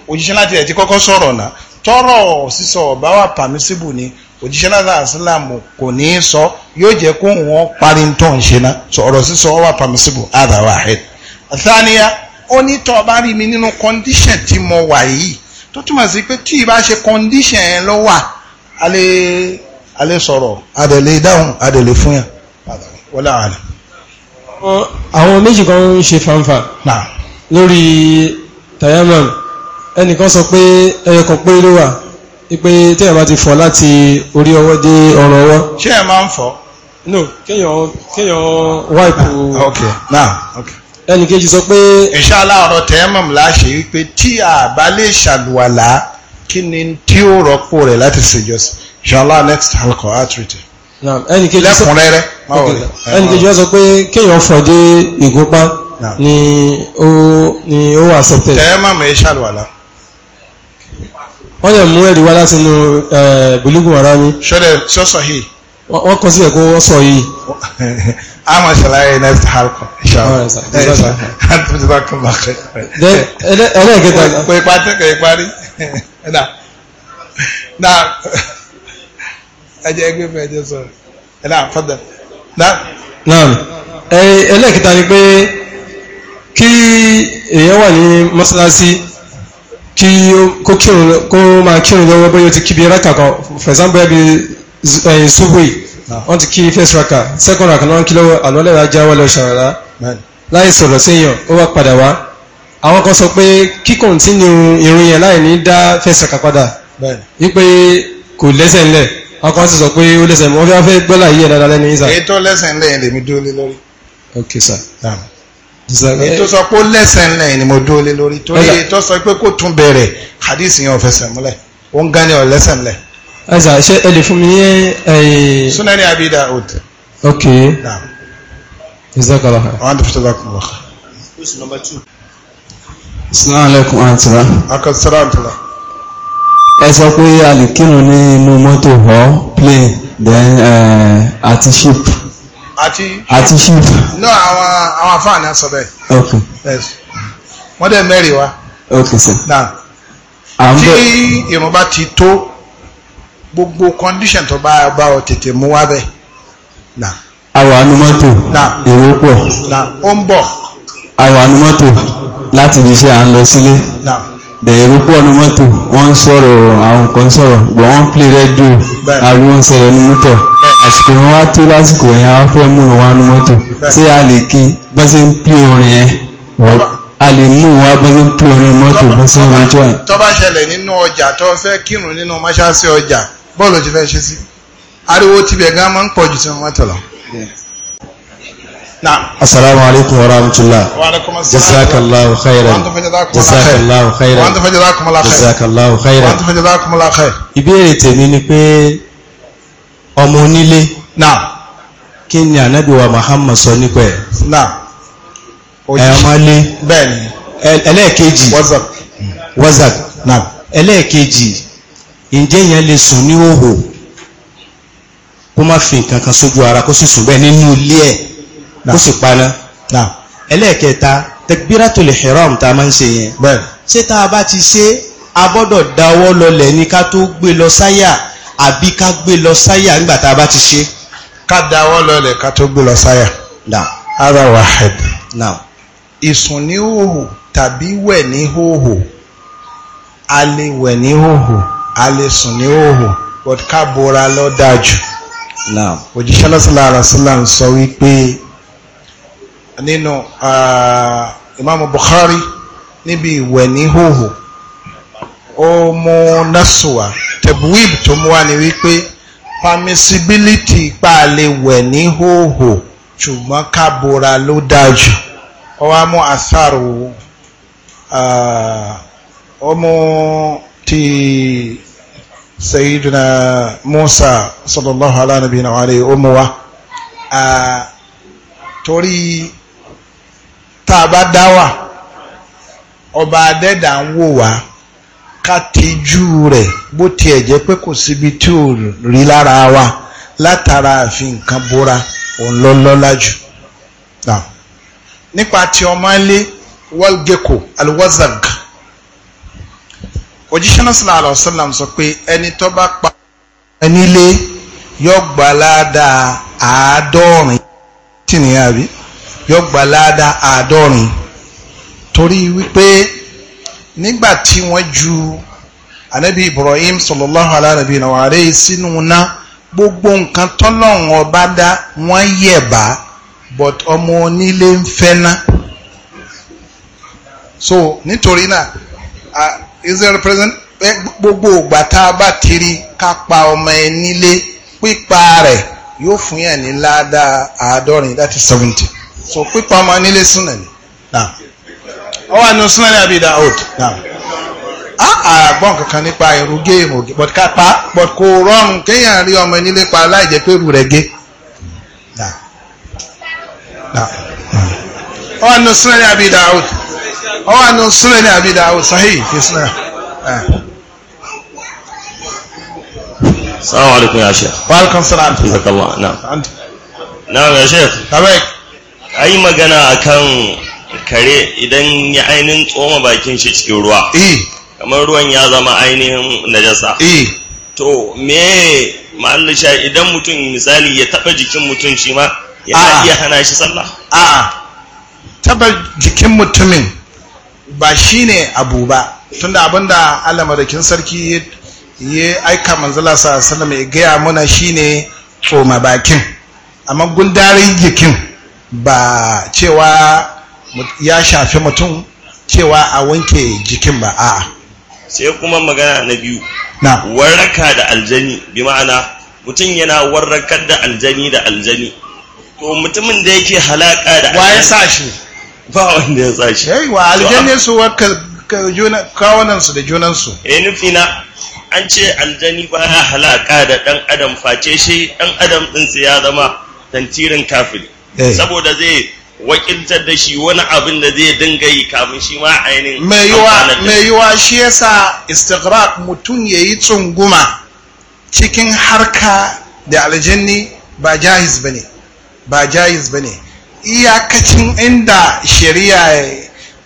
òjíṣẹ́ láti ẹ̀ ti kọ́kọ́ sọ̀rọ̀ náà tọ́rọ̀ sísọ ọ̀bá wà permissible ni òjíṣẹ́ láti àsìlámù kò ní í sọ yóò jẹ́ kó wọ́n parí tó ń ṣe ná ọ̀rọ̀ sísọ wà permissible other way ahead. àtàníyà ó ní tọ́ ọ bá rí mi nínú condition tí mo wà yìí tó túmọ̀ sí pé tí ìbá ṣe condition yẹn ló wà a lè sọ̀rọ̀ a dẹ̀ lè dáhùn a dẹ̀ lè fún yàn wọlé àná. àwọn méjì kan ń ṣe fanfa lórí tayamam ẹnìkan sọ pé ẹyẹ kan pé ló wà pé tí ẹ bá ti fọ láti orí ọwọ́ dé ọrùn ọwọ́. ṣé ẹ máa ń fọ. no kéèyàn kéèyàn wáìpù. ok now ok ẹnì kejì sọ pé. ìṣàlá ọ̀rọ̀ tẹ́mọ̀m láṣẹ wípé tí a bá lè ṣàlùwàlá kí ni tí ó rọ́pò rẹ̀ láti ṣèjọsìn ìṣàlá next alcohol arthritis. ẹnì kejì sọ lẹ́kùnrẹ́rẹ́ ẹnì kejì sọ pé kéèyàn fọ̀ ìgúnpá ni ó ni ó wà accepted. tẹ́mọ̀m ẹ̀ ṣàlùwàlá. wọ́n lè mú ẹ̀rí wá látinú eh, bùlùgùn ara mi. ṣọ́dẹ̀ sọ́sọ̀ yìí wọ́n kọ sílẹ̀ kó wọ́n sọ yìí. a máa ṣàlàyé next halkọ. ẹlẹ́ẹ̀kẹta. kò ipa tẹ́ kò ìparí. na ẹjẹ ẹgbẹ́ fún ẹjẹ sọ̀rọ̀ ẹ̀dá àfọ́dà. naam ẹlẹ́ẹ̀kẹta ni pé kí èèyàn wà ní mọ́ṣáláṣí kí kó máa kírun lọ́wọ́ bóyá ó ti kíbi rákà kan for example bíi ṣubúì eh, ah. wọ́n ti kí first raka second raka náà kí lọ́wọ́ àlọ́lẹ́wà jáwọ́ lọ ṣàràlá láì sọ̀rọ̀ séèyàn ó wá padà wá àwọn kan sọ pé kíkùn tí ni irun yẹn láì ní dá first raka padà wípé kò lẹ́sẹ̀ ńlẹ̀ àwọn kan sì sọ pé ó lẹ́sẹ̀ mọ́ fẹ́ fẹ́ gbọ́là yìí ẹ̀dáadáa lẹ́nu yìí sà. èyí tó lẹ́sẹ̀ ńlẹ̀ yẹn lèmi dúró lé lórí. ok sir. èyí tó sọ pé ó lẹ́sẹ̀ ńlẹ̀ yẹn ni mo dúró lé lórí torí èyí tó sọ pé kò tún bẹ̀rẹ̀ hadith ẹ̀sà ṣe ẹlẹ̀ fún mi ní ẹ̀yìn Sunani Abi ok ìzákàlá wọn tó fìtàlá kù wà. Assalamu alaikum àtìlá. akọ̀sára àtìlá. ẹ sọ pé alikirun ní inú mọ́tò họ plane then àti ship. àti àti ship. no àwọn àwọn afáàní á sọ bẹ́ẹ̀. ok yes wọ́n dẹ̀ mẹ́rin wa. ok sir. na tí ìrùn bá ti tó gbogbo condition tó bá bá ọ tètè mú wá bẹ́ẹ̀. àwọn anumọ́tò èrò pọ̀ ó ń bọ̀. àwọn anumọ́tò láti fi ṣe à ń lọ sílé dẹ̀rù pọ̀ ní mọ́tò wọ́n ń sọ̀rọ̀ àwọn kan sọ̀rọ̀ bọ̀ wọ́n ń plé rẹ́díò ariwo ń sẹ̀rẹ̀ ní mọ́tò àsìkò wọn wá tó lásìkò yẹn wọ́n fẹ́ mú wọn ní tí a lè kí bá ṣe ń plé orin yẹn a lè mú wọn bá ṣe ń plé orin mọ́tò bá ṣe ń rájọ́ yẹn. tó bá ṣẹlẹ̀ nínú ọjà tó fẹ́ kírun nínú mọ́ṣáláṣí ọjà bọ́ọ̀lù ti fẹ́ ṣe sí ariwo tibẹ̀ gan máa ń pọ̀ jù sí wọn tẹ̀lọ. asalaamu alaykum wa rahmatulah jazakallahu khairan jazakallahu khairan jazakallahu khairan. ìbéèrè tèmi ni pé ọmọ onílé kí ni ànábì wa Muhammad sọ nípa ẹ̀ ẹ̀ ọmọ ilé ẹlẹ́ẹ̀kejì wazak ẹlẹ́ẹ̀kejì ǹjẹ́ yẹn lè sùn ní òhò kó má fi nǹkan kan sójú ara kó sì sùn bẹ́ẹ̀ nínú ilé ẹ̀ kó sì paná ẹlẹ́ẹ̀kẹta takbiratul ihram tá a máa ń ṣe yẹn ṣé tá a bá ti ṣe a gbọ́dọ̀ dáwọ́ lọlẹ̀ ní ká tó gbé lọ sáyà àbí ká gbé lọ sáyà nígbà tá a bá ti ṣe. ká dáwọ́ lọlẹ̀ ká tó gbé lọ sáyà. ara wahid. ìsùn ní hòhò tàbí wẹ̀ ní hòhò a lè wẹ̀ ní hòhò a lè sùn ní òhò but ká bora lọ dájú. òjíṣẹ́ lọ́sọ̀lá àràsílà ń sọ wípé nínú ìmáàmù Bukhari níbi ìwẹ̀ ní òhò ó mú nasuwa tebwib tó mú wá ní wípé permissibility ipa lè wẹ̀ ní òhò ṣùgbọ́n ká bora ló dájú ó wá mú àsàrò ọmọ ti sayidina musa sallallahu ala nabiyina wa alayhi omu wa a bá dá wà ọba adẹ́dà ń wò wá ká tijú rẹ̀ bó tiẹ̀ jẹ́ pé kò síbi tí ò rí lára wa látara àfi nǹkan bóra òun lọ́lọ́lá jù nípa ti ọmọ ilé wọ́lgẹ́kọ̀ alwazag òjíṣẹ́ náà sallallahu alaihi wasallam sọ pé ẹni tó bá pa ẹni lé yóò gbà ládàá àádọ́rin tí nìyà rí yóò ládàá àádọ́rin torí wípé nígbà tí wọ́n ju anabi Ibrahim sallallahu alaihi wa sallam sínú náà gbogbo nǹkan tọ́lọ́run ọba dá wọ́n yẹ̀bá but ọmọ onílé ń fẹ́ ná so nítorí náà is represent gbogbo ìgbà tá a bá tiri ká pa ọmọ ẹ nílé pípa rẹ̀ yóò fún yàn ní ládàá àádọ́rin that is seventy so pípa ọmọ nílé súnà Now. ọ wà ní súnà ní àbí Daud àgbọn kankan nípa irú géèmù but ká pa but kò rọrùn kéèyàn rí ọmọ nílé pa láì jẹ́ pé irú rẹ̀ gé. Nah. Nah. ọwọ́ àánú súnẹ́ni àbí dàáwùd ọwọ́ àánú súnẹ́ni àbí dàáwùd sahih fi súnẹ́. salamu alaikum ya shek wa alaikum salam jazakallah na'am na'am ya shek tabek ayi magana akan kare idan ya ainihin tsoma bakin shi cikin ruwa e. kamar ruwan ya zama ainihin najasa e. to me ma'allisha idan mutum misali ya taba jikin mutum shi ma yana iya hana shi sallah a'a taba jikin mutumin ba shine abu ba tunda abinda da madaukin sarki ya aika manzala sallallahu mai gaya muna shine tsoma bakin amma gundarin jikin ba cewa ya shafi mutum cewa a wanke jikin ba a sai kuma magana na biyu na warraka da aljani bi ma'ana mutum yana warrakar da aljani da aljani to mutumin da yake halaka da wa ya sa shi ba wanda ya tsashi yaiwa aljanne su wa su da junansu eh nufina an ce aljani ba ya halaka da ɗan adam face shi ɗan adam ɗinsa ya zama tantirin kafin eh. saboda zai wakiltar da shi wani abin da zai dinga yi kafin shi ma ainihin mai yiwa shi yasa istighraq mutum ya yi tsunguma cikin harka da aljanni ba jahiz bane ba jahiz ba ne iyakacin inda shari'a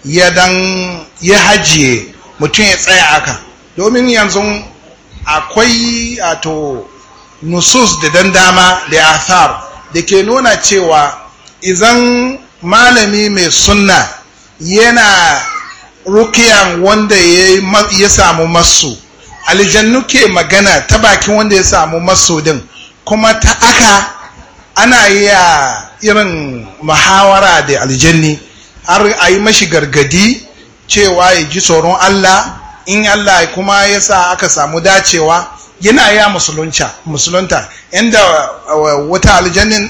ya dan ya hajiye mutum ya tsaya aka domin yanzu akwai ato nusus da dandama dama da athar da ke nuna cewa izan malami mai sunna yana rukiyan wanda ya samu masu aljannu ke magana ta bakin wanda ya samu masu din kuma ta aka ana iya irin muhawara da aljanni har a yi mashi gargadi cewa ya ji tsoron Allah in Allah kuma ya sa aka samu dacewa yana ya musulunta musulunta inda uh, wata aljannan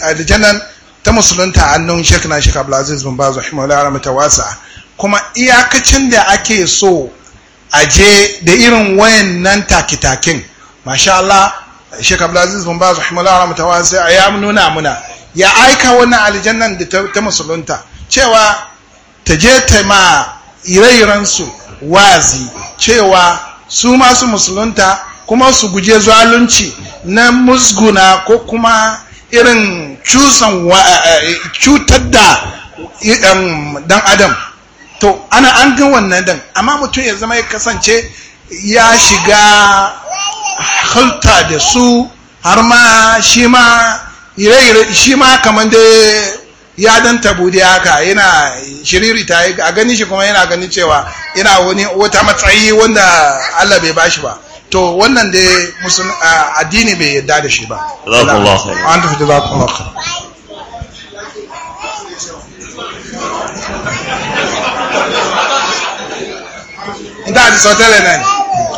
ta musulunta hannun Sheikh na Sheikh Abdulaziz bin Baz rahimahullah rahmatawasa kuma iyakacin da ake so aje da irin wayannan takitakin masha Allah Sheikh Abdulaziz bin Baz rahimahullah rahmatawa sai ya nuna muna ya aika wannan aljannan da ta musulunta cewa ta je ta ma ire-iren su wazi cewa su masu musulunta kuma su guje zalunci na musguna ko kuma irin cusan eh, cutar da dan adam to ana an gan wannan dan amma mutum ya zama ya kasance ya shiga hulta da su har ma shi ma ire-ire shi ma kamar da ya dan tabudi haka yana shiriri ta a gani shi kuma yana ganin cewa yana wani wata matsayi wanda Allah bai bashi ba to wannan da addini bai yadda da shi ba an tafi da zakon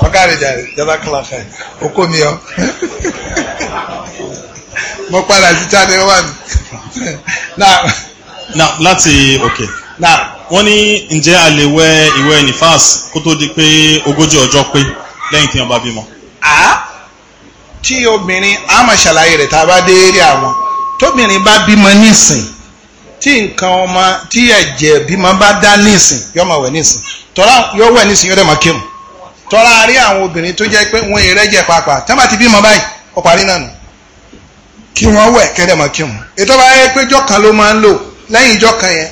ọ̀kàrẹ̀ jàre jọba kọlá fẹ́ okó mi ọ mo padà sí channel one na láti òkè wọ́n ní ǹjẹ́ a lè wẹ ìwẹ̀ nifas kó tó di pé ogójì ọjọ́ pé lẹ́yìn tí wọ́n bá bímọ. tí obìnrin a máa ṣàlàyé rẹ̀ tá a bá dé eré àwọn tóbìnrin bá bímọ nísìn tí nǹkan ọmọ tí ẹ̀jẹ̀ bímọ bá dá nísìn yóò máa wẹ̀ nísìn tọ́lá yóò wẹ̀ nísìn yóò dẹ̀ máa kírun tọ́ra rí àwọn obìnrin tó jẹ́ pé wọ́n ìrẹ́jẹ̀ pàápàá tí wọ́n bá ti bímọ báyìí ó parí náà nù kí wọ́n wẹ̀ kẹ́dẹ̀ mọ́ kí wọ́n ètò bá yẹ pé ijọ́ kan ló máa ń lò lẹ́yìn ijọ́ kan yẹn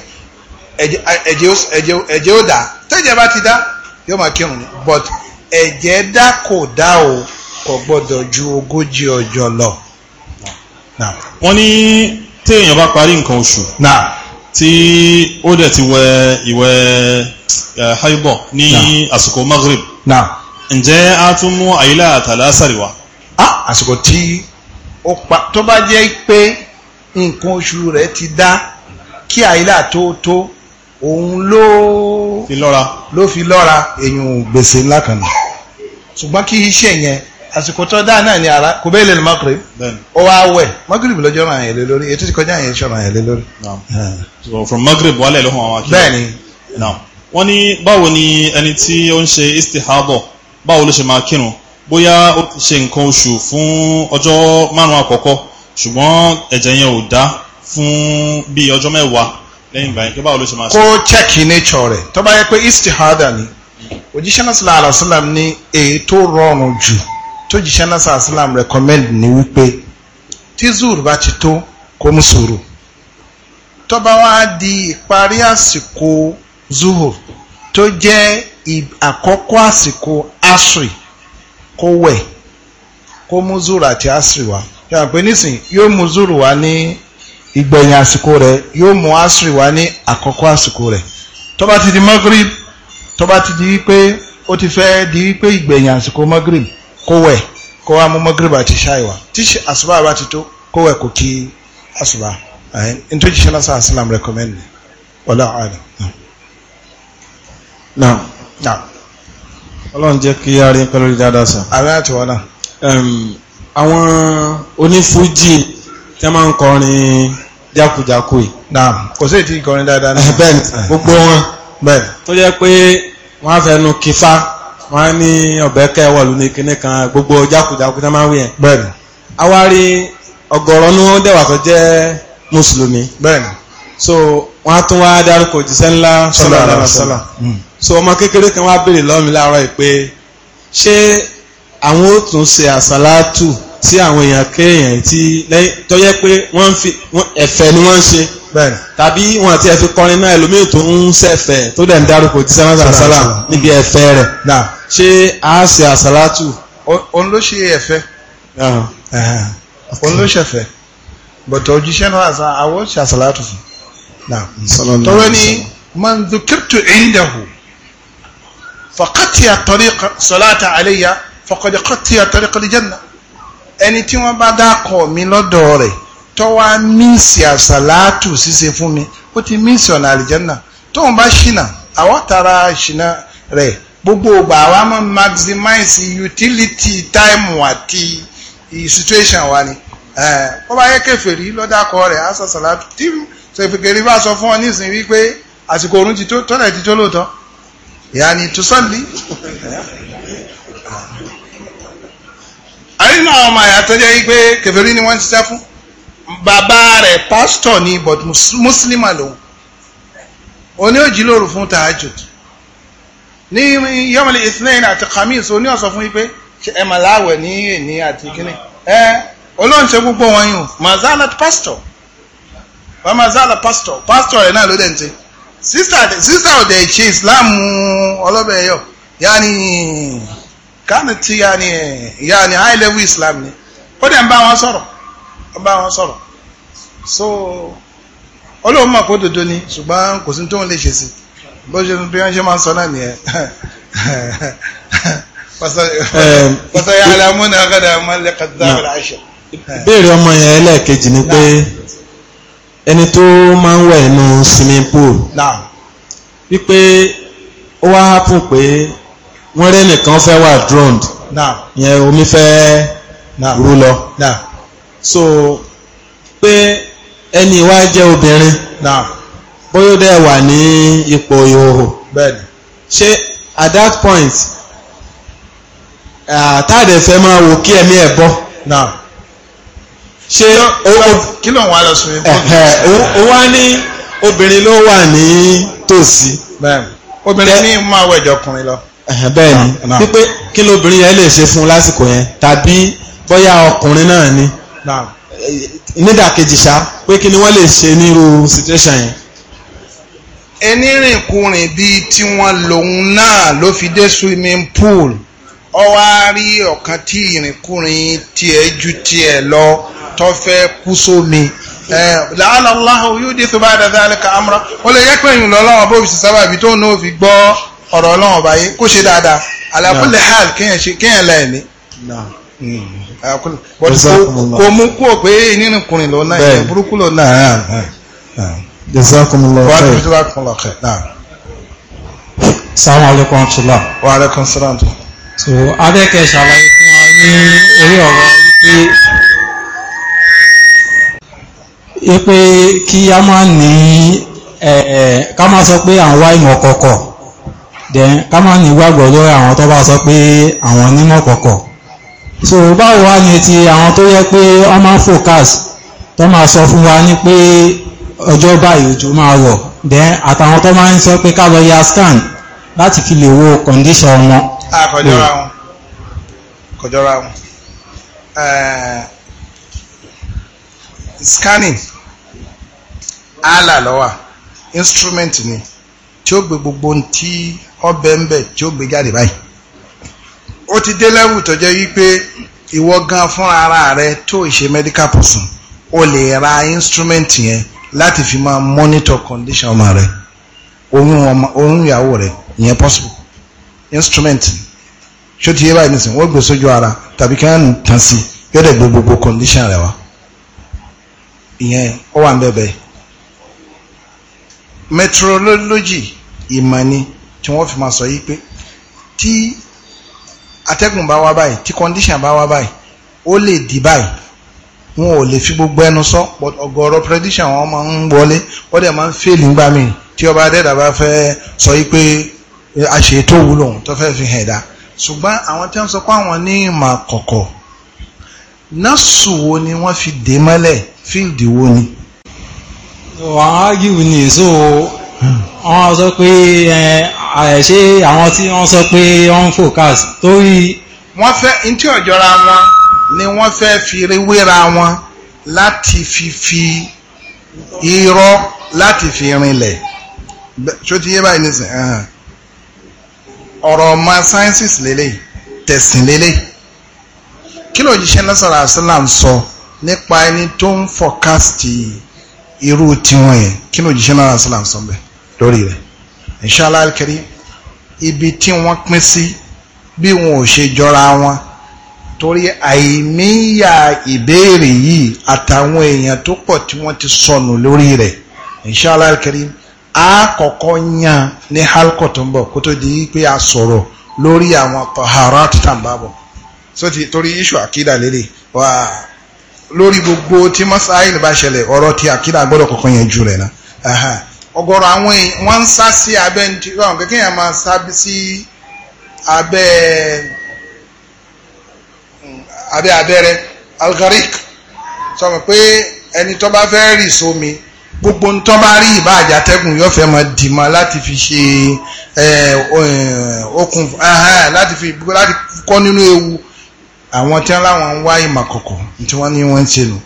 ẹ̀jẹ̀ ó dà tẹ́jẹ̀ bá ti dá yóò máa kí wọ́n ni but ẹ̀jẹ̀ dá kò dá o kò gbọ́dọ̀ ju ogójì ọjọ́ lọ. wọ́n ní téèyàn bá parí nǹkan oṣù tí ó dẹ̀ ti wẹ̀ ìwẹ̀ eh, haibọ̀ ní àsìkò maghrib náà. ǹjẹ́ a tún mú àyílà a àsìkò tí ó pa tó bá jẹ́ pé nǹkan oṣù rẹ̀ ti dá kí àyílà tó tó òun ló fi lọ́ra ló fi lọ́ra èèyàn gbèsè ńlá kan nù ṣùgbọ́n kí iṣẹ́ yẹn àsìkò tó náà ni ara kò bẹ́ẹ̀ lè magrib ó wá wẹ̀ magrib lọ́jọ́ máa yẹn lé lórí ètò ìkọjá yẹn ṣọ̀ràn yẹn lé lórí. from wọ́n ní báwo ni ẹni tí ó ń ṣe istihadọ̀ báwo ló ṣe máa kírun bóyá ó ti ṣe nǹkan oṣù fún ọjọ́ márùn-ún àkọ́kọ́ ṣùgbọ́n ẹ̀jẹ̀ yẹn ò dá fún bí ọjọ́ mẹ́wàá lẹ́yìn ìgbà yẹn kí báwo ló ṣe máa ṣe. kó check nature rẹ̀ tó bá yẹ pé istihada ni òjíṣẹ́ náà sallallahu alaihi wasallam ní èyí tó rọrùn jù tó jíṣẹ́ náà sallallahu recommend ni wípé tí zuur bá ti tó kó mú sùúrù tó bá wá di ìparí àsìkò zuhur tó jẹ́ àkọ́kọ́ àsìkò asri kó wẹ̀ kó mú zuhur àti asri wá yàrá pé nísìn yóò mú zuhur wá ní ìgbẹ̀yìn àsìkò rẹ̀ yóò mú asri wá ní àkọ́kọ́ àsìkò rẹ̀ tó bá ti di magrib tó bá ti di wípé ó ti fẹ́ di wípé ìgbẹ̀yìn àsìkò magrib kó wẹ̀ kó wá mú magrib àti ṣáì wá tí àsùbá bá ti tó kó wẹ̀ kó kí àsùbá nítorí ṣẹlẹ̀ sáà sílám rẹ̀kọ́mẹ́ndì wọlé náà náà ọlọ́run jẹ́ kí a rí pẹ̀lú dáadáa sàn. ààrẹ àti wọ́n náà. àwọn onífújì tí wọ́n máa ń kọrin jákujàku yìí. náà kò sí ìtì ìkọrin dáadáa náà. bẹ́ẹ̀ ni gbogbo wọn. bẹ́ẹ̀. tó jẹ́ pé wọ́n á fẹnu kífá wọ́n á ní ọ̀bẹ kẹwọ̀lù ní kinní kan gbogbo jákujàku tí wọ́n máa ń wí yẹn. bẹ́ẹ̀ ni. àwa ní wọ́n dẹ̀wà tó jẹ́ mùsùlùmí. bẹ́ẹ̀ so wọ́n á tún wá dárúkọ òjíṣẹ́ ńlá sọ́lá so ọmọ kékeré kan wá béèrè lọ́wọ́ mi láàárọ̀ yìí pé ṣé àwọn ó tún ṣe àsálátù tí àwọn èèyàn kéèyàn tí tó yẹ pé wọ́n ń fi ẹ̀fẹ̀ ni wọ́n ń ṣe tàbí wọn àti ẹ̀fẹ̀ kọrin náà ẹlòmíì tó ń ṣẹ̀fẹ̀ tó dẹ̀ ń dárúkọ tí sẹ́wọ́n àsálà níbi ẹ̀fẹ̀ rẹ̀ ṣé a ṣe àsálátù. òun ló ṣe ẹ̀fẹ̀ òun ló ṣẹ̀fẹ̀ bọ̀tọ̀ òjíṣẹ́ náà àṣà àwọn ṣe àsálátù fún tọ́wọ́ ni man dhukirtu indahu faqatiya tariqa salata alayya faqad qatiya tariqa aljanna ẹni tí wọ́n bá dákọ̀ mi lọ́dọ̀ rẹ̀ tọ́wá míǹsì àsàlátù ṣíṣe fún mi ó ti míǹsì ọ̀nà àlìjẹ́nà tóun bá ṣìnà àwọn tara ṣìnà rẹ̀ gbogbo ògbà àwa máa maximize utility time àti situation wa ni eh, ó bá yẹ kèfèrí lọ́dàkọ̀ rẹ̀ àsàsàlátù tí sọ ìfẹ̀kẹ̀rí bá sọ fún ọ nísìnyí wípé àsìkò oorun ti tó tọ́lẹ̀ ti tó lóòótọ́ يعني تصلي àyìn ọmọ àyà tó pé kèfèrí ni wọ́n ti sẹ́ bàbá rẹ̀ pásítọ̀ ni but mùsùlùmá oní òjì fún tahajjud ní yọmọlẹ̀ ìsìnlẹ̀yìn àti khamis oní ọ̀sọ̀ fún wípé ẹ ní èní àti kíní ẹ gbogbo wọn o pásítọ̀ pásítọ̀ rẹ̀ náà ló dẹ̀ ń sister da eche islam olobeyo yani kanu ti yani yani high level islam ni ko de ba won soro ba won soro so olohun ma ko dodo ni sugbon ko sin to won le se si bo je bi an se ma so na ni e pastor pastor ya alamuna qad amal liqad dhab al ashr beere omo yen elekeji ni pe ẹni tó máa ń wẹ̀ nínú swimming pool wípé ó wá hápùn pé wọ́n rẹ́ nìkan fẹ́ wà drowned yẹn omi fẹ́ rú lọ so pé ẹni wá jẹ́ obìnrin bóyá ó dẹ̀ wà ní ipò ìhòhò ṣé at that point táàdẹ̀ fẹ́ máa wò kí ẹ̀mí ẹ̀ bọ́. ṣe kí ló ń wá lọ swimming pool. ó wá ní obìnrin ló wà ní tòsí. obìnrin ní máa wẹ̀ jọkùnrin lọ. bẹ́ẹ̀ ni pípé kí lóbìnrin yẹn lè ṣe fún lásìkò yẹn tàbí bóyá ọkùnrin náà ni nídàkejì ṣá pé kí ni wọ́n lè ṣe nírú situation yẹn. ẹni bíi tí wọ́n lòun náà ló fi dé swimming pool ọ wá rí ọ̀kan tí ìrìnkúrin tiẹ̀ ju tiẹ̀ lọ tó fẹ́ kú sómi làálàláhù yóò dé tó bá dàda àlẹ́ka amúra ó lè yẹ pẹ̀yìn lọ́lọ́wọ́ bó fi sábà bí tó ń náà fi gbọ́ ọ̀rọ̀ ọlọ́wọ́ báyé kó ṣe dáadáa àlàkùnlé hàl kéèyàn láìní kò mú kú ò pé nírìnkùnrin lọ náà ìyẹn burúkú lọ náà. jazakumullahu khair jazakumullahu khair. salaam aleykum wa rahmatulah. wa aleykum so adẹ́kẹ́ ṣàlàyé fún wa ní orí ọ̀rọ̀ wípé wípé kí a máa ní ká máa sọ pé àwọn wá ìmọ̀ kọ̀kọ̀ then ká máa ní gbàgbọ́ lórí àwọn tó bá sọ pé àwọn nímọ̀ kọ̀kọ̀ so báwo wá ní ti àwọn tó yẹ pé wọ́n máa focus tó máa sọ fún wa ní pé ọjọ́ báyìí òjò máa rọ̀ then àtàwọn tó máa ń sọ pé ká lọ ya scan láti fi lè wo condition wọn àkọjọ́ra ah, wọn kọjọ́ra wọn eh, scanning ala lọ́wà instrument ni tí ó gbé gbogbo tí ọbẹ̀ ń bẹ̀ tí ó gbé jáde báyìí ó ti dé lẹ́wù tó jẹ́ wípé ìwọ gan fúnra ara rẹ tó ìṣe medical person o lè ra instrument yẹn láti fi máa monitor condition ọmọ rẹ oyún ìyàwó rẹ ìyẹn possible instrument ṣó ti yé báyìí nísìnyí wọ́n gbé e sójú ara tàbí kí wọ́n tàn sí yóò dẹ̀ gbé gbogbo condition rẹ̀ wá ìyẹn ó wà ń bẹ̀bẹ̀ meteorology ìmọ̀ ni tí wọ́n fi máa sọ yí pé tí atẹ́gùn bá wá báyìí tí condition bá wá báyìí ó lè di báyìí wọn ò lè fi gbogbo ẹnu sọ ọ̀gọ̀rọ̀ prediction wọn máa ń wọlé ó dẹ̀ máa ń fèlì ńgbà míì tí ọba adẹ́dà fẹ́ sọ yí pé àṣẹ tó wúlò tó fẹ́ fi hàn dá ṣùgbọ́n àwọn tí wọ́n sọ pé àwọn ní ìmọ̀ àkọ́kọ́ nọ́ọ̀sù wo ni wọ́n fi dé mọ́lẹ̀ fíìlì wo ni. wọ́n á yìí ní so hmm. wọ́n sọ pé ṣé àwọn tí wọ́n sọ pé wọ́n ń focus torí. wọ́n fẹ́ ntí ọ̀jọ́ra wọn ni wọ́n fẹ́ fi wéra wọn láti fi fi irọ́ láti fi rinlẹ̀ ṣó ti yé báyìí nísìnyí ọ̀rọ̀ ọmọ sciences lélẹ̀ tẹ̀sìn lélẹ̀ kí ló jíṣẹ́ nasara asalam sọ nípa ẹni tó ń forecast irú tiwọn yẹn kí ló jíṣẹ́ nasara asalam sọ bẹ́ẹ̀ lórí rẹ̀ inshallah alkari ibi tí wọ́n pín sí bí wọn ò ṣe jọra wọn torí àìmíyà ìbéèrè yìí àtàwọn èèyàn tó pọ̀ tí wọ́n ti sọnù lórí rẹ̀ inshallah alkari a kọ́kọ́ yan ní halkọ̀ tó ń bọ̀ kó tó di pé a sọ̀rọ̀ lórí àwọn kọ̀hárà títà so ti torí iṣu àkídà lélẹ̀ wà lórí gbogbo tí mọ́sáìlì bá ṣẹlẹ̀ ọ̀rọ̀ ti àkídà gbọ́dọ̀ kọ́kọ́ yẹn jù rẹ̀ náà ọ̀gọ̀rọ̀ àwọn èèyàn wọ́n ń sá sí abẹ́ ní tíwọ́n kékeré yẹn máa sá sí abẹ́ abẹ́rẹ́ algarik sọ pé ẹni tó bá fẹ́ rì gbogbo ń tọ́ bá rí ìbá àjàtẹ́gùn yóò fẹ́ máa dìmọ̀ láti fi ṣe okùn láti fi láti kọ́ nínú ewu àwọn tí wọ́n láwọn ń wá ìmọ̀ kọ̀kọ̀ tí wọ́n ní wọ́n ń ṣe nù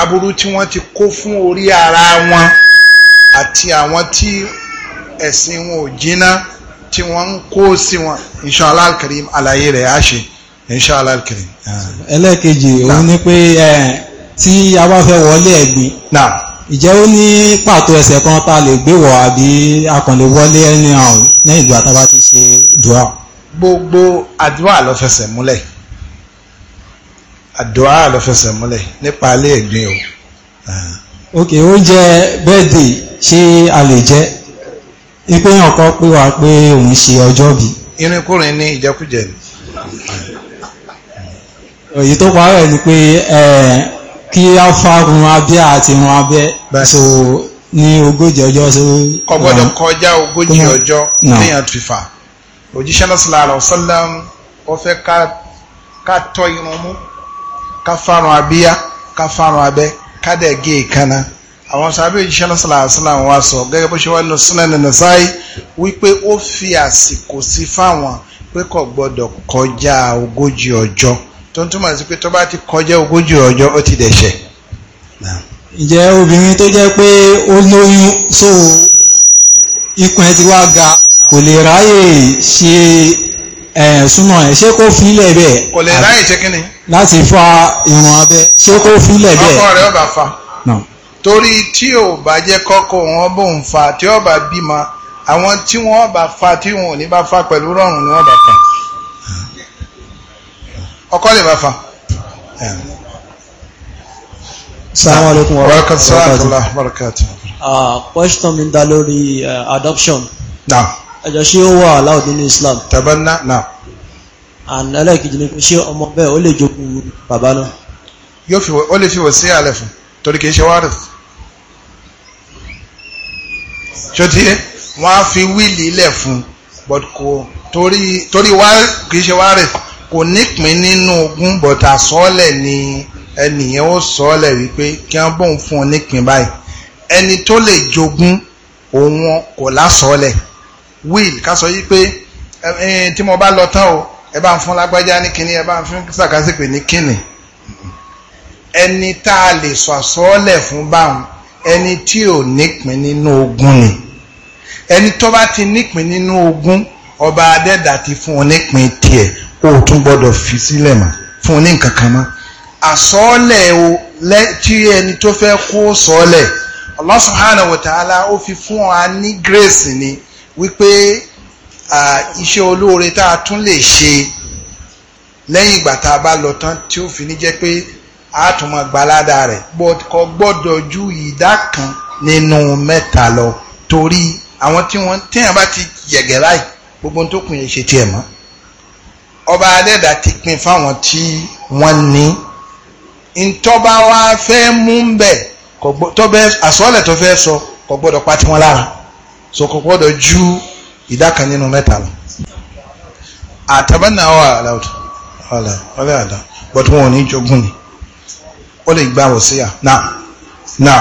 aburú tí wọ́n ti kó fún orí ara wọn àti àwọn tí ẹ̀sìn wọn ò jìnnà tí wọ́n ń kó sí wọn inshallah alkarim àlàyé rẹ̀ á ṣe inshallah alkarim. ẹlẹ́ẹ̀kejì òun ni pé tí a bá fẹ́ wọlé ẹ̀gbin. náà ìjẹ́ ó ní pàtó ẹsẹ̀ kan tá a lè gbé wọ̀ àbí akànlè wọlé ẹni àrùn lẹ́yìn ìgbà tá a bá ti ṣe dùá. gbogbo àdúrà ló fẹsẹ̀ múlẹ̀ àdúrà ló fẹsẹ̀ múlẹ̀ nípa alẹ́ ẹ̀gbin o. ok oúnjẹ bẹ́ẹ̀dì ṣé a lè jẹ́ ipe yàn kọ́ pé wàá pé òun ṣe ọjọ́ bí. irinkùnrin ní ìjẹkújẹ ni. èyí tó parọ́ ni pé kí á fárun abẹ́ àti irun abẹ́ so ní ogójì ọjọ́ so. kò gbọ́dọ̀ um, kọjá ogójì ọjọ́ léèyàn ti fà òjíṣẹ́ náà sallallahu alaihi wasallam ó fẹ́ ká tọ́ irun mú ká fárun abíyá ká fárun abẹ́ ká dẹ̀ gé ìkànnà àwọn sàbẹ̀ òjíṣẹ́ náà sallallahu wa sọ gẹ́gẹ́ bó ṣe wá nínú Sunan wípé ó fi àsìkò sí fáwọn pé kò kọjá ogójì ọjọ́ tó ń túmọ̀ sí pé tó bá ti kọjá ogójì ọjọ́ ó ti dẹ̀ṣẹ̀. ǹjẹ́ obìnrin tó jẹ́ pé ó lóyún so ikùn ẹ ti wá ga kò lè ráyè ṣe súnà ẹ̀ ṣé kó fílẹ̀ bẹ́ẹ̀. kò lè ráyè ṣe kí ni. láti fa ìwọ̀n abẹ́ ṣé kó fílẹ̀ bẹ́ẹ̀. ọkọ rẹ̀ ó fa torí tí ò bá jẹ́ kọ́kọ́ wọn bó ń fa tí ó bá bímọ àwọn tí wọ́n bá fa tí wọn ò ní bá fa pẹ̀lú rọrùn ni wọ́n bá fa ọkọ lè máa fa. Assalamu alaikum wa rahmatullahi wa barakatuh. Ah, question mi dá lórí eh, adoption. Naam. Ẹ̀jọ̀ ṣé ó wà allowed nínú Islam? Tabanna na. And ẹlẹ́ẹ̀kejì ni pé ṣé ọmọ bẹ́ẹ̀ ó lè jogún bàbá náà? Yóò fi ó lè fi wọ̀ sí àlẹ́ fún torí kìí ṣe wárẹ̀. Ṣọ́tí wọ́n á fi wíìlì ilẹ̀ fún but kò torí torí wárẹ̀ kìí ṣe wárẹ̀ kò nípìn nínú ogún bọ̀tà sọ́ọ̀lẹ̀ ni ẹnìyẹn ó sọ́ọ̀lẹ̀ wípé kí wọ́n bóun fún un nípìn báyìí ẹni tó lè jogún òun kò lásọ̀ọ̀lẹ̀ will ká sọ yí pé tí mo bá lọ tán o ẹ bá ń fún lágbájá ní kíní ẹ bá ń fún sàkásìpè ní kíní ẹni tá a lè sọ àsọọ́lẹ̀ fún báwọn ẹni tí ò nípìn nínú ogún ni ẹni tó bá ti nípìn nínú ogún ọba adẹ́dà ti fún ọ nípìn tiẹ̀ kó o tún gbọ́dọ̀ fi sílẹ̀ mọ́ fún ọ ní nǹkan kan mọ́ àsọ́ọ́lẹ̀ o tí ẹni tó fẹ́ kó sọ́ọ́lẹ̀ Allah subhanahu wa ta'ala ó fi fún wa ní grace ni wípé iṣẹ́ olóore tá a tún lè ṣe lẹ́yìn ìgbà tá a bá lọ tán tí ó fi ní jẹ́ pé a tún máa gbalada rẹ̀ but kò gbọ́dọ̀ ju ìdá kan nínú mẹ́ta lọ torí àwọn tí wọ́n téèyàn bá ti yẹ̀gẹ̀ báyìí gbogbo tó kùn yẹn ṣe tiẹ̀ mọ́ ọba adẹ́dà ti pin fáwọn tí wọ́n ní ntọ́ba wa fẹ́ mú bẹ́ẹ̀ tọ́bẹ̀ àsọ́ọ̀lẹ̀ tó fẹ́ sọ kò gbọ́dọ̀ pa tiwọn lára so kò gbọ́dọ̀ ju ìdá kan nínú mẹ́ta lọ àtàbánà wà aláwùjọ ọ̀lẹ̀ ọ̀lẹ̀ àdá but wọn ò ní jogún ni ó lè gbà wọ̀ sí à náà náà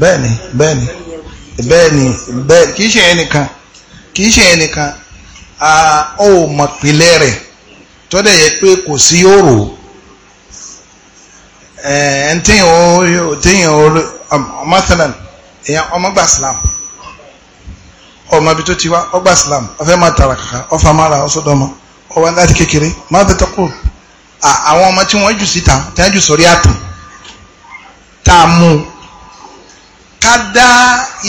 bẹ́ẹ̀ni bẹ́ẹ̀ni bẹ́ẹ̀ni bẹ́ẹ̀ni kì í ṣe ẹnìkan kì í ṣe ẹnìkan ó mọ̀ pìlẹ̀ rẹ̀ tó dẹ̀ yẹ pé kò sí òrò ẹ̀ẹ́n tíyàn masalan èèyàn ọmọ gba islam ọmọ ibi tó ti wá ọgbà islam ọfẹ́ máa tara kàkà ọfà máa ra ọsọdọ ọmọ ọwọ́ ti kékeré máa fi tọ́kù àwọn ọmọ tí wọ́n jù síta tí jù tá a mú ká dá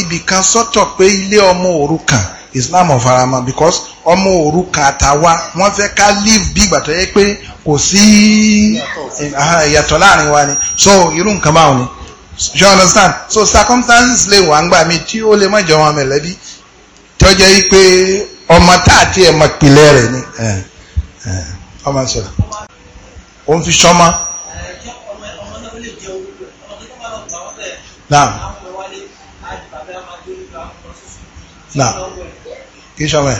ibì kan Islam ọ̀farama because ọmọ òrukàn àtàwa wọ́n fẹ́ ká live bí ìgbà tó yẹ pé kò sí ìyàtọ̀ láàrin wa ni so irú nǹkan báwọn ni you understand so circumstances lè wà ń gbà mí tí ó lè má jẹ ọmọ mẹ̀lẹ́bí tó jẹ́ pé ọmọ tá àti ẹ̀ mọ̀ pìlẹ̀ rẹ̀ ni ọmọ sọ̀rọ̀ ó ń fi sọ́mọ́. Now. Now kì í ṣọmọ ẹ̀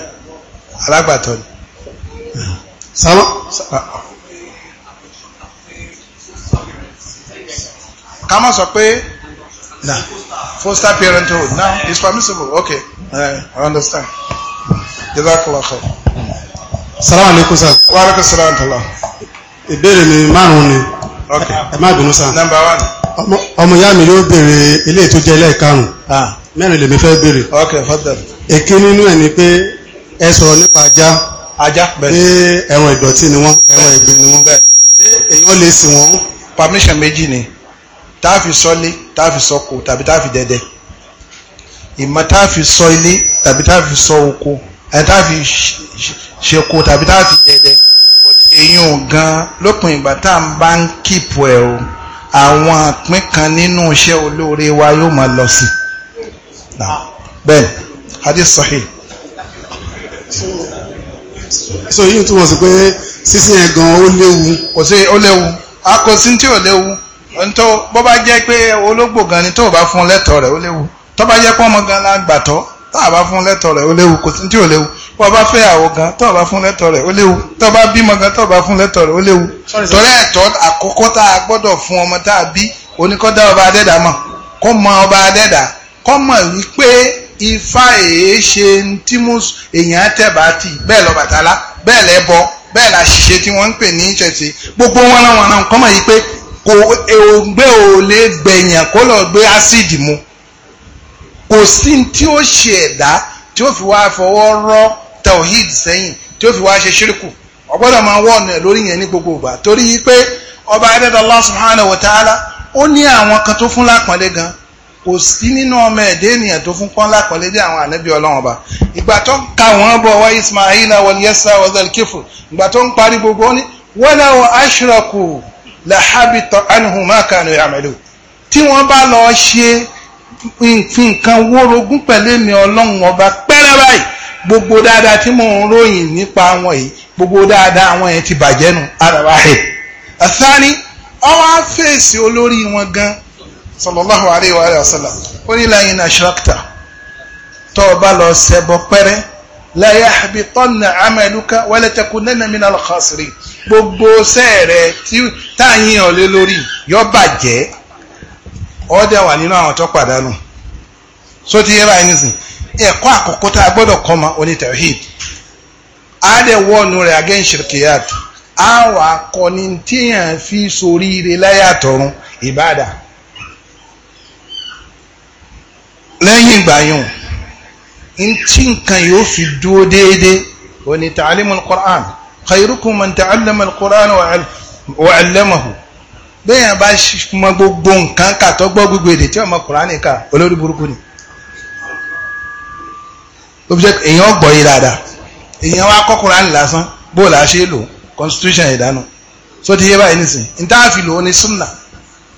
alágbàtọ́ ni sámọ́ ká má sọ pé na foster parenthood now is permissible okay I understand jazakallah khair. salaam aleykum sir. wa aleykum salaam tala. ìbéèrè mi márùn-ún ni ẹ bínú sir. number one. ọmọ ìyá mi yóò béèrè ilé ìtújẹ ilé ìkarùn-ún. Ah mẹ́rin lèmi fẹ́ béèrè. ok fadal. èké nínú ẹ̀ ni pé ẹ sọ̀rọ̀ nípa ajá. ajá bẹ́ẹ̀. pé ẹran ìdọ̀tí ni wọ́n ẹran ìgbẹ́ ni wọ́n. bẹ́ẹ̀ ṣé èèyàn lè sìn wọ́n. permission méjì ni tá a fi sọ ilé tá a fi sọ oko tàbí tá a fi dẹdẹ ìmọ̀ tá a fi sọ ilé tàbí tá a fi sọ oko ẹ̀ tá a ṣe oko tàbí tá dẹdẹ èyàn gan lópin ìgbà tá à ń bá ń kíìpù àwọn àpín kan nínú iṣẹ́ olóore wa yóò máa lọ sí i náà ah. bẹ́ẹ̀ hadith sahih so yìí túmọ̀ sí pé sísìn yẹn gan ó léwu kò sí ó léwu a kò sí tí ò léwu ntọ́ bó bá jẹ́ pé ológbò gan ni tó o bá fún lẹ́tọ̀ọ́ rẹ̀ ó léwu tó bá jẹ́ pé gan la gbàtọ́ tó o bá fún lẹ́tọ̀ọ́ rẹ̀ ó léwu kò sí tí ò léwu bó o bá fẹ́ àwọ̀ gan tó o bá fún lẹ́tọ̀ọ́ rẹ̀ ó léwu tó o bá bímọ gan tó o bá fún lẹ́tọ̀ọ́ rẹ̀ ó léwu torí ẹ̀tọ́ àkọ́kọ́ tá a gbọ́dọ̀ fún ọmọ tá a bí oníkọ́dá ọba adẹ́dàá mọ̀ kó mọ ọba adẹ́dàá kọ́mọ̀ wípé ifá èé ṣe tí èèyàn tẹ̀bà tì bẹ́ẹ̀ lọ bàtálá bẹ́ẹ̀ lẹ́bọ bẹ́ẹ̀ la ṣiṣẹ́ tí wọ́n ń pè ní ìṣẹ̀sí gbogbo wọn náà wọn náà kọ́mọ̀ yìí pé kò ògbé ò lè gbẹ̀yàn kó lọ gbé ásíìdì mu kò sí tí ó ṣe ẹ̀dá tí ó fi wá fọwọ́ rọ́ tawhid sẹ́yìn tí ó fi wá ṣe ṣírìkù ọgbọ́dọ̀ máa wọ́ ọ̀nà lórí yẹn ní gbogbo ìgbà torí pé ọba adẹ́dàá Allah subhanahu wa ta'ala ó ní àwọn kan tó fún lápọ̀nlé gan kò sí nínú ọmọ ẹ̀dẹ́ ènìyàn tó fún pọ́nlá pẹ̀lú dé àwọn ànábì ọlọ́run ọba ìgbà tó ń ka wọ́n bọ̀ wá ismaila wal yasa wa zal kifl ìgbà tó ń parí gbogbo ó ní walaw ashraku la habita anhum ma kanu ya'malu tí wọ́n bá lọ ṣe nǹkan wórogún pẹ̀lú èmi ọlọ́run ọba pẹ́rẹ́ báyìí gbogbo dáadáa tí mò ń ròyìn nípa wọn yìí gbogbo dáadáa wọn yẹn ti bàjẹ́ nu ara rẹ̀ ọwọ́ á olórí wọn gan-an sallallahu alayhi wa sallam ó ní la in ashrakta tó o bá lọ ṣẹbọ pẹ́rẹ́ la yahbitanna amaluka wa la takunanna minal khasirin gbogbo sẹ́ẹ̀rẹ̀ tí táyìn ọ̀lẹ́ lórí yọ bàjẹ́ ọ̀dẹ̀ wà nínú àwọn tó pàdánù so ti yẹ báyìí nísìn ẹ̀kọ́ àkọ́kọ́ tá a gbọ́dọ̀ kọ́ ma oní tawhid a dẹ̀ wọ́ọ̀nù rẹ̀ again shirkiyat a wà kọ́ni tíyàn fi sóríire láyàtọ̀run ìbádà. lẹ́yìn ìgbà yìí ntí nǹkan yóò fi dúró déédéé òní tàálímù alukur'an khairukum man ta'allama alukur'an wa allamahu bẹ́ẹ̀ bá mọ gbogbo nǹkan kà tó gbọ́ gbogbo èdè tí ọmọ kur'an kà olórí burúkú ni ó èèyàn gbọ́ yìí dáadáa èèyàn wá kọ́ kur'an lásán bóòlù àṣẹ lò constitution ìdáná so ti yé báyìí nísìnyí ntáàfin lò ó ní sunna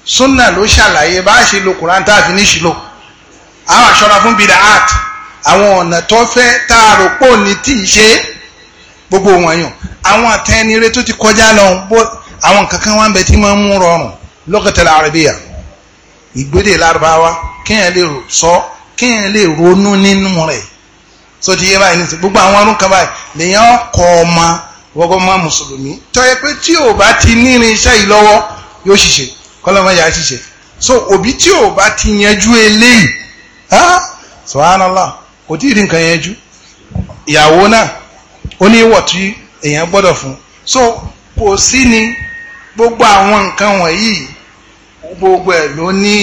sunna ló ṣàlàyé bá ṣe lo kur'an táàfin ní ṣìlò àwọn àṣọra fún bíi art àwọn ọ̀nà tó fẹ́ tá a rò pò ní tí ì ṣe gbogbo wọ̀nyàn àwọn àtẹnire tó ti kọjá lọ bó àwọn kankan wà ń bẹ tí máa ń mú rọrùn lọ́kọ̀tẹ̀lá àrẹ̀bíyà ìgbédè lárúbáwá kéèyàn lè sọ kéèyàn lè ronú nínú rẹ̀ so ti yé báyìí ní ti gbogbo àwọn ọdún kan báyìí lèèyàn kọ ọmọ wọ́gbọ́n máa mùsùlùmí tó yẹ pé tí ò bá ti nírin iṣẹ́ yìí lọ́wọ́ yóò ṣiṣẹ́ kọ́lọ́mọ́ yà á ṣiṣẹ́ so òbí tí ò bá ti yanjú eléyìí subhanallah kò tí ì yẹn jú ìyàwó náà ó ní ìwọ̀ èèyàn gbọ́dọ̀ fún so kò sí ni gbogbo àwọn nǹkan wọ̀nyí gbogbo ẹ̀ ló ní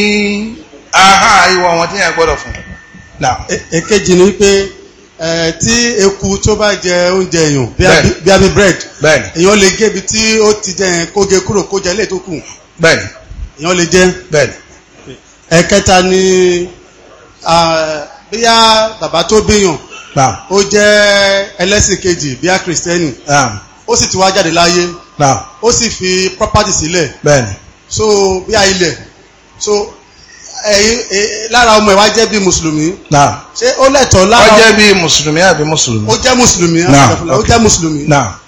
aha ìwọ̀ wọn tí èèyàn gbọ́dọ̀ fún. E, èkejì ni pé tí eku tó bá jẹ oúnjẹ èèyàn bí bread èèyàn lè ti jẹ kúrò kó jẹ tó kù ni. bíyá bàbá tó bíyàn ó jẹ́ ẹlẹ́sìn kejì bíyá kìrìsìtẹ́nì ó sì ti wá jáde láyé ó sì fi property sílẹ̀ so bíyá ilẹ̀ so lára ọmọ ẹ̀ wá jẹ́ bí mùsùlùmí. ṣé ó lẹ́tọ̀ọ́ lára ọmọ. ó jẹ́ bí mùsùlùmí àbí mùsùlùmí. ó jẹ́ mùsùlùmí ó jẹ́ mùsùlùmí.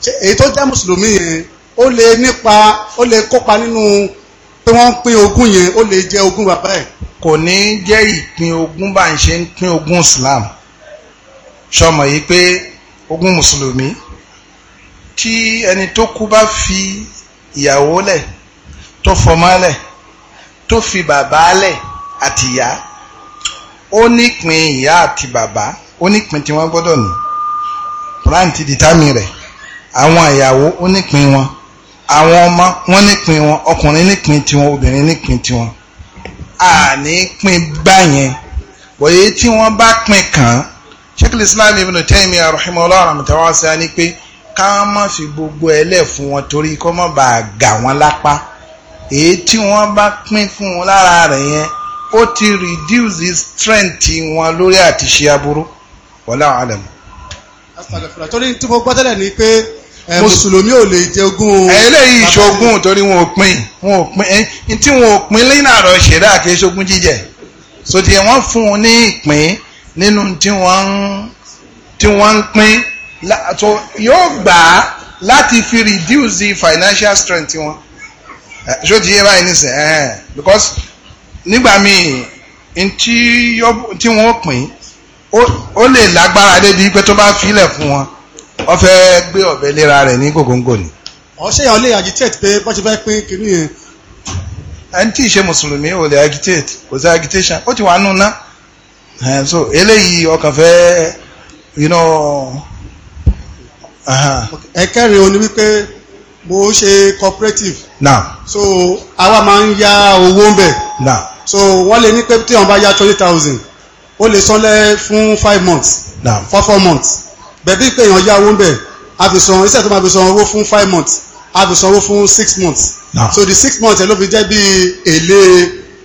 ṣé èyí tó jẹ́ mùsùlùmí yẹn ó lè nípa ó lè kópa nínú pé wọ́n ń pín ogún yẹn ó lè jẹ́ ogún bàbá ẹ̀. kò ní jẹ́ ìpín ogún bá ń ṣe ń pín ogún Islam sọmọ yìí pé ogún mùsùlùmí tí ẹni tó kú bá fi ìyàwó lẹ̀ tó fọmọ lẹ̀ tó fi bàbá lẹ̀ àti ìyá ó nípìn ìyá àti bàbá ó nípìn tí wọ́n gbọ́dọ̀ ní Quran dìtámì rẹ̀ àwọn ìyàwó ó nípìn wọn àwọn ọmọ wọn nípìn wọn ọkùnrin nípìn tiwọn obìnrin nípìn tiwọn àní pin báyẹn wòye tí wọ́n bá pin kàn án Sheikh Islam Ibn Taymiyyah rahimahullah rahmatulahi ṣe á ní pé ká má fi gbogbo ẹlẹ́ fún wọn torí kó má bàa gà wọ́n lápá èyí tí wọ́n bá pín fún wọn lára rẹ̀ yẹn ó ti reduce strength wọn lórí àti ṣe aburú wọlé àwọn àlẹ́ mu. torí tí mo gbọ́ tẹ́lẹ̀ ni pé Eh, mùsùlùmí ò lè jogún. Eh, eléyìí ìṣogún torí wọn ò pín wọn ò pín eh, tí wọn ò pín lẹ́yìn àrọ̀ ṣẹ̀dá kì í ṣogún jíjẹ sòtì wọ́n fún un ní ìpín nínú tí wọ́n ń tí wọ́n ń pín yóò gbà á láti fi reduce the financial strength wọn ṣó ti yé báyìí nísìn ẹ̀ẹ́n because nígbà míì tí wọ́n pín ó lè lágbára débi pé tó bá filẹ̀ fún wọn ọ fẹ́ gbé ọ̀bẹ léra rẹ̀ ní gògóńgò ni. ọ̀ṣẹ́ yà ó lè agitate pé bọ́n ṣe fẹ́ pín kínní yẹn. ẹni tí ì mùsùlùmí ò lè agitate kò sí agitation ó ti wà nù ná so eléyìí ọkàn fẹ́ you know. o ni wípé mo ṣe cooperative. now so àwa máa ń ya owó ń bẹ̀. now so wọ́n lè ní pé tí wọ́n bá ya twenty thousand ó lè sọ́lẹ̀ fún five months. now for four months bẹ̀bí pé èèyàn yáwó ń bẹ̀ a fi san iṣẹ́ tó máa fi san owó fún five months a fi san owó fún six months so the six months ẹ̀ ló fi jẹ́ bí èlé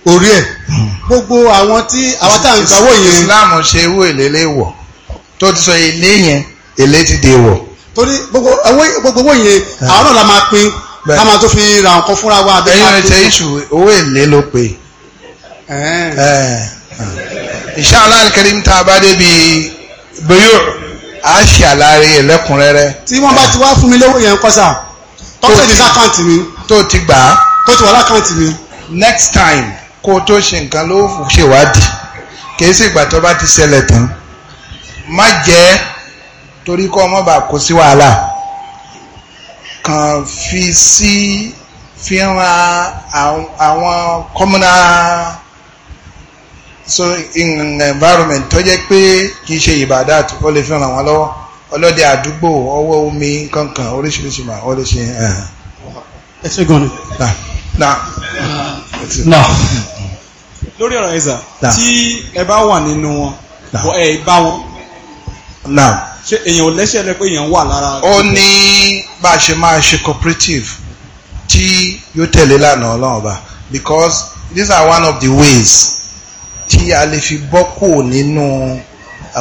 orí ẹ̀ hmm. gbogbo àwọn tí àwọn tá à ń gbàwó yẹn. Islam ṣe ewu èlé léwọ̀ tó ti sọ èlé yẹn èlé ti dè wọ̀. torí gbogbo owó yẹn hmm. àwọn náà la máa pín ká máa tó fi ra nǹkan fúnra wa. ẹyin ẹ̀jẹ̀ iṣu owó èlé ló pe. Inshallah al-Karim tá a bá débi bẹ́yọ̀ a ṣe àlàyé ẹ̀ lẹ́kùnrẹ́rẹ́. tí wọ́n bá ti wá fún mi lówó yẹn kọ́sà tọ́kítẹ̀ ní sákàǹtì mi. tó ti gbà á. tó ti wà lákàǹtì mi. next time kó o tó ṣe nǹkan ló ṣèwádìí kì í sì ìgbà tó bá ti ṣẹlẹ̀ tán má jẹ́ torí kọ́ ọmọ bá kó sí wàhálà kàn fi sí fi ran àwọn communal so in environment tó jẹ́ pé kì í ṣe ìbàdà ó lè fi ràn wọ́n lọ́wọ́ ọlọ́dẹ àdúgbò ọwọ́ omi kankan oríṣiríṣi mà ó lè ṣe. Eh. ẹ ṣe gan ni. na na. na lórí ọ̀rọ̀ ẹ̀sà tí ẹ bá wà nínú wọn bọ́ ẹ bá wọn. na ṣe èèyàn lẹ́sẹ̀ rẹ pé èèyàn wà lára. ó ní bá a ṣe máa ṣe cooperative tí yóò tẹ̀lé lánàá ọlọ́run ọba because these are one of the ways tí a lè fi bọ́ kò nínú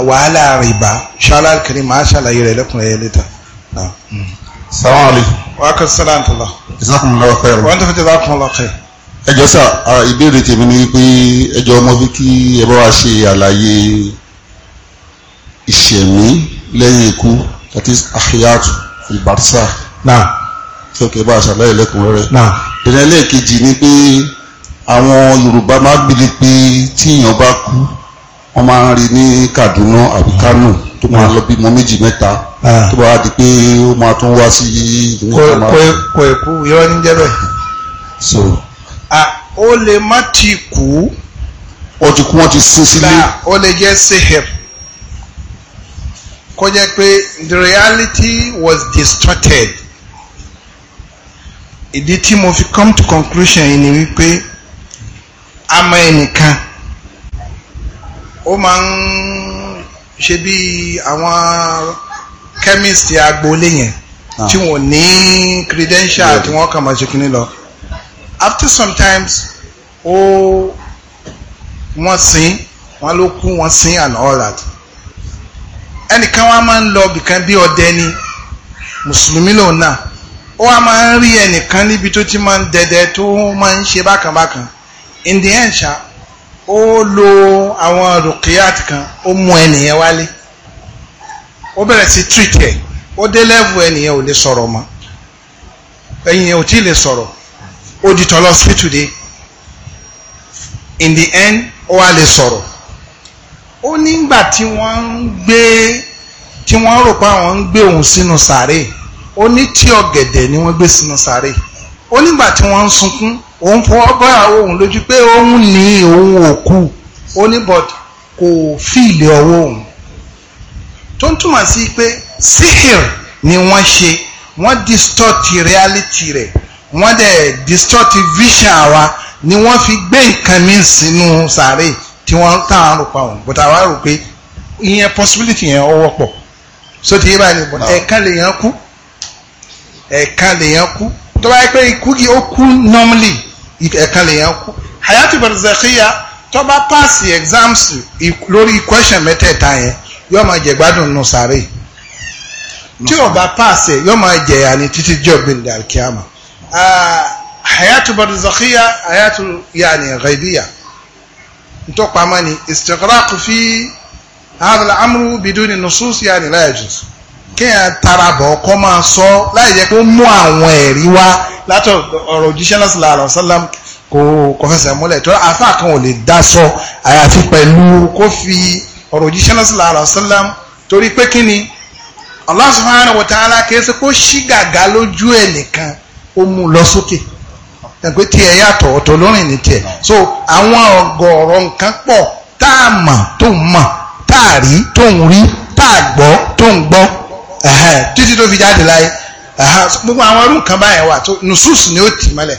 wàhálà rìbá ṣálá kiri máa ṣàlàyé rẹ̀ lẹ́kùnrin ẹ̀ lẹ́ta. Hmm. salaam aleykum. wa akẹ́ sálà ntọ́lá. jazakumullahu khairan. wọ́n tó fi jazakumullahu khairan. ẹ jọ sà ìbéèrè tèmi ni pé ẹ jọ ọmọ fi kí ẹ bá wa ṣe àlàyé ìṣẹ̀mí lẹ́yìn ikú that is ahiyatu náà. sọ bá a ṣàlàyé lẹ́kùnrin rẹ̀. náà. ìrẹ́lẹ̀ kejì ni pé àwọn yorùbá máa gbélé pé tí èèyàn bá kú wọ́n máa ń rí ní kaduna àbí kano tó máa lọ bímọ méjì mẹ́ta ah. tó bá di pé ó máa tún wá sí kò ẹ̀kú irọ́ ní jẹ́bẹ̀. so ó lè má ti kú ó ti kú wọ́n ti sin sílé ó lè jẹ́ sehep kó jẹ́ pé the reality was distorted ìdí tí mo fi come to conclusion yìí ni wípé àmọ́ ẹnìkan ó máa ń ṣe bí àwọn chemist agboolé yẹn ah. tí wọ́n ní credential tí wọ́n kàn máa ṣe kíní lọ after sometimes ó wọ́n sin wọ́n ló kú wọ́n sin and all that ẹnìkan wa máa ń lọ bìkan bí ọdẹ ni mùsùlùmí lòun náà ó wá máa ń rí ẹnìkan níbi tó ti máa ń dẹdẹ tó máa ń ṣe bákan bákan in the end ṣá ó lo àwọn rukiyat kan ó mú ẹnìyẹn wálé ó bẹ̀rẹ̀ sí treat ẹ̀ ó dé level ẹnìyẹn ò lè sọ̀rọ̀ mọ́ ẹnìyẹn ò tí ì lè sọ̀rọ̀ ó di tọ́lọ́ sí today in the end ó wá lè sọ̀rọ̀ ó nígbà tí wọ́n ń gbé tí wọ́n rò pé àwọn ń gbé òun sínú sàárè ó ní tí ọ̀gẹ̀dẹ̀ ni wọ́n gbé sínú sàárè ó nígbà tí wọ́n ń sunkún òun fọwọ́ bọ́yàwó òun lójú pé òun ní òun òkú ó ní but kò fíìlì ọwọ́ òun tó ń túmọ̀ sí pé sihir ni wọ́n ṣe wọ́n distort reality rẹ̀ wọ́n dẹ̀ distort vision wa ni wọ́n fi gbé nǹkan mi sínú sàárè tí wọ́n tàn án rò pa òun but àwa rò pé ìyẹn possibility yẹn ọwọ́ pọ̀ so ti yé báyìí ni but ẹ̀ẹ̀kan lè yàn kú ẹ̀ẹ̀kan lè yàn kú tó bá yẹ pé ikú yìí ó kú normally ẹ̀ka lè yẹn kú hayati barzakhiya tó paasi exams lórí question mẹ́tẹ̀ẹ̀ta yẹn yóò máa jẹ gbádùn nù sáré tí o bá paasi yóò máa jẹ yanni títí jọ bíi dàlkíyàmà hayati barzakhiya hayati yanni ghaibiya ntọ́pamọ́ ni istiqraq fi hadha al-amru biduni nusus yanni la yajuz kéèyàn tara bọ̀ kọ́ máa sọ láì jẹ́ pé mú àwọn ẹ̀rí wá látọ̀ ọ̀rọ̀ òjíṣẹ́ náà sallallahu alaihi wasallam kò kò fẹsẹ̀ múlẹ̀ tó àfa kan ò lè dá sọ àyàfi pẹ̀lú kó fi ọ̀rọ̀ òjíṣẹ́ náà sallallahu alaihi torí pé kí ni Allah subhanahu wa ta'ala kì í ṣe kó ṣí gàgà lójú ẹ̀ nìkan ó mú un lọ sókè ẹgbẹ́ tí ẹ yàtọ̀ ọ̀tọ̀ lórin ní tiẹ̀ so àwọn ọ̀gọ̀ọ̀rọ̀ nǹkan pọ̀ tá a mọ̀ tó ń mọ̀ tá a rí tó ń gbogbo àwọn ọdún kan báyẹn wà tó nùsùsù ni ó tì mọ́lẹ̀.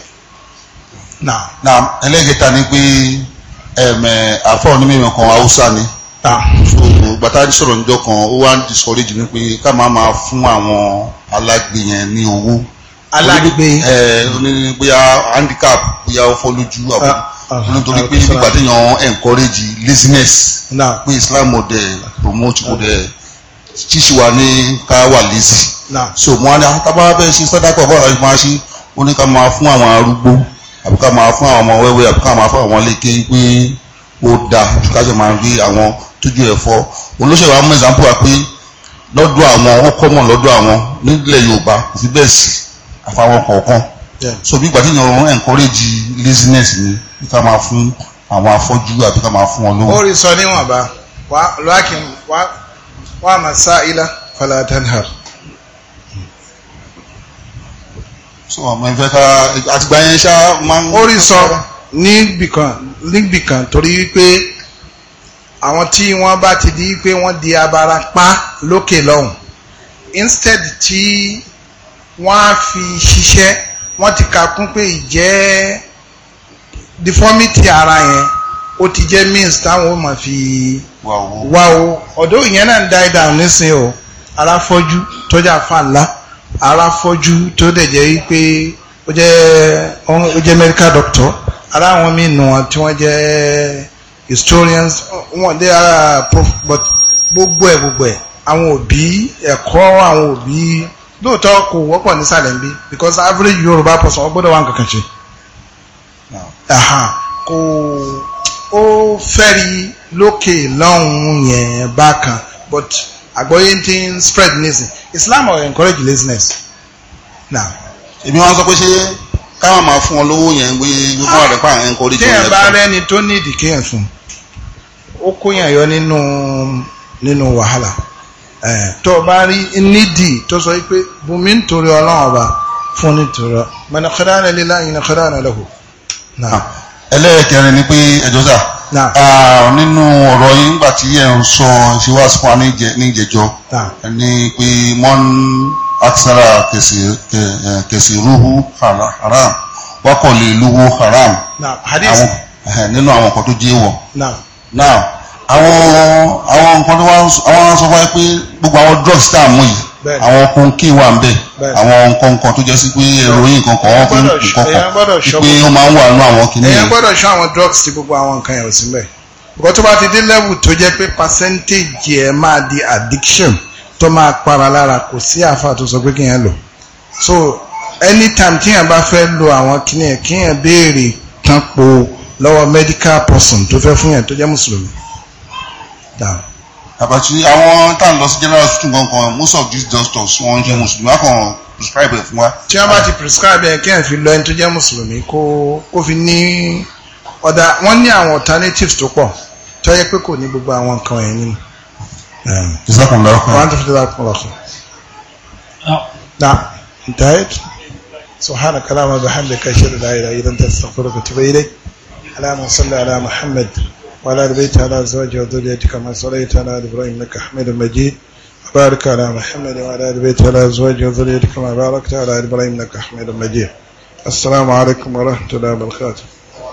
na ẹlẹ́gẹ̀ta ni pé afọ ní kan haúsá ni gbàtà sọ̀rọ̀ níjọ́ kan ó wá discourage ni pé ká máa máa fún àwọn alágbe yẹn ní owó ẹ ní bóyá handicap bóyá ó fọ́ lójú àbúrò ah, ah, nítorí ah, pé nígbà téèyàn encourage laziness pé Islam ò promote ṣíṣe wa ní ká wà lẹ́sì. so mo á ní tábà fẹ́ ṣe sọ́dákọ̀ bọ́ọ̀lù àti máa ṣe ó ní ká máa fún àwọn arúgbó àbí ká máa fún àwọn ọmọ wẹ́wẹ́ àbí ká máa fún àwọn léke pé ó da ká ṣe máa gbé àwọn tójú ẹ̀ fọ́ olóṣèlú àwọn mẹ́sàn-án pọ̀ pé lọ́dọ̀ àwọn ó kọ́mọ̀ lọ́dọ̀ àwọn nílẹ̀ Yorùbá kò fi bẹ́ẹ̀ sí àfàwọn kọ̀ọ̀kan so bí gbàtí ìyàn encourage laziness ni bí ká máa fún àwọn afọ́jú àbí ká máa fún wọn lówó. ó rí sọ níwọ̀nba wàá lọ́kìn wàá wa masaila fala tanhar so àmọ́ ìfẹ́ ká àtìgbà yẹn ṣá máa ń. orí sọ níbìkan níbìkan torí wípé àwọn tí wọ́n bá ti di pé wọ́n di abarapá lókè lọ́hùn instead tí wọ́n á fi ṣiṣẹ́ wọ́n ti ka kún pé ìjẹ́ deformity ara yẹn ó ti jẹ́ means táwọn ó máa fi wàwó ọ̀dọ́ ìyẹn náà ń die down nísìn o aláfọ́jú tó jẹ́ àfàlá aláfọ́jú tó dẹ̀ jẹ́ wípé ó jẹ́ ó jẹ́ medical doctor ara àwọn míì nù wọn tí wọ́n jẹ́ historians wọ́n dé ara ah, prof but gbogbo ẹ̀ gbogbo ẹ̀ àwọn òbí ẹ̀kọ́ àwọn òbí lóòótọ́ kò wọ́pọ̀ nísàlẹ̀ ń bí because average Yorùbá person gbọ́dọ̀ wà nǹkan kan ṣe kò ó fẹ́ rí lókè lọ́hùn yẹn bákan but àgbọ́yé ti ń spread nísìn Islam or encourage laziness now. èmi wọn sọ pé ṣé káwọn máa fún ọ lówó yẹn gbé gbogbo àrẹ pa àwọn ẹnkọ oríṣiríṣi. téèyàn bá rẹni tó ní ìdíkéyàn fún ó kóyàn yọ nínú nínú wàhálà tó o bá rí nídìí tó sọ pé bùnmi ń torí ọlọ́run ọba fún nítorí mọ̀nàkọ́dá rẹ̀ lílá ìnàkọ́dá rẹ̀ lọ́hùn. ẹlẹ́ẹ̀kẹrin ni pé ẹjọ́ sáà nínú ọ̀rọ̀ yín nígbà tí ẹ̀ ń sọ ìṣíwáṣí fún wa ní ìjẹjọ́ ní pé wọ́n aksara kẹsì haram wákọ̀ lè haram nínú àwọn nǹkan tó jẹ́ wọ̀. now àwọn nǹkan tó wá ń sọ fún wa pé gbogbo àwọn drugs tá a mú yìí àwọn ọkùn kí wà ń bẹ̀ àwọn nǹkankan tó jẹ́ sí pé ìròyìn kankan wọ́n fi ń pé ó máa ń wà nú àwọn kìíní èèyàn gbọ́dọ̀ ṣọ́ àwọn drugs ti gbogbo àwọn nǹkan yẹn ò sí mbẹ̀ bọ́ tó bá ti dé level tó jẹ́ pé percentage ẹ̀ máa di addiction tó máa para lára kò sí àáfà tó sọ pé kí yẹn lò so anytime tí yẹn bá fẹ́ lo àwọn kìíní kí yẹn béèrè tán po lọ́wọ́ medical person tó fẹ́ fún yẹn tó jẹ́ mùsùlùmí àbàtì àwọn táwọn lọ sí general hospital gangan most of these doctors wọn jẹ́ mùsùlùmí wọn kàn prescribe ẹ fún wa. tí wọn bá ti prescribe ẹ kí ẹ fi lọ ẹni tó jẹ́ mùsùlùmí kó kó fi ní ọ̀dà wọ́n ní àwọn alternatives tó pọ̀ tó yẹ pé kò ní gbogbo àwọn nǹkan ẹ̀ nínú. wọ́n á tó fi dára kún lọ́kàn. na ntayet subhanaka allahumma wa bihamdika ashhadu an la ilaha illa anta astaghfiruka wa atubu ilayk allahumma salli ala muhammad. وعلى ال بيت على أزواجه وذريته كما صليت على آل إبراهيم إنك حميد مجيد وبارك على محمد وعلى آل بيت على أزواجه وذريته كما باركت على آل إبراهيم إنك حميد مجيد السلام عليكم ورحمة الله وبركاته